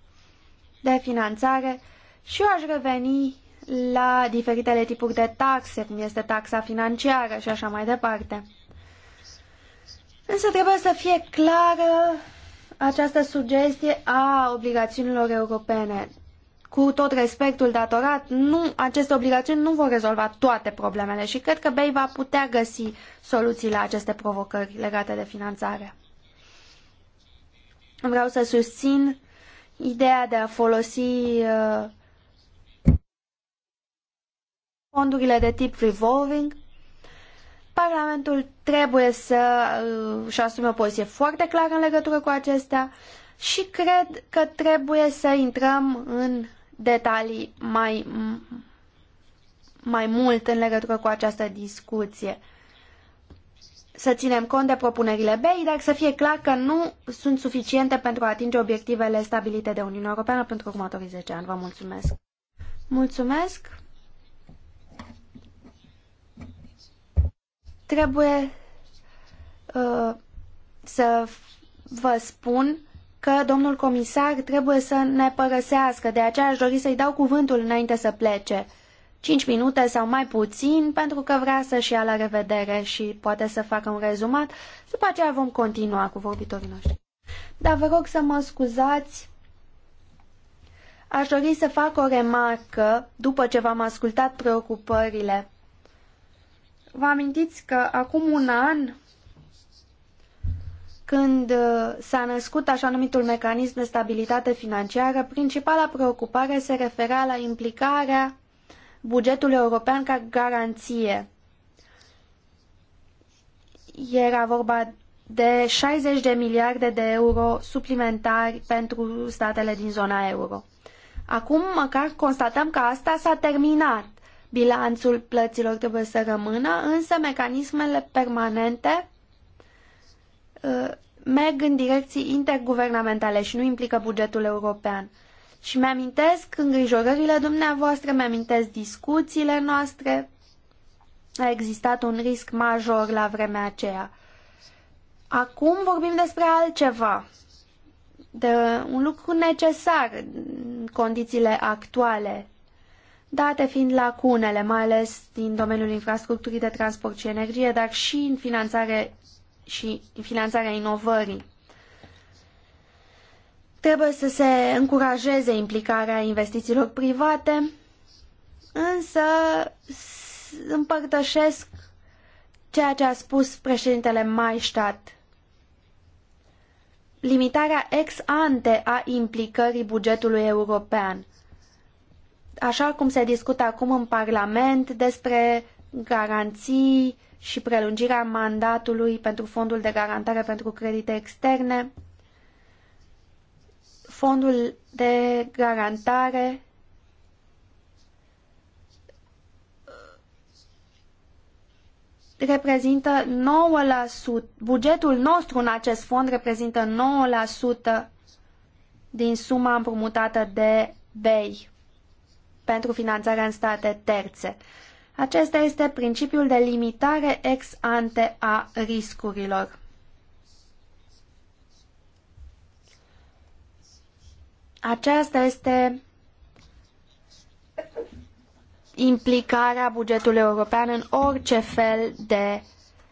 de finanțare și eu aș reveni la diferitele tipuri de taxe, cum este taxa financiară și așa mai departe. Însă trebuie să fie clară această sugestie a obligațiunilor europene. Cu tot respectul datorat, nu, aceste obligațiuni nu vor rezolva toate problemele și cred că BEI va putea găsi soluții la aceste provocări legate de finanțare. Vreau să susțin ideea de a folosi uh, fondurile de tip revolving, Parlamentul trebuie să uh, își asume o poziție foarte clară în legătură cu acestea și cred că trebuie să intrăm în detalii mai, mai mult în legătură cu această discuție. Să ținem cont de propunerile BEI, dar să fie clar că nu sunt suficiente pentru a atinge obiectivele stabilite de Uniunea Europeană pentru următorii 10 ani. Vă mulțumesc! Mulțumesc! Trebuie uh, să vă spun că domnul comisar trebuie să ne părăsească, de aceea aș dori să-i dau cuvântul înainte să plece. Cinci minute sau mai puțin, pentru că vrea să-și ia la revedere și poate să facă un rezumat. După aceea vom continua cu vorbitorii noștri. Dar vă rog să mă scuzați. Aș dori să fac o remarcă după ce v-am ascultat preocupările Vă amintiți că acum un an, când uh, s-a născut așa numitul mecanism de stabilitate financiară, principala preocupare se refera la implicarea bugetului european ca garanție. Era vorba de 60 de miliarde de euro suplimentari pentru statele din zona euro. Acum măcar constatăm că asta s-a terminat bilanțul plăților trebuie să rămână, însă mecanismele permanente uh, merg în direcții interguvernamentale și nu implică bugetul european. Și mi-amintesc îngrijorările dumneavoastră, mi-amintesc discuțiile noastre. A existat un risc major la vremea aceea. Acum vorbim despre altceva, de un lucru necesar în condițiile actuale date fiind lacunele, mai ales din domeniul infrastructurii de transport și energie, dar și în finanțare și în finanțarea inovării. Trebuie să se încurajeze implicarea investițiilor private, însă împărtășesc ceea ce a spus președintele Maistat. Limitarea ex ante a implicării bugetului european așa cum se discută acum în Parlament despre garanții și prelungirea mandatului pentru fondul de garantare pentru credite externe, fondul de garantare reprezintă 9%, bugetul nostru în acest fond reprezintă 9% din suma împrumutată de BEI pentru finanțarea în state terțe. Acesta este principiul de limitare ex ante a riscurilor. Aceasta este implicarea bugetului european în orice fel de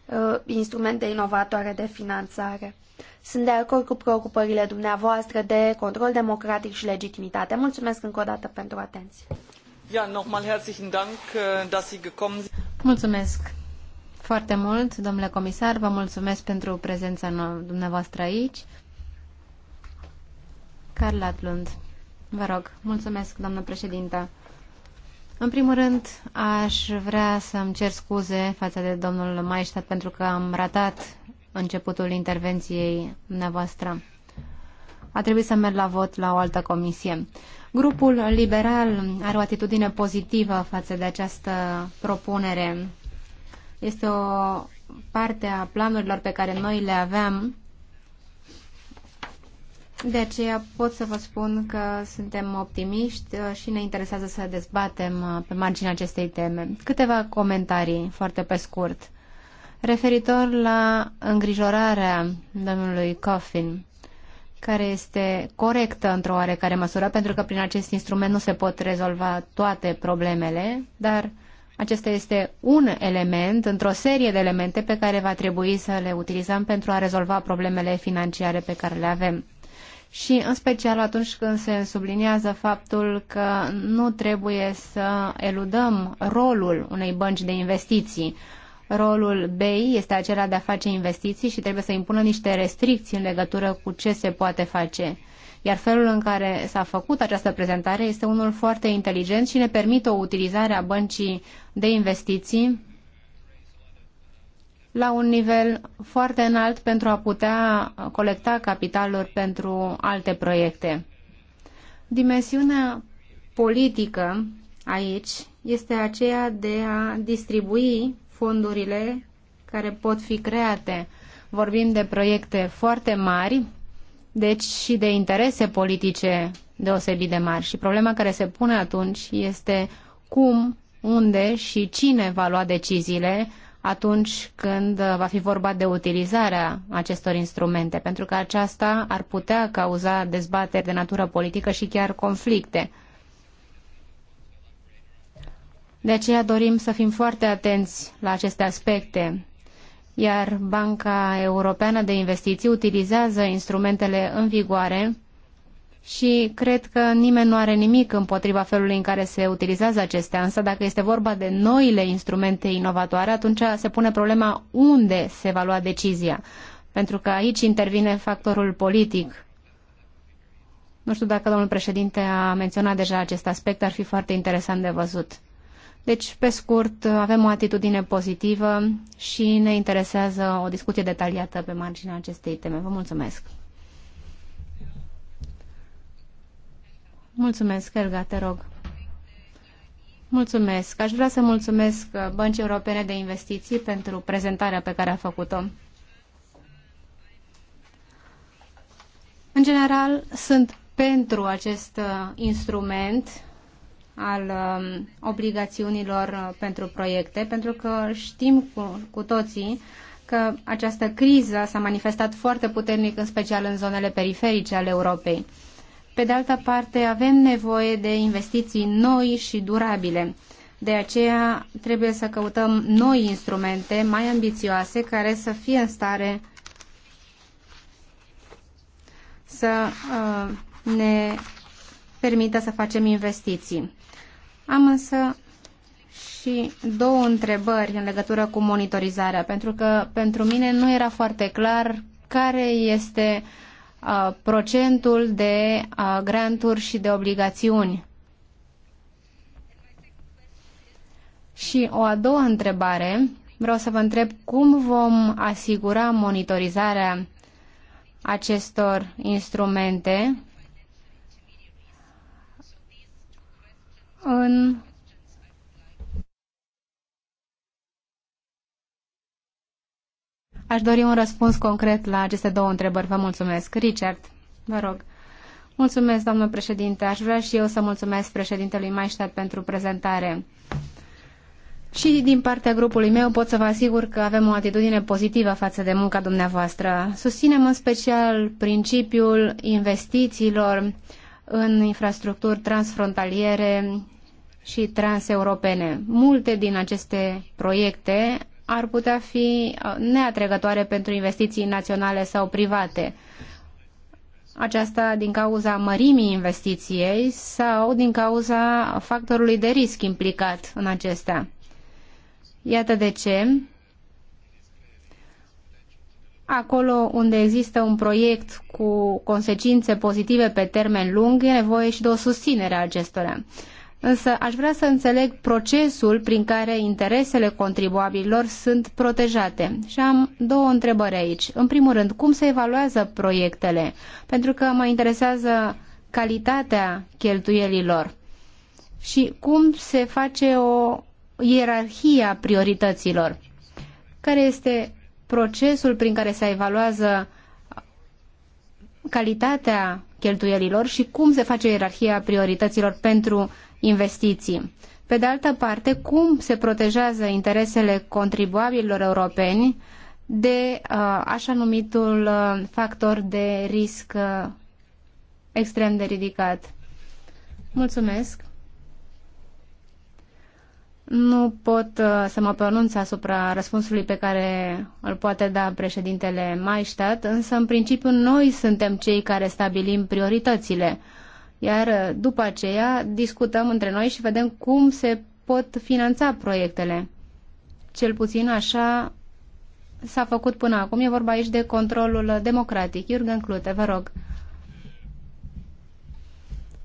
uh, instrumente inovatoare de finanțare. Sunt de acord cu preocupările dumneavoastră de control democratic și legitimitate. Mulțumesc încă o dată pentru atenție. Ja, nochmal herzlichen Dank, äh, dass Sie gekommen sind. Mulțumesc foarte mult, domnule comisar. Vă mulțumesc pentru prezența dumneavoastră aici. Carla Atlund, Vă rog, mulțumesc, doamnă președintă. În primul rând, aș vrea să-mi cer scuze față de domnul Maestat pentru că am ratat începutul intervenției dumneavoastră. A trebuit să merg la vot la o altă comisie. Grupul liberal are o atitudine pozitivă față de această propunere. Este o parte a planurilor pe care noi le aveam. De aceea pot să vă spun că suntem optimiști și ne interesează să dezbatem pe marginea acestei teme. Câteva comentarii foarte pe scurt referitor la îngrijorarea domnului Coffin, care este corectă într-o oarecare măsură, pentru că prin acest instrument nu se pot rezolva toate problemele, dar acesta este un element într-o serie de elemente pe care va trebui să le utilizăm pentru a rezolva problemele financiare pe care le avem. Și în special atunci când se subliniază faptul că nu trebuie să eludăm rolul unei bănci de investiții, rolul BEI este acela de a face investiții și trebuie să impună niște restricții în legătură cu ce se poate face. Iar felul în care s-a făcut această prezentare este unul foarte inteligent și ne permite o utilizare a băncii de investiții la un nivel foarte înalt pentru a putea colecta capitaluri pentru alte proiecte. Dimensiunea politică aici este aceea de a distribui fondurile care pot fi create. Vorbim de proiecte foarte mari, deci și de interese politice deosebit de mari. Și problema care se pune atunci este cum, unde și cine va lua deciziile atunci când va fi vorba de utilizarea acestor instrumente, pentru că aceasta ar putea cauza dezbateri de natură politică și chiar conflicte. De aceea dorim să fim foarte atenți la aceste aspecte. Iar Banca Europeană de Investiții utilizează instrumentele în vigoare și cred că nimeni nu are nimic împotriva felului în care se utilizează acestea, însă dacă este vorba de noile instrumente inovatoare, atunci se pune problema unde se va lua decizia, pentru că aici intervine factorul politic. Nu știu dacă domnul președinte a menționat deja acest aspect, ar fi foarte interesant de văzut. Deci, pe scurt, avem o atitudine pozitivă și ne interesează o discuție detaliată pe marginea acestei teme. Vă mulțumesc! Mulțumesc, Elga, te rog. Mulțumesc. Aș vrea să mulțumesc Băncii Europene de Investiții pentru prezentarea pe care a făcut-o. În general, sunt pentru acest instrument al um, obligațiunilor uh, pentru proiecte, pentru că știm cu, cu toții că această criză s-a manifestat foarte puternic, în special în zonele periferice ale Europei. Pe de altă parte, avem nevoie de investiții noi și durabile. De aceea trebuie să căutăm noi instrumente mai ambițioase care să fie în stare să uh, ne permită să facem investiții. Am însă și două întrebări în legătură cu monitorizarea, pentru că pentru mine nu era foarte clar care este uh, procentul de uh, granturi și de obligațiuni. Și o a doua întrebare, vreau să vă întreb cum vom asigura monitorizarea acestor instrumente în Aș dori un răspuns concret la aceste două întrebări. Vă mulțumesc. Richard, vă rog. Mulțumesc, domnul președinte. Aș vrea și eu să mulțumesc președintelui Maistat pentru prezentare. Și din partea grupului meu pot să vă asigur că avem o atitudine pozitivă față de munca dumneavoastră. Susținem în special principiul investițiilor în infrastructuri transfrontaliere și transeuropene. Multe din aceste proiecte ar putea fi uh, neatrăgătoare pentru investiții naționale sau private. Aceasta din cauza mărimii investiției sau din cauza factorului de risc implicat în acestea. Iată de ce acolo unde există un proiect cu consecințe pozitive pe termen lung, e nevoie și de o susținere a acestora însă aș vrea să înțeleg procesul prin care interesele contribuabililor sunt protejate. Și am două întrebări aici. În primul rând, cum se evaluează proiectele? Pentru că mă interesează calitatea cheltuielilor și cum se face o ierarhie a priorităților. Care este procesul prin care se evaluează calitatea cheltuielilor și cum se face ierarhia priorităților pentru investiții. Pe de altă parte, cum se protejează interesele contribuabililor europeni de uh, așa numitul uh, factor de risc uh, extrem de ridicat? Mulțumesc! Nu pot uh, să mă pronunț asupra răspunsului pe care îl poate da președintele Maistat, însă în principiu noi suntem cei care stabilim prioritățile. Uh, iar uh, după aceea discutăm între noi și vedem cum se pot finanța proiectele. Cel puțin așa s-a făcut până acum. E vorba aici de controlul democratic. Iurgen Clute, vă rog.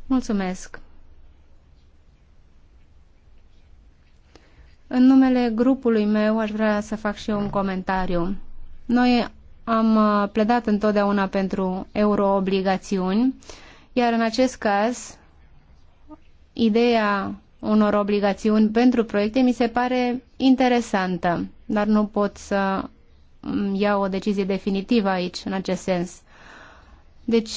Mulțumesc. În numele grupului meu aș vrea să fac și eu un comentariu. Noi am uh, pledat întotdeauna pentru euroobligațiuni iar în acest caz, ideea unor obligațiuni pentru proiecte mi se pare interesantă, dar nu pot să iau o decizie definitivă aici, în acest sens. Deci,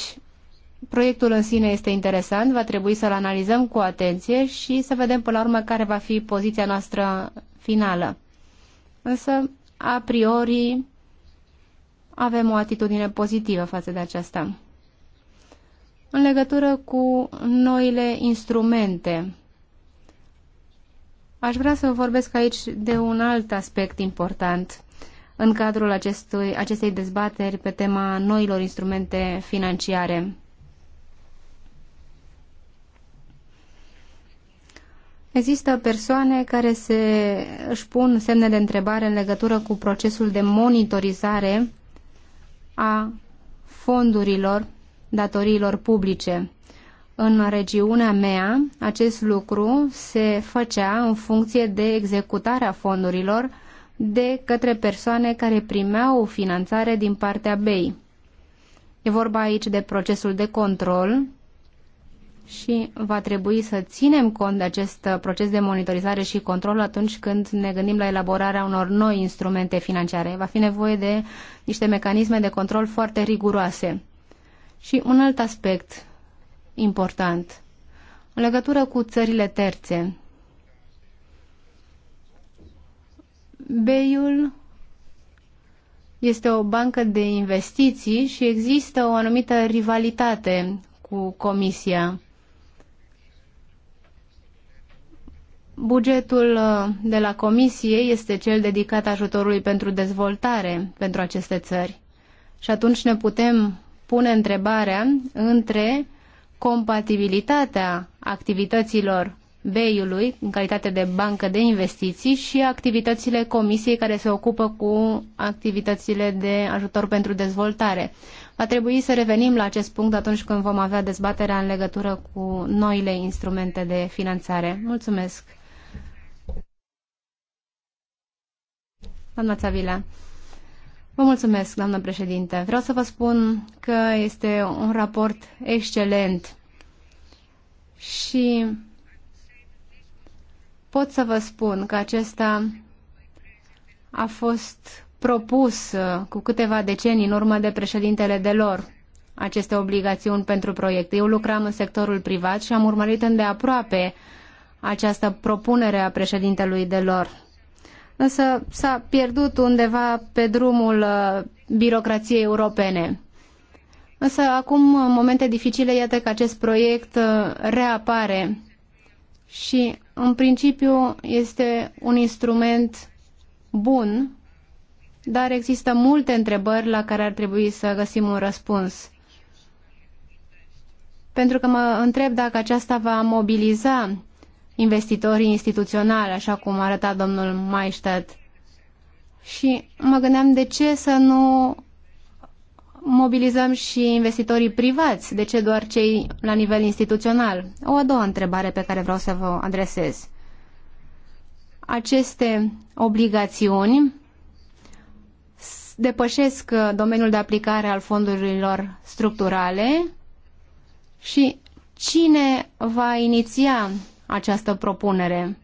proiectul în sine este interesant, va trebui să-l analizăm cu atenție și să vedem până la urmă care va fi poziția noastră finală. Însă, a priori, avem o atitudine pozitivă față de aceasta în legătură cu noile instrumente. Aș vrea să vorbesc aici de un alt aspect important în cadrul acestui, acestei dezbateri pe tema noilor instrumente financiare. Există persoane care se, își pun semne de întrebare în legătură cu procesul de monitorizare a fondurilor datoriilor publice. În regiunea mea, acest lucru se făcea în funcție de executarea fondurilor de către persoane care primeau finanțare din partea BEI. E vorba aici de procesul de control și va trebui să ținem cont de acest proces de monitorizare și control atunci când ne gândim la elaborarea unor noi instrumente financiare. Va fi nevoie de niște mecanisme de control foarte riguroase. Și un alt aspect important, în legătură cu țările terțe. Beiul este o bancă de investiții și există o anumită rivalitate cu Comisia. Bugetul uh, de la Comisie este cel dedicat ajutorului pentru dezvoltare pentru aceste țări. Și atunci ne putem pune întrebarea între compatibilitatea activităților BEI-ului în calitate de bancă de investiții și activitățile comisiei care se ocupă cu activitățile de ajutor pentru dezvoltare. Va trebui să revenim la acest punct atunci când vom avea dezbaterea în legătură cu noile instrumente de finanțare. Mulțumesc! Doamna Țavila. Vă mulțumesc, doamnă președinte. Vreau să vă spun că este un raport excelent și pot să vă spun că acesta a fost propus uh, cu câteva decenii în urmă de președintele de lor aceste obligațiuni pentru proiecte. Eu lucram în sectorul privat și am urmărit îndeaproape această propunere a președintelui de lor însă s-a pierdut undeva pe drumul uh, birocrației europene. Însă acum, în momente dificile, iată că acest proiect uh, reapare și, în principiu, este un instrument bun, dar există multe întrebări la care ar trebui să găsim un răspuns. Pentru că mă întreb dacă aceasta va mobiliza investitorii instituționali, așa cum arăta domnul Maistat. Și mă gândeam de ce să nu mobilizăm și investitorii privați, de ce doar cei la nivel instituțional? O a doua întrebare pe care vreau să vă adresez. Aceste obligațiuni depășesc domeniul de aplicare al fondurilor structurale și cine va iniția această propunere.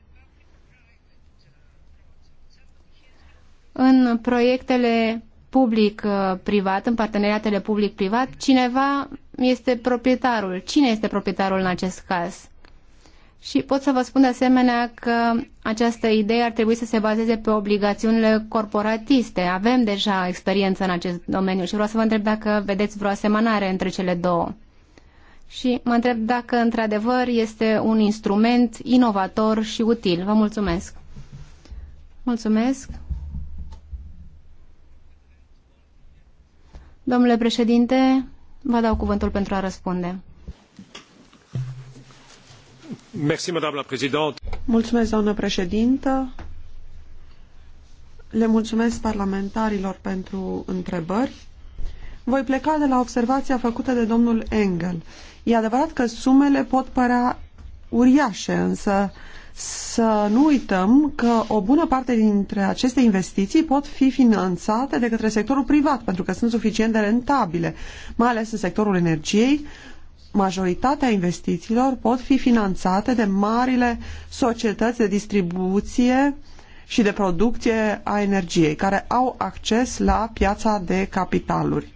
În proiectele public-privat, uh, în parteneriatele public-privat, cineva este proprietarul. Cine este proprietarul în acest caz? Și pot să vă spun de asemenea că această idee ar trebui să se bazeze pe obligațiunile corporatiste. Avem deja experiență în acest domeniu și vreau să vă întreb dacă vedeți vreo asemănare între cele două și mă întreb dacă într-adevăr este un instrument inovator și util. Vă mulțumesc! Mulțumesc! Domnule președinte, vă dau cuvântul pentru a răspunde. Merci, madame la présidente. Mulțumesc, doamnă președintă. Le mulțumesc parlamentarilor pentru întrebări. Voi pleca de la observația făcută de domnul Engel. E adevărat că sumele pot părea uriașe, însă să nu uităm că o bună parte dintre aceste investiții pot fi finanțate de către sectorul privat, pentru că sunt suficient de rentabile, mai ales în sectorul energiei. Majoritatea investițiilor pot fi finanțate de marile societăți de distribuție și de producție a energiei, care au acces la piața de capitaluri.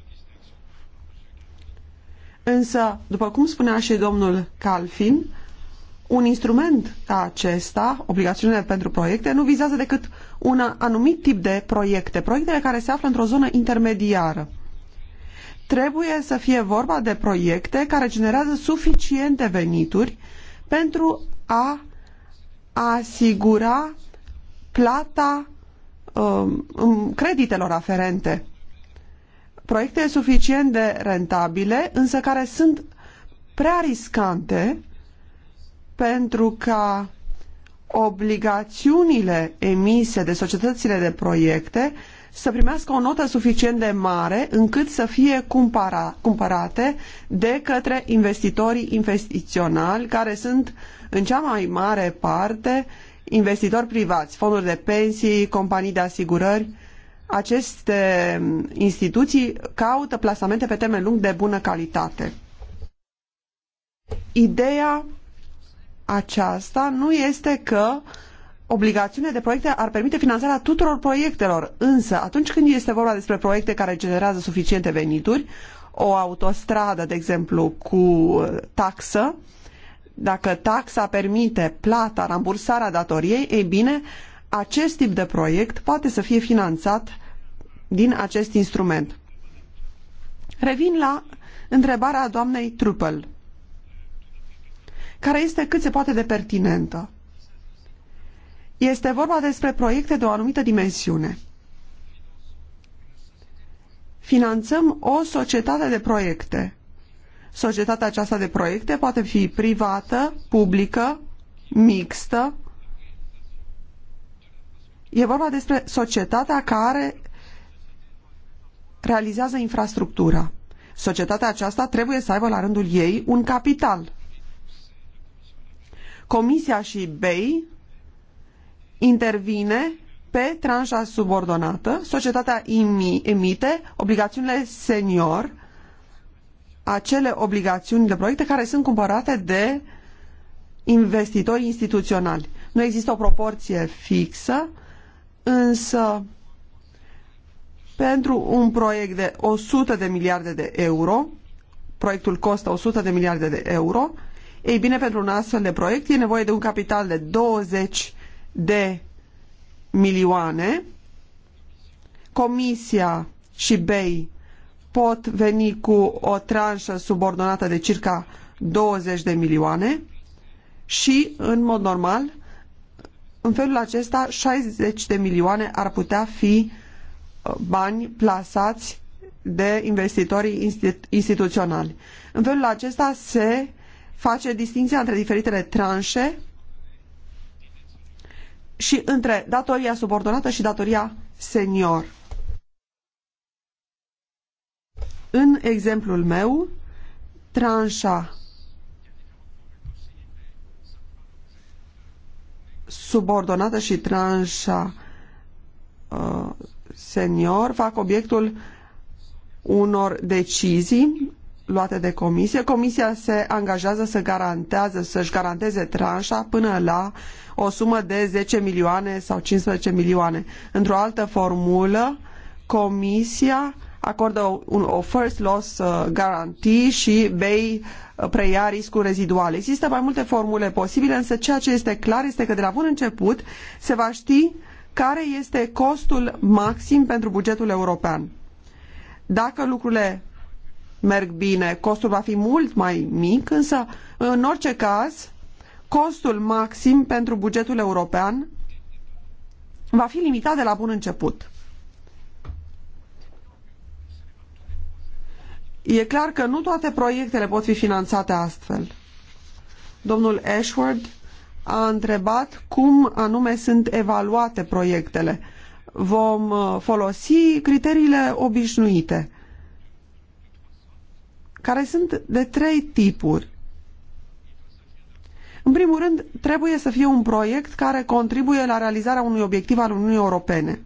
Însă, după cum spunea și domnul Calfin, un instrument ca acesta, obligațiunile pentru proiecte, nu vizează decât un anumit tip de proiecte, proiectele care se află într-o zonă intermediară. Trebuie să fie vorba de proiecte care generează suficiente venituri pentru a asigura plata um, creditelor aferente proiecte suficient de rentabile, însă care sunt prea riscante pentru ca obligațiunile emise de societățile de proiecte să primească o notă suficient de mare încât să fie cumpara, cumpărate de către investitorii investiționali care sunt în cea mai mare parte investitori privați, fonduri de pensii, companii de asigurări aceste instituții caută plasamente pe termen lung de bună calitate. Ideea aceasta nu este că obligațiunea de proiecte ar permite finanțarea tuturor proiectelor, însă atunci când este vorba despre proiecte care generează suficiente venituri, o autostradă, de exemplu, cu taxă, dacă taxa permite plata, rambursarea datoriei, ei bine, acest tip de proiect poate să fie finanțat din acest instrument. Revin la întrebarea doamnei Trupel, care este cât se poate de pertinentă. Este vorba despre proiecte de o anumită dimensiune. Finanțăm o societate de proiecte. Societatea aceasta de proiecte poate fi privată, publică, mixtă, E vorba despre societatea care realizează infrastructura. Societatea aceasta trebuie să aibă la rândul ei un capital. Comisia și BEI intervine pe tranșa subordonată, societatea emite obligațiunile senior, acele obligațiuni de proiecte care sunt cumpărate de investitori instituționali. Nu există o proporție fixă, însă pentru un proiect de 100 de miliarde de euro, proiectul costă 100 de miliarde de euro, ei bine, pentru un astfel de proiect e nevoie de un capital de 20 de milioane. Comisia și BEI pot veni cu o tranșă subordonată de circa 20 de milioane și, în mod normal, în felul acesta 60 de milioane ar putea fi uh, bani plasați de investitorii institu instituționali. În felul acesta se face distinția între diferitele tranșe și între datoria subordonată și datoria senior. În exemplul meu, tranșa subordonată și tranșa uh, senior fac obiectul unor decizii luate de comisie. Comisia se angajează să garantează, să-și garanteze tranșa până la o sumă de 10 milioane sau 15 milioane. Într-o altă formulă, comisia acordă o first loss uh, guarantee și BEI uh, preia riscul rezidual. Există mai multe formule posibile, însă ceea ce este clar este că de la bun început se va ști care este costul maxim pentru bugetul european. Dacă lucrurile merg bine, costul va fi mult mai mic, însă în orice caz costul maxim pentru bugetul european va fi limitat de la bun început. E clar că nu toate proiectele pot fi finanțate astfel. Domnul Ashworth a întrebat cum anume sunt evaluate proiectele. Vom uh, folosi criteriile obișnuite, care sunt de trei tipuri. În primul rând, trebuie să fie un proiect care contribuie la realizarea unui obiectiv al Uniunii Europene.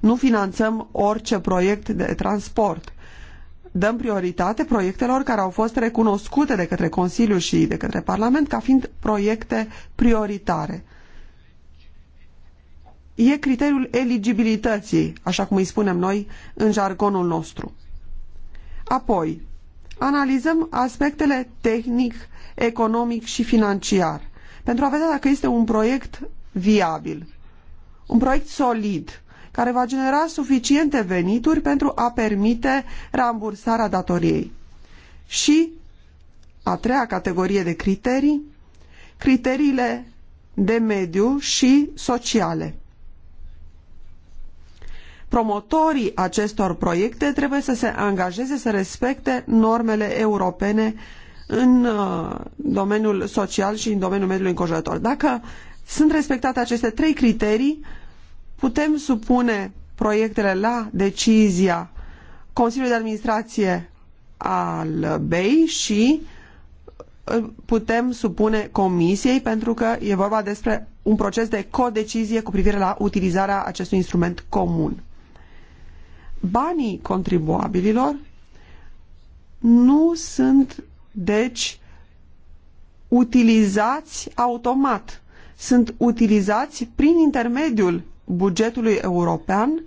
Nu finanțăm orice proiect de transport dăm prioritate proiectelor care au fost recunoscute de către Consiliu și de către Parlament ca fiind proiecte prioritare. E criteriul eligibilității, așa cum îi spunem noi în jargonul nostru. Apoi, analizăm aspectele tehnic, economic și financiar pentru a vedea dacă este un proiect viabil, un proiect solid, care va genera suficiente venituri pentru a permite rambursarea datoriei. Și a treia categorie de criterii, criteriile de mediu și sociale. Promotorii acestor proiecte trebuie să se angajeze să respecte normele europene în uh, domeniul social și în domeniul mediului înconjurător. Dacă sunt respectate aceste trei criterii, putem supune proiectele la decizia Consiliului de Administrație al BEI și uh, putem supune Comisiei pentru că e vorba despre un proces de codecizie cu privire la utilizarea acestui instrument comun. Banii contribuabililor nu sunt, deci, utilizați automat. Sunt utilizați prin intermediul bugetului european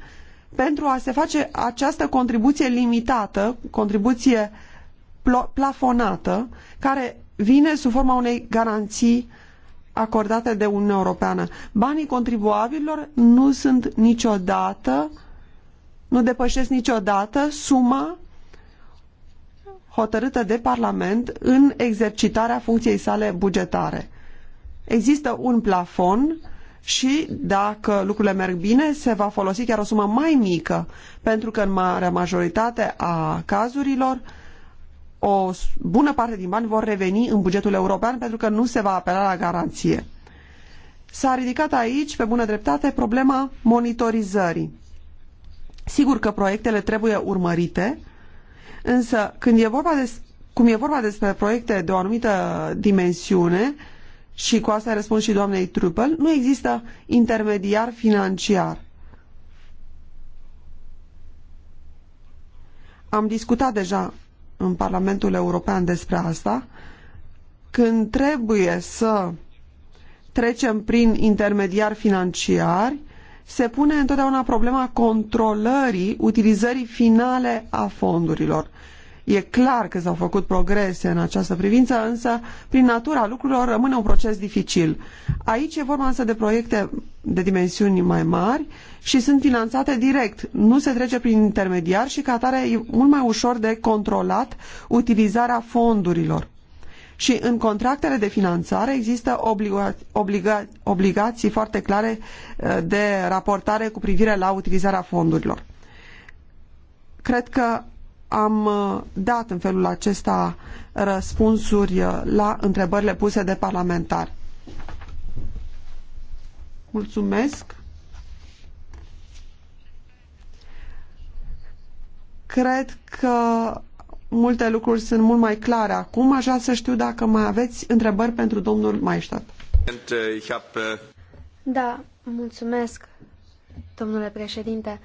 pentru a se face această contribuție limitată, contribuție plafonată, care vine sub forma unei garanții acordate de Uniunea Europeană. Banii contribuabililor nu sunt niciodată, nu depășesc niciodată suma hotărâtă de Parlament în exercitarea funcției sale bugetare. Există un plafon și dacă lucrurile merg bine, se va folosi chiar o sumă mai mică, pentru că în marea majoritate a cazurilor o bună parte din bani vor reveni în bugetul european pentru că nu se va apela la garanție. S-a ridicat aici, pe bună dreptate, problema monitorizării. Sigur că proiectele trebuie urmărite, însă când e vorba de, cum e vorba despre proiecte de o anumită dimensiune, uh, și cu asta răspund și doamnei Trupel, nu există intermediar financiar. Am discutat deja în Parlamentul European despre asta. Când trebuie să trecem prin intermediari financiari, se pune întotdeauna problema controlării utilizării finale a fondurilor. E clar că s-au făcut progrese în această privință, însă, prin natura lucrurilor, rămâne un proces dificil. Aici e vorba însă de proiecte de dimensiuni mai mari și sunt finanțate direct. Nu se trece prin intermediar și, ca atare, e mult mai ușor de controlat utilizarea fondurilor. Și în contractele de finanțare există obliga obliga obligații foarte clare uh, de raportare cu privire la utilizarea fondurilor. Cred că am uh, dat în felul acesta răspunsuri uh, la întrebările puse de parlamentar. Mulțumesc. Cred că multe lucruri sunt mult mai clare acum. Aș vrea să știu dacă mai aveți întrebări pentru domnul Maistat. Uh, da, mulțumesc, domnule președinte.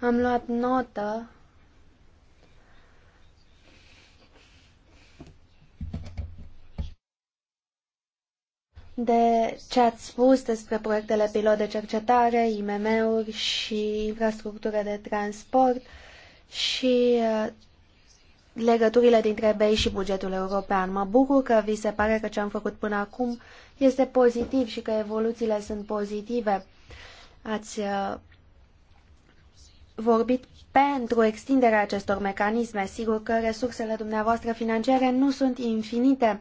Am luat notă de ce ați spus despre proiectele pilot de cercetare, IMM-uri și infrastructură de transport și uh, legăturile dintre BEI și bugetul european. Mă bucur că vi se pare că ce am făcut până acum este pozitiv și că evoluțiile sunt pozitive. Ați uh, vorbit pentru extinderea acestor mecanisme. Sigur că resursele dumneavoastră financiare nu sunt infinite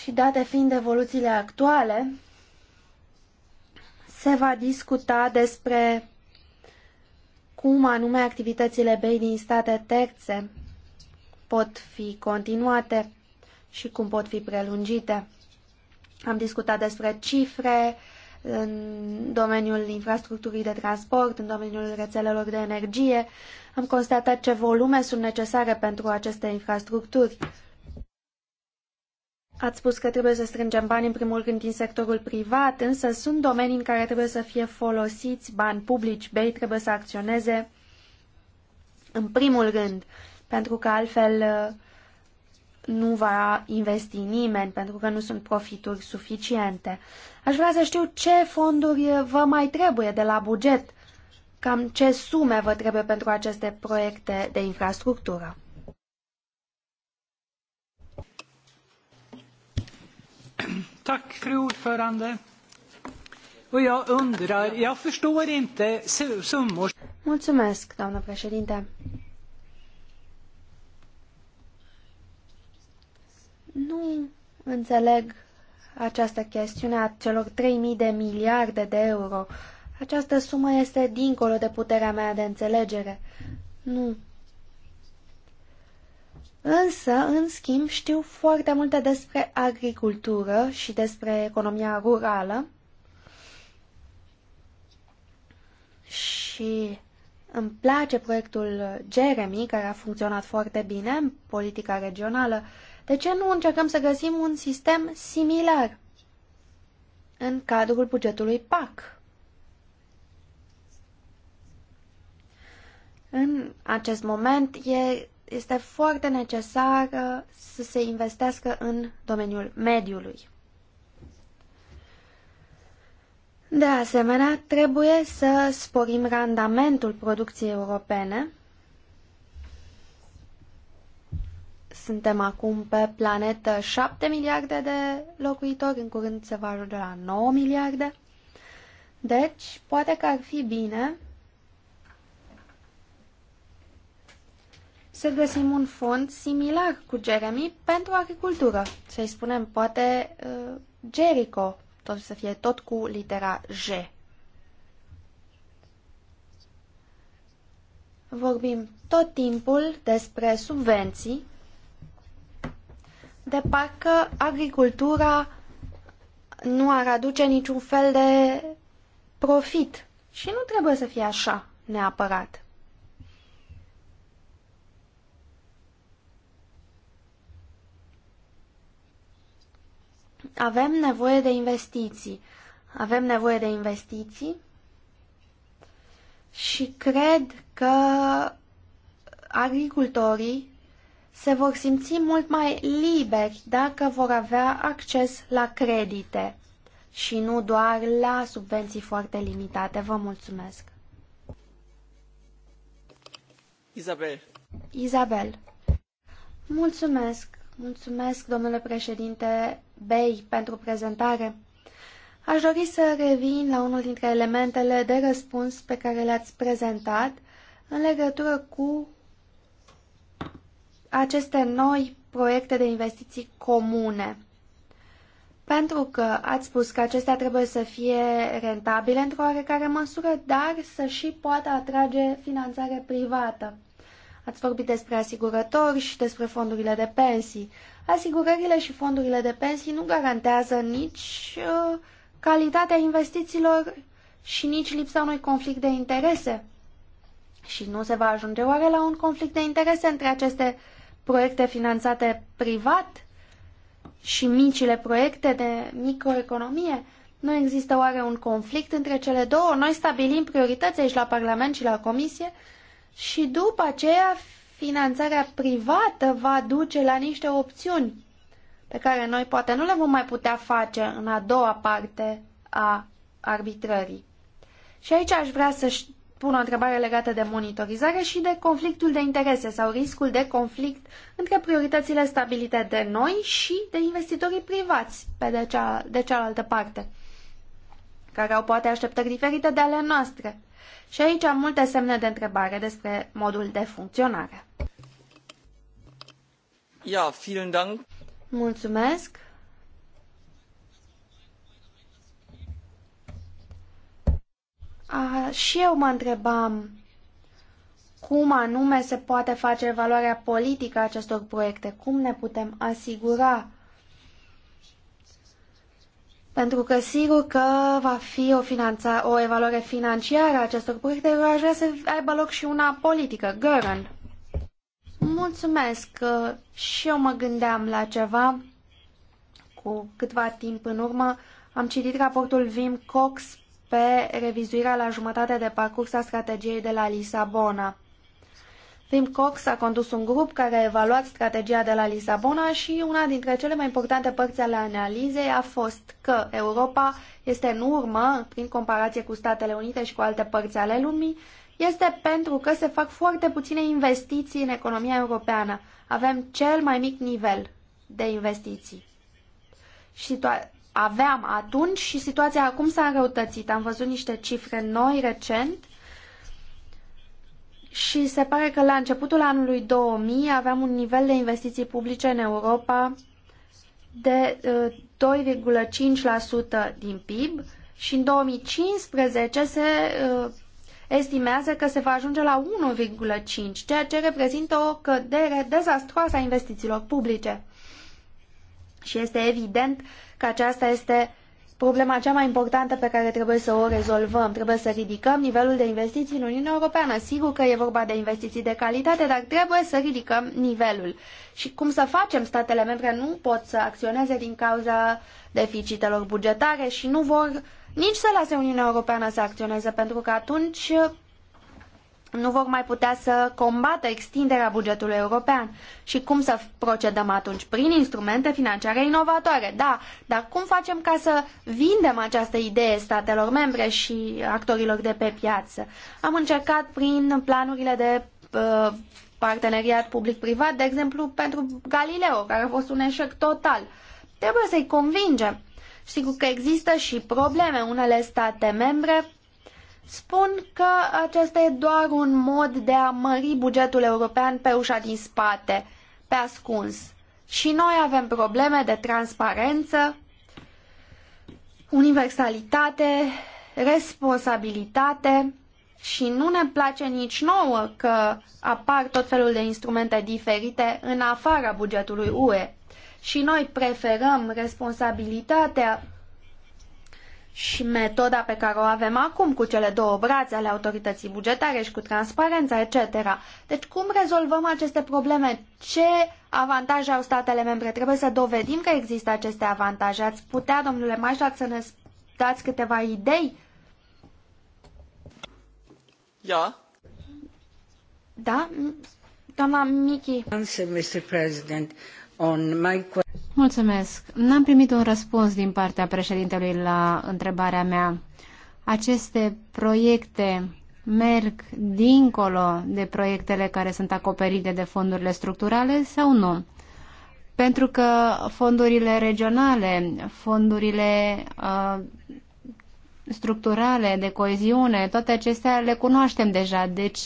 și date fiind evoluțiile actuale, se va discuta despre cum anume activitățile BEI din state terțe pot fi continuate și cum pot fi prelungite. Am discutat despre cifre în domeniul infrastructurii de transport, în domeniul rețelelor de energie. Am constatat ce volume sunt necesare pentru aceste infrastructuri Ați spus că trebuie să strângem bani în primul rând din sectorul privat, însă sunt domenii în care trebuie să fie folosiți bani publici. BEI trebuie să acționeze în primul rând, pentru că altfel uh, nu va investi nimeni, pentru că nu sunt profituri suficiente. Aș vrea să știu ce fonduri vă mai trebuie de la buget, cam ce sume vă trebuie pentru aceste proiecte de infrastructură. Mulțumesc, doamnă președinte. Nu înțeleg această chestiune a celor 3.000 de miliarde de euro. Această sumă este dincolo de puterea mea de înțelegere. Nu Însă, în schimb, știu foarte multe despre agricultură și despre economia rurală și îmi place proiectul Jeremy, care a funcționat foarte bine în politica regională. De ce nu încercăm să găsim un sistem similar în cadrul bugetului PAC? În acest moment e este foarte necesar să se investească în domeniul mediului. De asemenea, trebuie să sporim randamentul producției europene. Suntem acum pe planetă 7 miliarde de locuitori, în curând se va ajunge la 9 miliarde. Deci, poate că ar fi bine să găsim un fond similar cu Jeremy pentru agricultură. Să-i spunem, poate, uh, Jericho, tot să fie tot cu litera J. Vorbim tot timpul despre subvenții, de parcă agricultura nu ar aduce niciun fel de profit. Și nu trebuie să fie așa, neapărat. avem nevoie de investiții. Avem nevoie de investiții și cred că agricultorii se vor simți mult mai liberi dacă vor avea acces la credite și nu doar la subvenții foarte limitate. Vă mulțumesc. Isabel. Isabel. Mulțumesc. Mulțumesc, domnule președinte Bey, pentru prezentare. Aș dori să revin la unul dintre elementele de răspuns pe care le-ați prezentat în legătură cu aceste noi proiecte de investiții comune. Pentru că ați spus că acestea trebuie să fie rentabile într-o oarecare măsură, dar să și poată atrage finanțare privată. Ați vorbit despre asigurători și despre fondurile de pensii. Asigurările și fondurile de pensii nu garantează nici uh, calitatea investițiilor și nici lipsa unui conflict de interese. Și nu se va ajunge oare la un conflict de interese între aceste proiecte finanțate privat și micile proiecte de microeconomie? Nu există oare un conflict între cele două? Noi stabilim priorități aici la Parlament și la Comisie și după aceea finanțarea privată va duce la niște opțiuni pe care noi poate nu le vom mai putea face în a doua parte a arbitrării. Și aici aș vrea să pun o întrebare legată de monitorizare și de conflictul de interese sau riscul de conflict între prioritățile stabilite de noi și de investitorii privați pe de, cea, de cealaltă parte, care au poate așteptări diferite de ale noastre. Și aici am multe semne de întrebare despre modul de funcționare. Ja, vielen Dank. Mulțumesc. A, și eu mă întrebam cum anume se poate face evaluarea politică a acestor proiecte, cum ne putem asigura pentru că sigur că va fi o, finanța, o evaluare financiară a acestor proiecte, eu aș vrea să aibă loc și una politică, Gărân. Mulțumesc că și eu mă gândeam la ceva cu câtva timp în urmă. Am citit raportul Vim Cox pe revizuirea la jumătate de parcurs a strategiei de la Lisabona. Tim Cox a condus un grup care a evaluat strategia de la Lisabona și una dintre cele mai importante părți ale analizei a fost că Europa este în urmă, prin comparație cu Statele Unite și cu alte părți ale lumii, este pentru că se fac foarte puține investiții în economia europeană. Avem cel mai mic nivel de investiții. Și aveam atunci și situația acum s-a înrăutățit. Am văzut niște cifre noi recent și se pare că la începutul anului 2000 aveam un nivel de investiții publice în Europa de 2,5% uh, din PIB și în 2015 se uh, estimează că se va ajunge la 1,5%, ceea ce reprezintă o cădere dezastroasă a investițiilor publice. Și este evident că aceasta este problema cea mai importantă pe care trebuie să o rezolvăm. Trebuie să ridicăm nivelul de investiții în Uniunea Europeană. Sigur că e vorba de investiții de calitate, dar trebuie să ridicăm nivelul. Și cum să facem? Statele membre nu pot să acționeze din cauza deficitelor bugetare și nu vor nici să lase Uniunea Europeană să acționeze, pentru că atunci nu vor mai putea să combată extinderea bugetului european. Și cum să procedăm atunci? Prin instrumente financiare inovatoare, da, dar cum facem ca să vindem această idee statelor membre și actorilor de pe piață? Am încercat prin planurile de uh, parteneriat public-privat, de exemplu pentru Galileo, care a fost un eșec total. Trebuie să-i convingem. Sigur că există și probleme. Unele state membre spun că acesta e doar un mod de a mări bugetul european pe ușa din spate, pe ascuns. Și noi avem probleme de transparență, universalitate, responsabilitate și nu ne place nici nouă că apar tot felul de instrumente diferite în afara bugetului UE. Și noi preferăm responsabilitatea și metoda pe care o avem acum cu cele două brațe ale autorității bugetare și cu transparența, etc. Deci cum rezolvăm aceste probleme? Ce avantaje au statele membre? Trebuie să dovedim că există aceste avantaje. Ați putea, domnule Mașat, să ne dați câteva idei? Ja. Da? Doamna Michi. Answer, Mr. President, on my question. Mulțumesc. N-am primit un răspuns din partea președintelui la întrebarea mea. Aceste proiecte merg dincolo de proiectele care sunt acoperite de fondurile structurale sau nu? Pentru că fondurile regionale, fondurile uh, structurale, de coeziune, toate acestea le cunoaștem deja. Deci,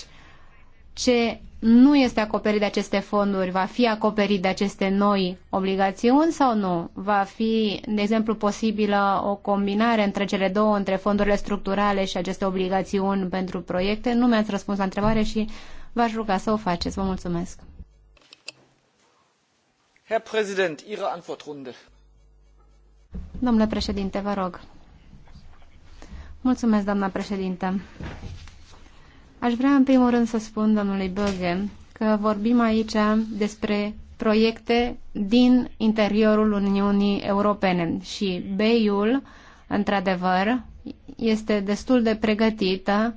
ce nu este acoperit de aceste fonduri, va fi acoperit de aceste noi obligațiuni sau nu? Va fi, de exemplu, posibilă o combinare între cele două, între fondurile structurale și aceste obligațiuni pentru proiecte? Nu mi-ați răspuns la întrebare și v-aș ruga să o faceți. Vă mulțumesc. Herr Präsident, Ihre Antwortrunde. Domnule președinte, vă rog. Mulțumesc, doamna președinte. Aș vrea în primul rând să spun domnului Băge că vorbim aici despre proiecte din interiorul Uniunii Europene și BEI-ul, într-adevăr, este destul de pregătită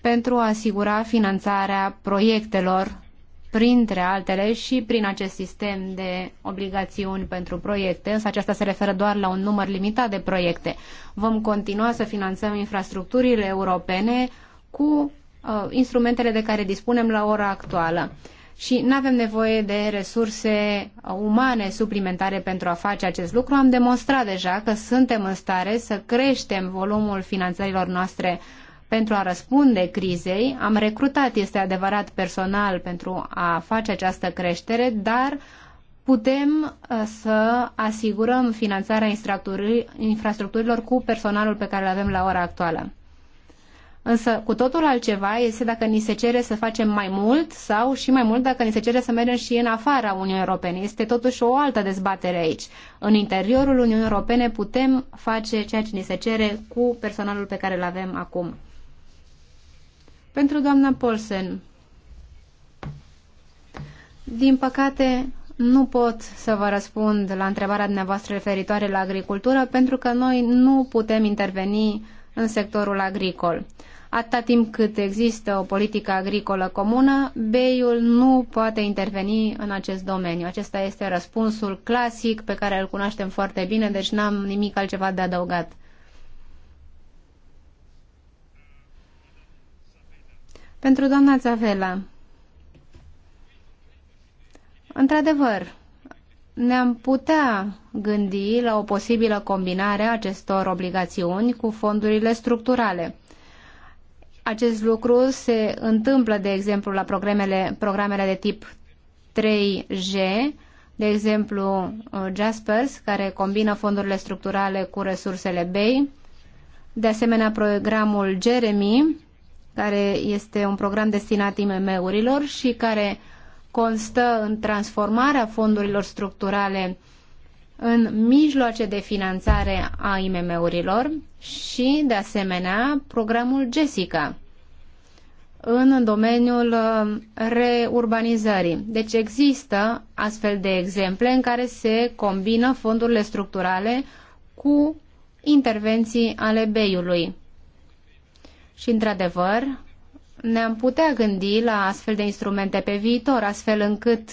pentru a asigura finanțarea proiectelor, printre altele și prin acest sistem de obligațiuni pentru proiecte, însă aceasta se referă doar la un număr limitat de proiecte. Vom continua să finanțăm infrastructurile europene cu uh, instrumentele de care dispunem la ora actuală. Și nu avem nevoie de resurse umane suplimentare pentru a face acest lucru. Am demonstrat deja că suntem în stare să creștem volumul finanțărilor noastre pentru a răspunde crizei. Am recrutat, este adevărat, personal pentru a face această creștere, dar putem uh, să asigurăm finanțarea infrastructurilor cu personalul pe care îl avem la ora actuală. Însă cu totul altceva este dacă ni se cere să facem mai mult sau și mai mult dacă ni se cere să mergem și în afara Uniunii Europene. Este totuși o altă dezbatere aici. În interiorul Uniunii Europene putem face ceea ce ni se cere cu personalul pe care îl avem acum. Pentru doamna Polsen, din păcate, nu pot să vă răspund la întrebarea dumneavoastră referitoare la agricultură, pentru că noi nu putem interveni în sectorul agricol. Atâta timp cât există o politică agricolă comună, BEI-ul nu poate interveni în acest domeniu. Acesta este răspunsul clasic pe care îl cunoaștem foarte bine, deci n-am nimic altceva de adăugat. Pentru doamna Zavela, într-adevăr, ne-am putea gândi la o posibilă combinare a acestor obligațiuni cu fondurile structurale. Acest lucru se întâmplă, de exemplu, la programele, programele de tip 3G, de exemplu uh, Jaspers, care combină fondurile structurale cu resursele BEI, de asemenea programul Jeremy, care este un program destinat IMM-urilor și care constă în transformarea fondurilor structurale în mijloace de finanțare a IMM-urilor și, de asemenea, programul Jessica în domeniul uh, reurbanizării. Deci există astfel de exemple în care se combină fondurile structurale cu intervenții ale BEI-ului. Și, într-adevăr, ne-am putea gândi la astfel de instrumente pe viitor, astfel încât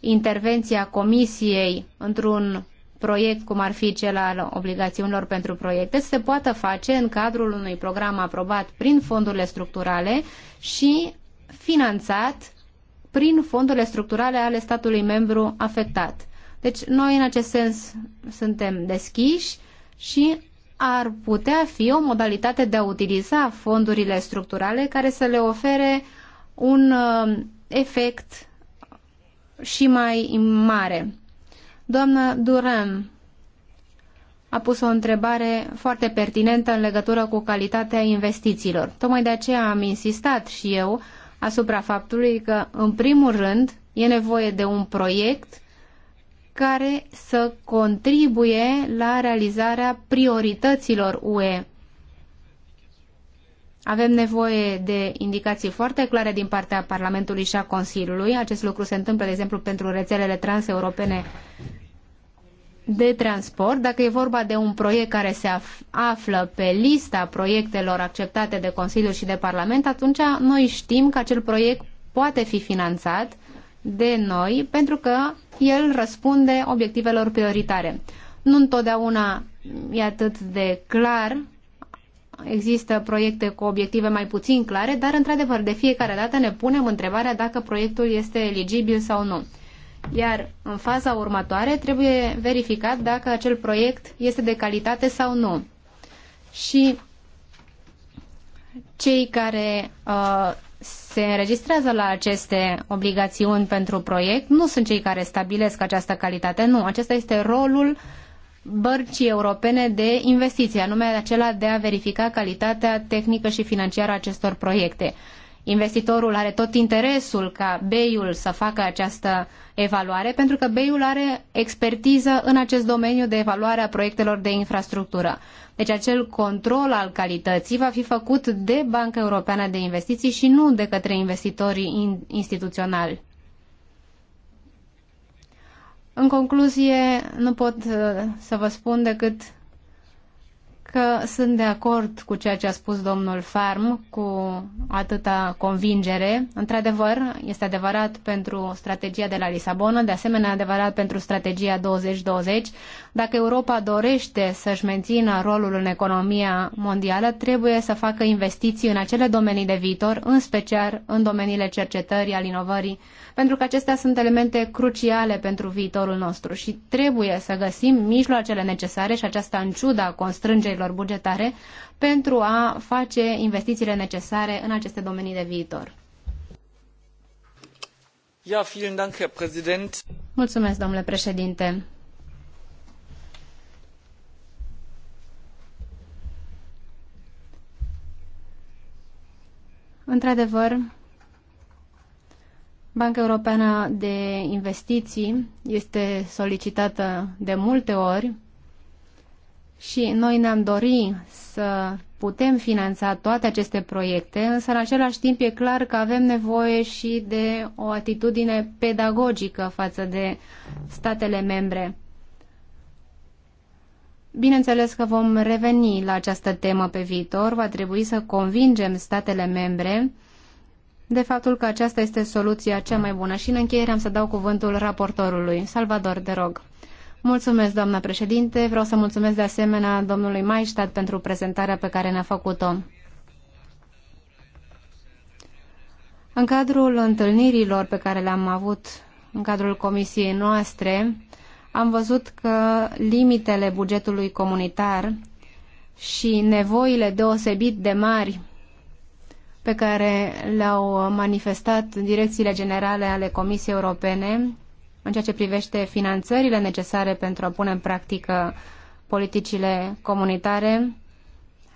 intervenția Comisiei într-un proiect, cum ar fi cel al obligațiunilor pentru proiecte, se poată face în cadrul unui program aprobat prin fondurile structurale și finanțat prin fondurile structurale ale statului membru afectat. Deci noi în acest sens suntem deschiși și ar putea fi o modalitate de a utiliza fondurile structurale care să le ofere un uh, efect și mai mare. Doamna Duran a pus o întrebare foarte pertinentă în legătură cu calitatea investițiilor. Tocmai de aceea am insistat și eu asupra faptului că, în primul rând, e nevoie de un proiect care să contribuie la realizarea priorităților UE avem nevoie de indicații foarte clare din partea Parlamentului și a Consiliului. Acest lucru se întâmplă, de exemplu, pentru rețelele transeuropene de transport. Dacă e vorba de un proiect care se află pe lista proiectelor acceptate de Consiliu și de Parlament, atunci noi știm că acel proiect poate fi finanțat de noi pentru că el răspunde obiectivelor prioritare. Nu întotdeauna e atât de clar există proiecte cu obiective mai puțin clare, dar într-adevăr de fiecare dată ne punem întrebarea dacă proiectul este eligibil sau nu. Iar în faza următoare trebuie verificat dacă acel proiect este de calitate sau nu. Și cei care uh, se înregistrează la aceste obligațiuni pentru proiect nu sunt cei care stabilesc această calitate, nu. Acesta este rolul uh, bărcii europene de investiții, anume acela de a verifica calitatea tehnică și financiară a acestor proiecte. Investitorul are tot interesul ca BEI-ul să facă această evaluare, pentru că BEI-ul are expertiză în acest domeniu de evaluare a proiectelor de infrastructură. Deci acel control al calității va fi făcut de Banca Europeană de Investiții și nu de către investitorii instituționali. În concluzie, nu pot uh, să vă spun decât că sunt de acord cu ceea ce a spus domnul Farm cu atâta convingere. Într-adevăr, este adevărat pentru strategia de la Lisabona, de asemenea adevărat pentru strategia 2020. Dacă Europa dorește să-și mențină rolul în economia mondială, trebuie să facă investiții în acele domenii de viitor, în special în domeniile cercetării, al inovării, pentru că acestea sunt elemente cruciale pentru viitorul nostru și trebuie să găsim mijloacele necesare și aceasta în ciuda constrângerilor bugetare pentru a face investițiile necesare în aceste domenii de viitor. Ja, vielen Dank, Herr Präsident. Mulțumesc, domnule președinte. Într-adevăr, Banca Europeană de Investiții este solicitată de multe ori și noi ne-am dorit să putem finanța toate aceste proiecte, însă în același timp e clar că avem nevoie și de o atitudine pedagogică față de statele membre. Bineînțeles că vom reveni la această temă pe viitor, va trebui să convingem statele membre de faptul că aceasta este soluția cea mai bună și în încheiere am să dau cuvântul raportorului. Salvador, de rog. Mulțumesc, doamna președinte. Vreau să mulțumesc de asemenea domnului Maistat pentru prezentarea pe care ne-a făcut-o. În cadrul întâlnirilor pe care le-am avut în cadrul comisiei noastre, am văzut că limitele bugetului comunitar și nevoile deosebit de mari pe care le-au manifestat direcțiile generale ale Comisiei Europene în ceea ce privește finanțările necesare pentru a pune în practică politicile comunitare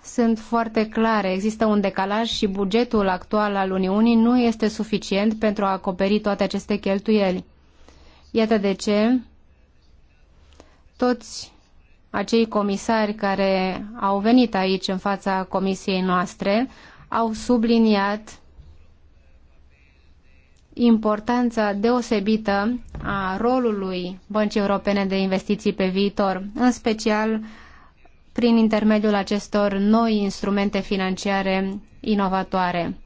sunt foarte clare. Există un decalaj și bugetul actual al Uniunii nu este suficient pentru a acoperi toate aceste cheltuieli. Iată de ce toți acei comisari care au venit aici în fața comisiei noastre au subliniat importanța deosebită a rolului Băncii Europene de Investiții pe viitor, în special prin intermediul acestor noi instrumente financiare inovatoare.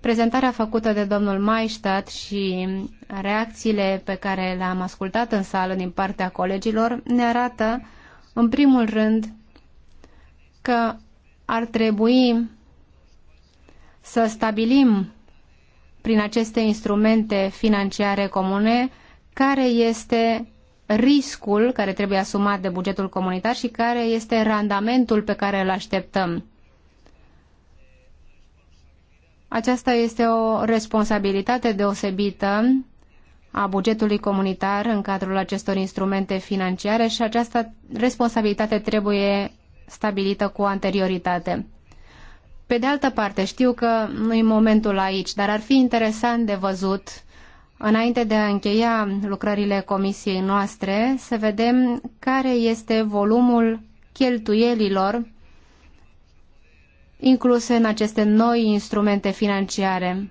Prezentarea făcută de domnul Maistat și reacțiile pe care le-am ascultat în sală din partea colegilor ne arată, în primul rând, că ar trebui să stabilim prin aceste instrumente financiare comune care este riscul care trebuie asumat de bugetul comunitar și care este randamentul pe care îl așteptăm. Aceasta este o responsabilitate deosebită a bugetului comunitar în cadrul acestor instrumente financiare și această responsabilitate trebuie stabilită cu anterioritate. Pe de altă parte, știu că nu e momentul aici, dar ar fi interesant de văzut, înainte de a încheia lucrările comisiei noastre, să vedem care este volumul cheltuielilor incluse în aceste noi instrumente financiare.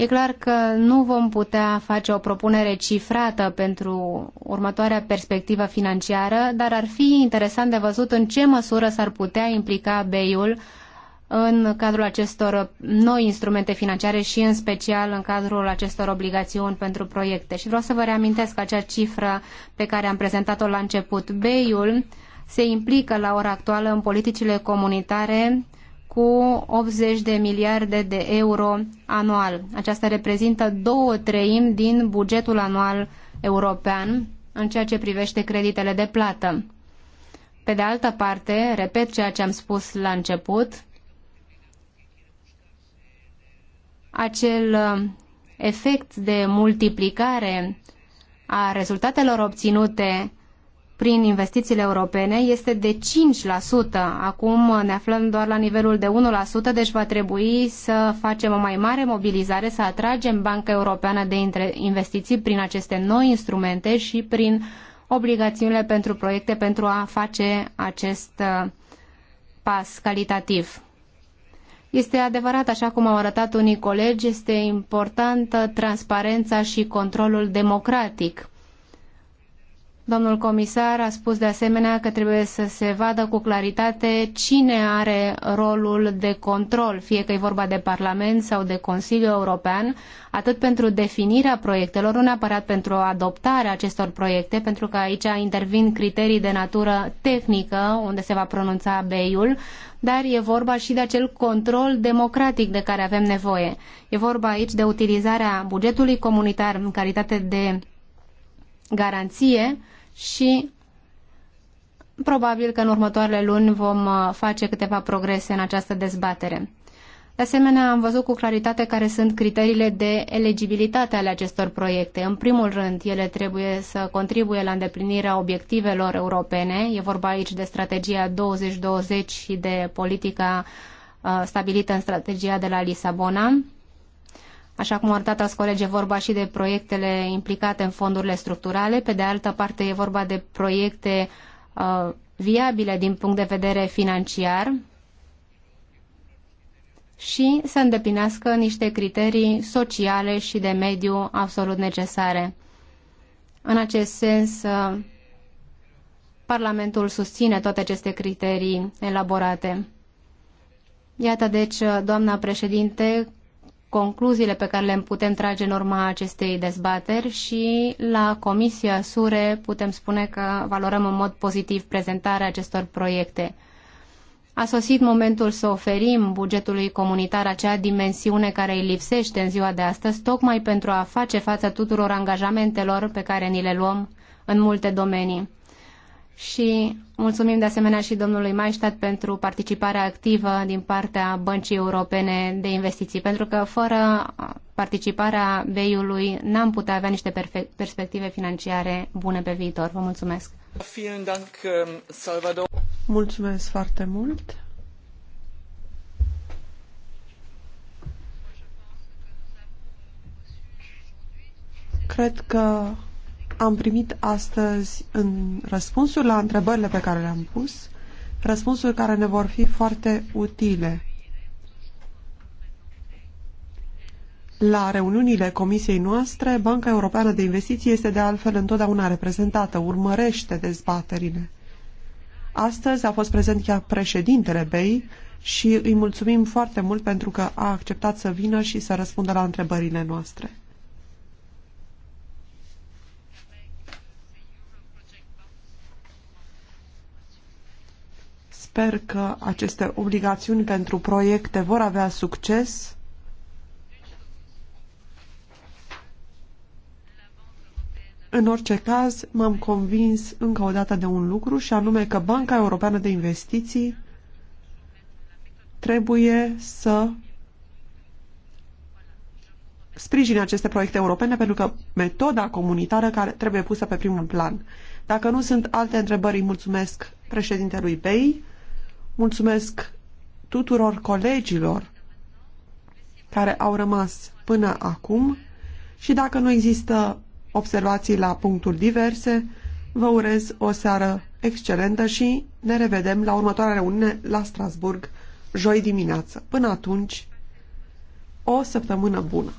E clar că nu vom putea face o propunere cifrată pentru următoarea perspectivă financiară, dar ar fi interesant de văzut în ce măsură s-ar putea implica BEI-ul în cadrul acestor noi instrumente financiare și în special în cadrul acestor obligațiuni pentru proiecte. Și vreau să vă reamintesc acea cifră pe care am prezentat-o la început. BEI-ul se implică la ora actuală în politicile comunitare cu 80 de miliarde de euro anual. Aceasta reprezintă două treimi din bugetul anual european în ceea ce privește creditele de plată. Pe de altă parte, repet ceea ce am spus la început, acel uh, efect de multiplicare a rezultatelor obținute prin investițiile europene este de 5%. Acum ne aflăm doar la nivelul de 1%, deci va trebui să facem o mai mare mobilizare, să atragem Banca Europeană de Investiții prin aceste noi instrumente și prin obligațiunile pentru proiecte pentru a face acest uh, pas calitativ. Este adevărat, așa cum au arătat unii colegi, este importantă transparența și controlul democratic Domnul comisar a spus de asemenea că trebuie să se vadă cu claritate cine are rolul de control, fie că e vorba de Parlament sau de Consiliul European, atât pentru definirea proiectelor, nu neapărat pentru adoptarea acestor proiecte, pentru că aici intervin criterii de natură tehnică, unde se va pronunța BEI-ul, dar e vorba și de acel control democratic de care avem nevoie. E vorba aici de utilizarea bugetului comunitar în calitate de garanție și probabil că în următoarele luni vom uh, face câteva progrese în această dezbatere. De asemenea, am văzut cu claritate care sunt criteriile de elegibilitate ale acestor proiecte. În primul rând, ele trebuie să contribuie la îndeplinirea obiectivelor europene. E vorba aici de strategia 2020 și de politica uh, stabilită în strategia de la Lisabona Așa cum au arătat alți colegi, e vorba și de proiectele implicate în fondurile structurale. Pe de altă parte, e vorba de proiecte uh, viabile din punct de vedere financiar și să îndeplinească niște criterii sociale și de mediu absolut necesare. În acest sens, uh, Parlamentul susține toate aceste criterii elaborate. Iată deci, uh, doamna președinte, concluziile pe care le putem trage în urma acestei dezbateri și la Comisia SURE putem spune că valorăm în mod pozitiv prezentarea acestor proiecte. A sosit momentul să oferim bugetului comunitar acea dimensiune care îi lipsește în ziua de astăzi, tocmai pentru a face față tuturor angajamentelor pe care ni le luăm în multe domenii și mulțumim de asemenea și domnului Maistat pentru participarea activă din partea Băncii Europene de Investiții, pentru că fără participarea BEI-ului n-am putea avea niște perspective financiare bune pe viitor. Vă mulțumesc! Um, mulțumesc foarte mult! Cred că am primit astăzi în răspunsuri la întrebările pe care le-am pus, răspunsuri care ne vor fi foarte utile. La reuniunile comisiei noastre, Banca Europeană de Investiții este de altfel întotdeauna reprezentată, urmărește dezbaterile. Astăzi a fost prezent chiar președintele BEI și îi mulțumim foarte mult pentru că a acceptat să vină și să răspundă la întrebările noastre. Sper că aceste obligațiuni pentru proiecte vor avea succes. În orice caz, m-am convins încă o dată de un lucru și anume că Banca Europeană de Investiții trebuie să sprijine aceste proiecte europene pentru că metoda comunitară care trebuie pusă pe primul plan. Dacă nu sunt alte întrebări, îi mulțumesc președintelui Bay. Mulțumesc tuturor colegilor care au rămas până acum și dacă nu există observații la punctul diverse, vă urez o seară excelentă și ne revedem la următoarea reuniune la Strasburg, joi dimineață. Până atunci, o săptămână bună!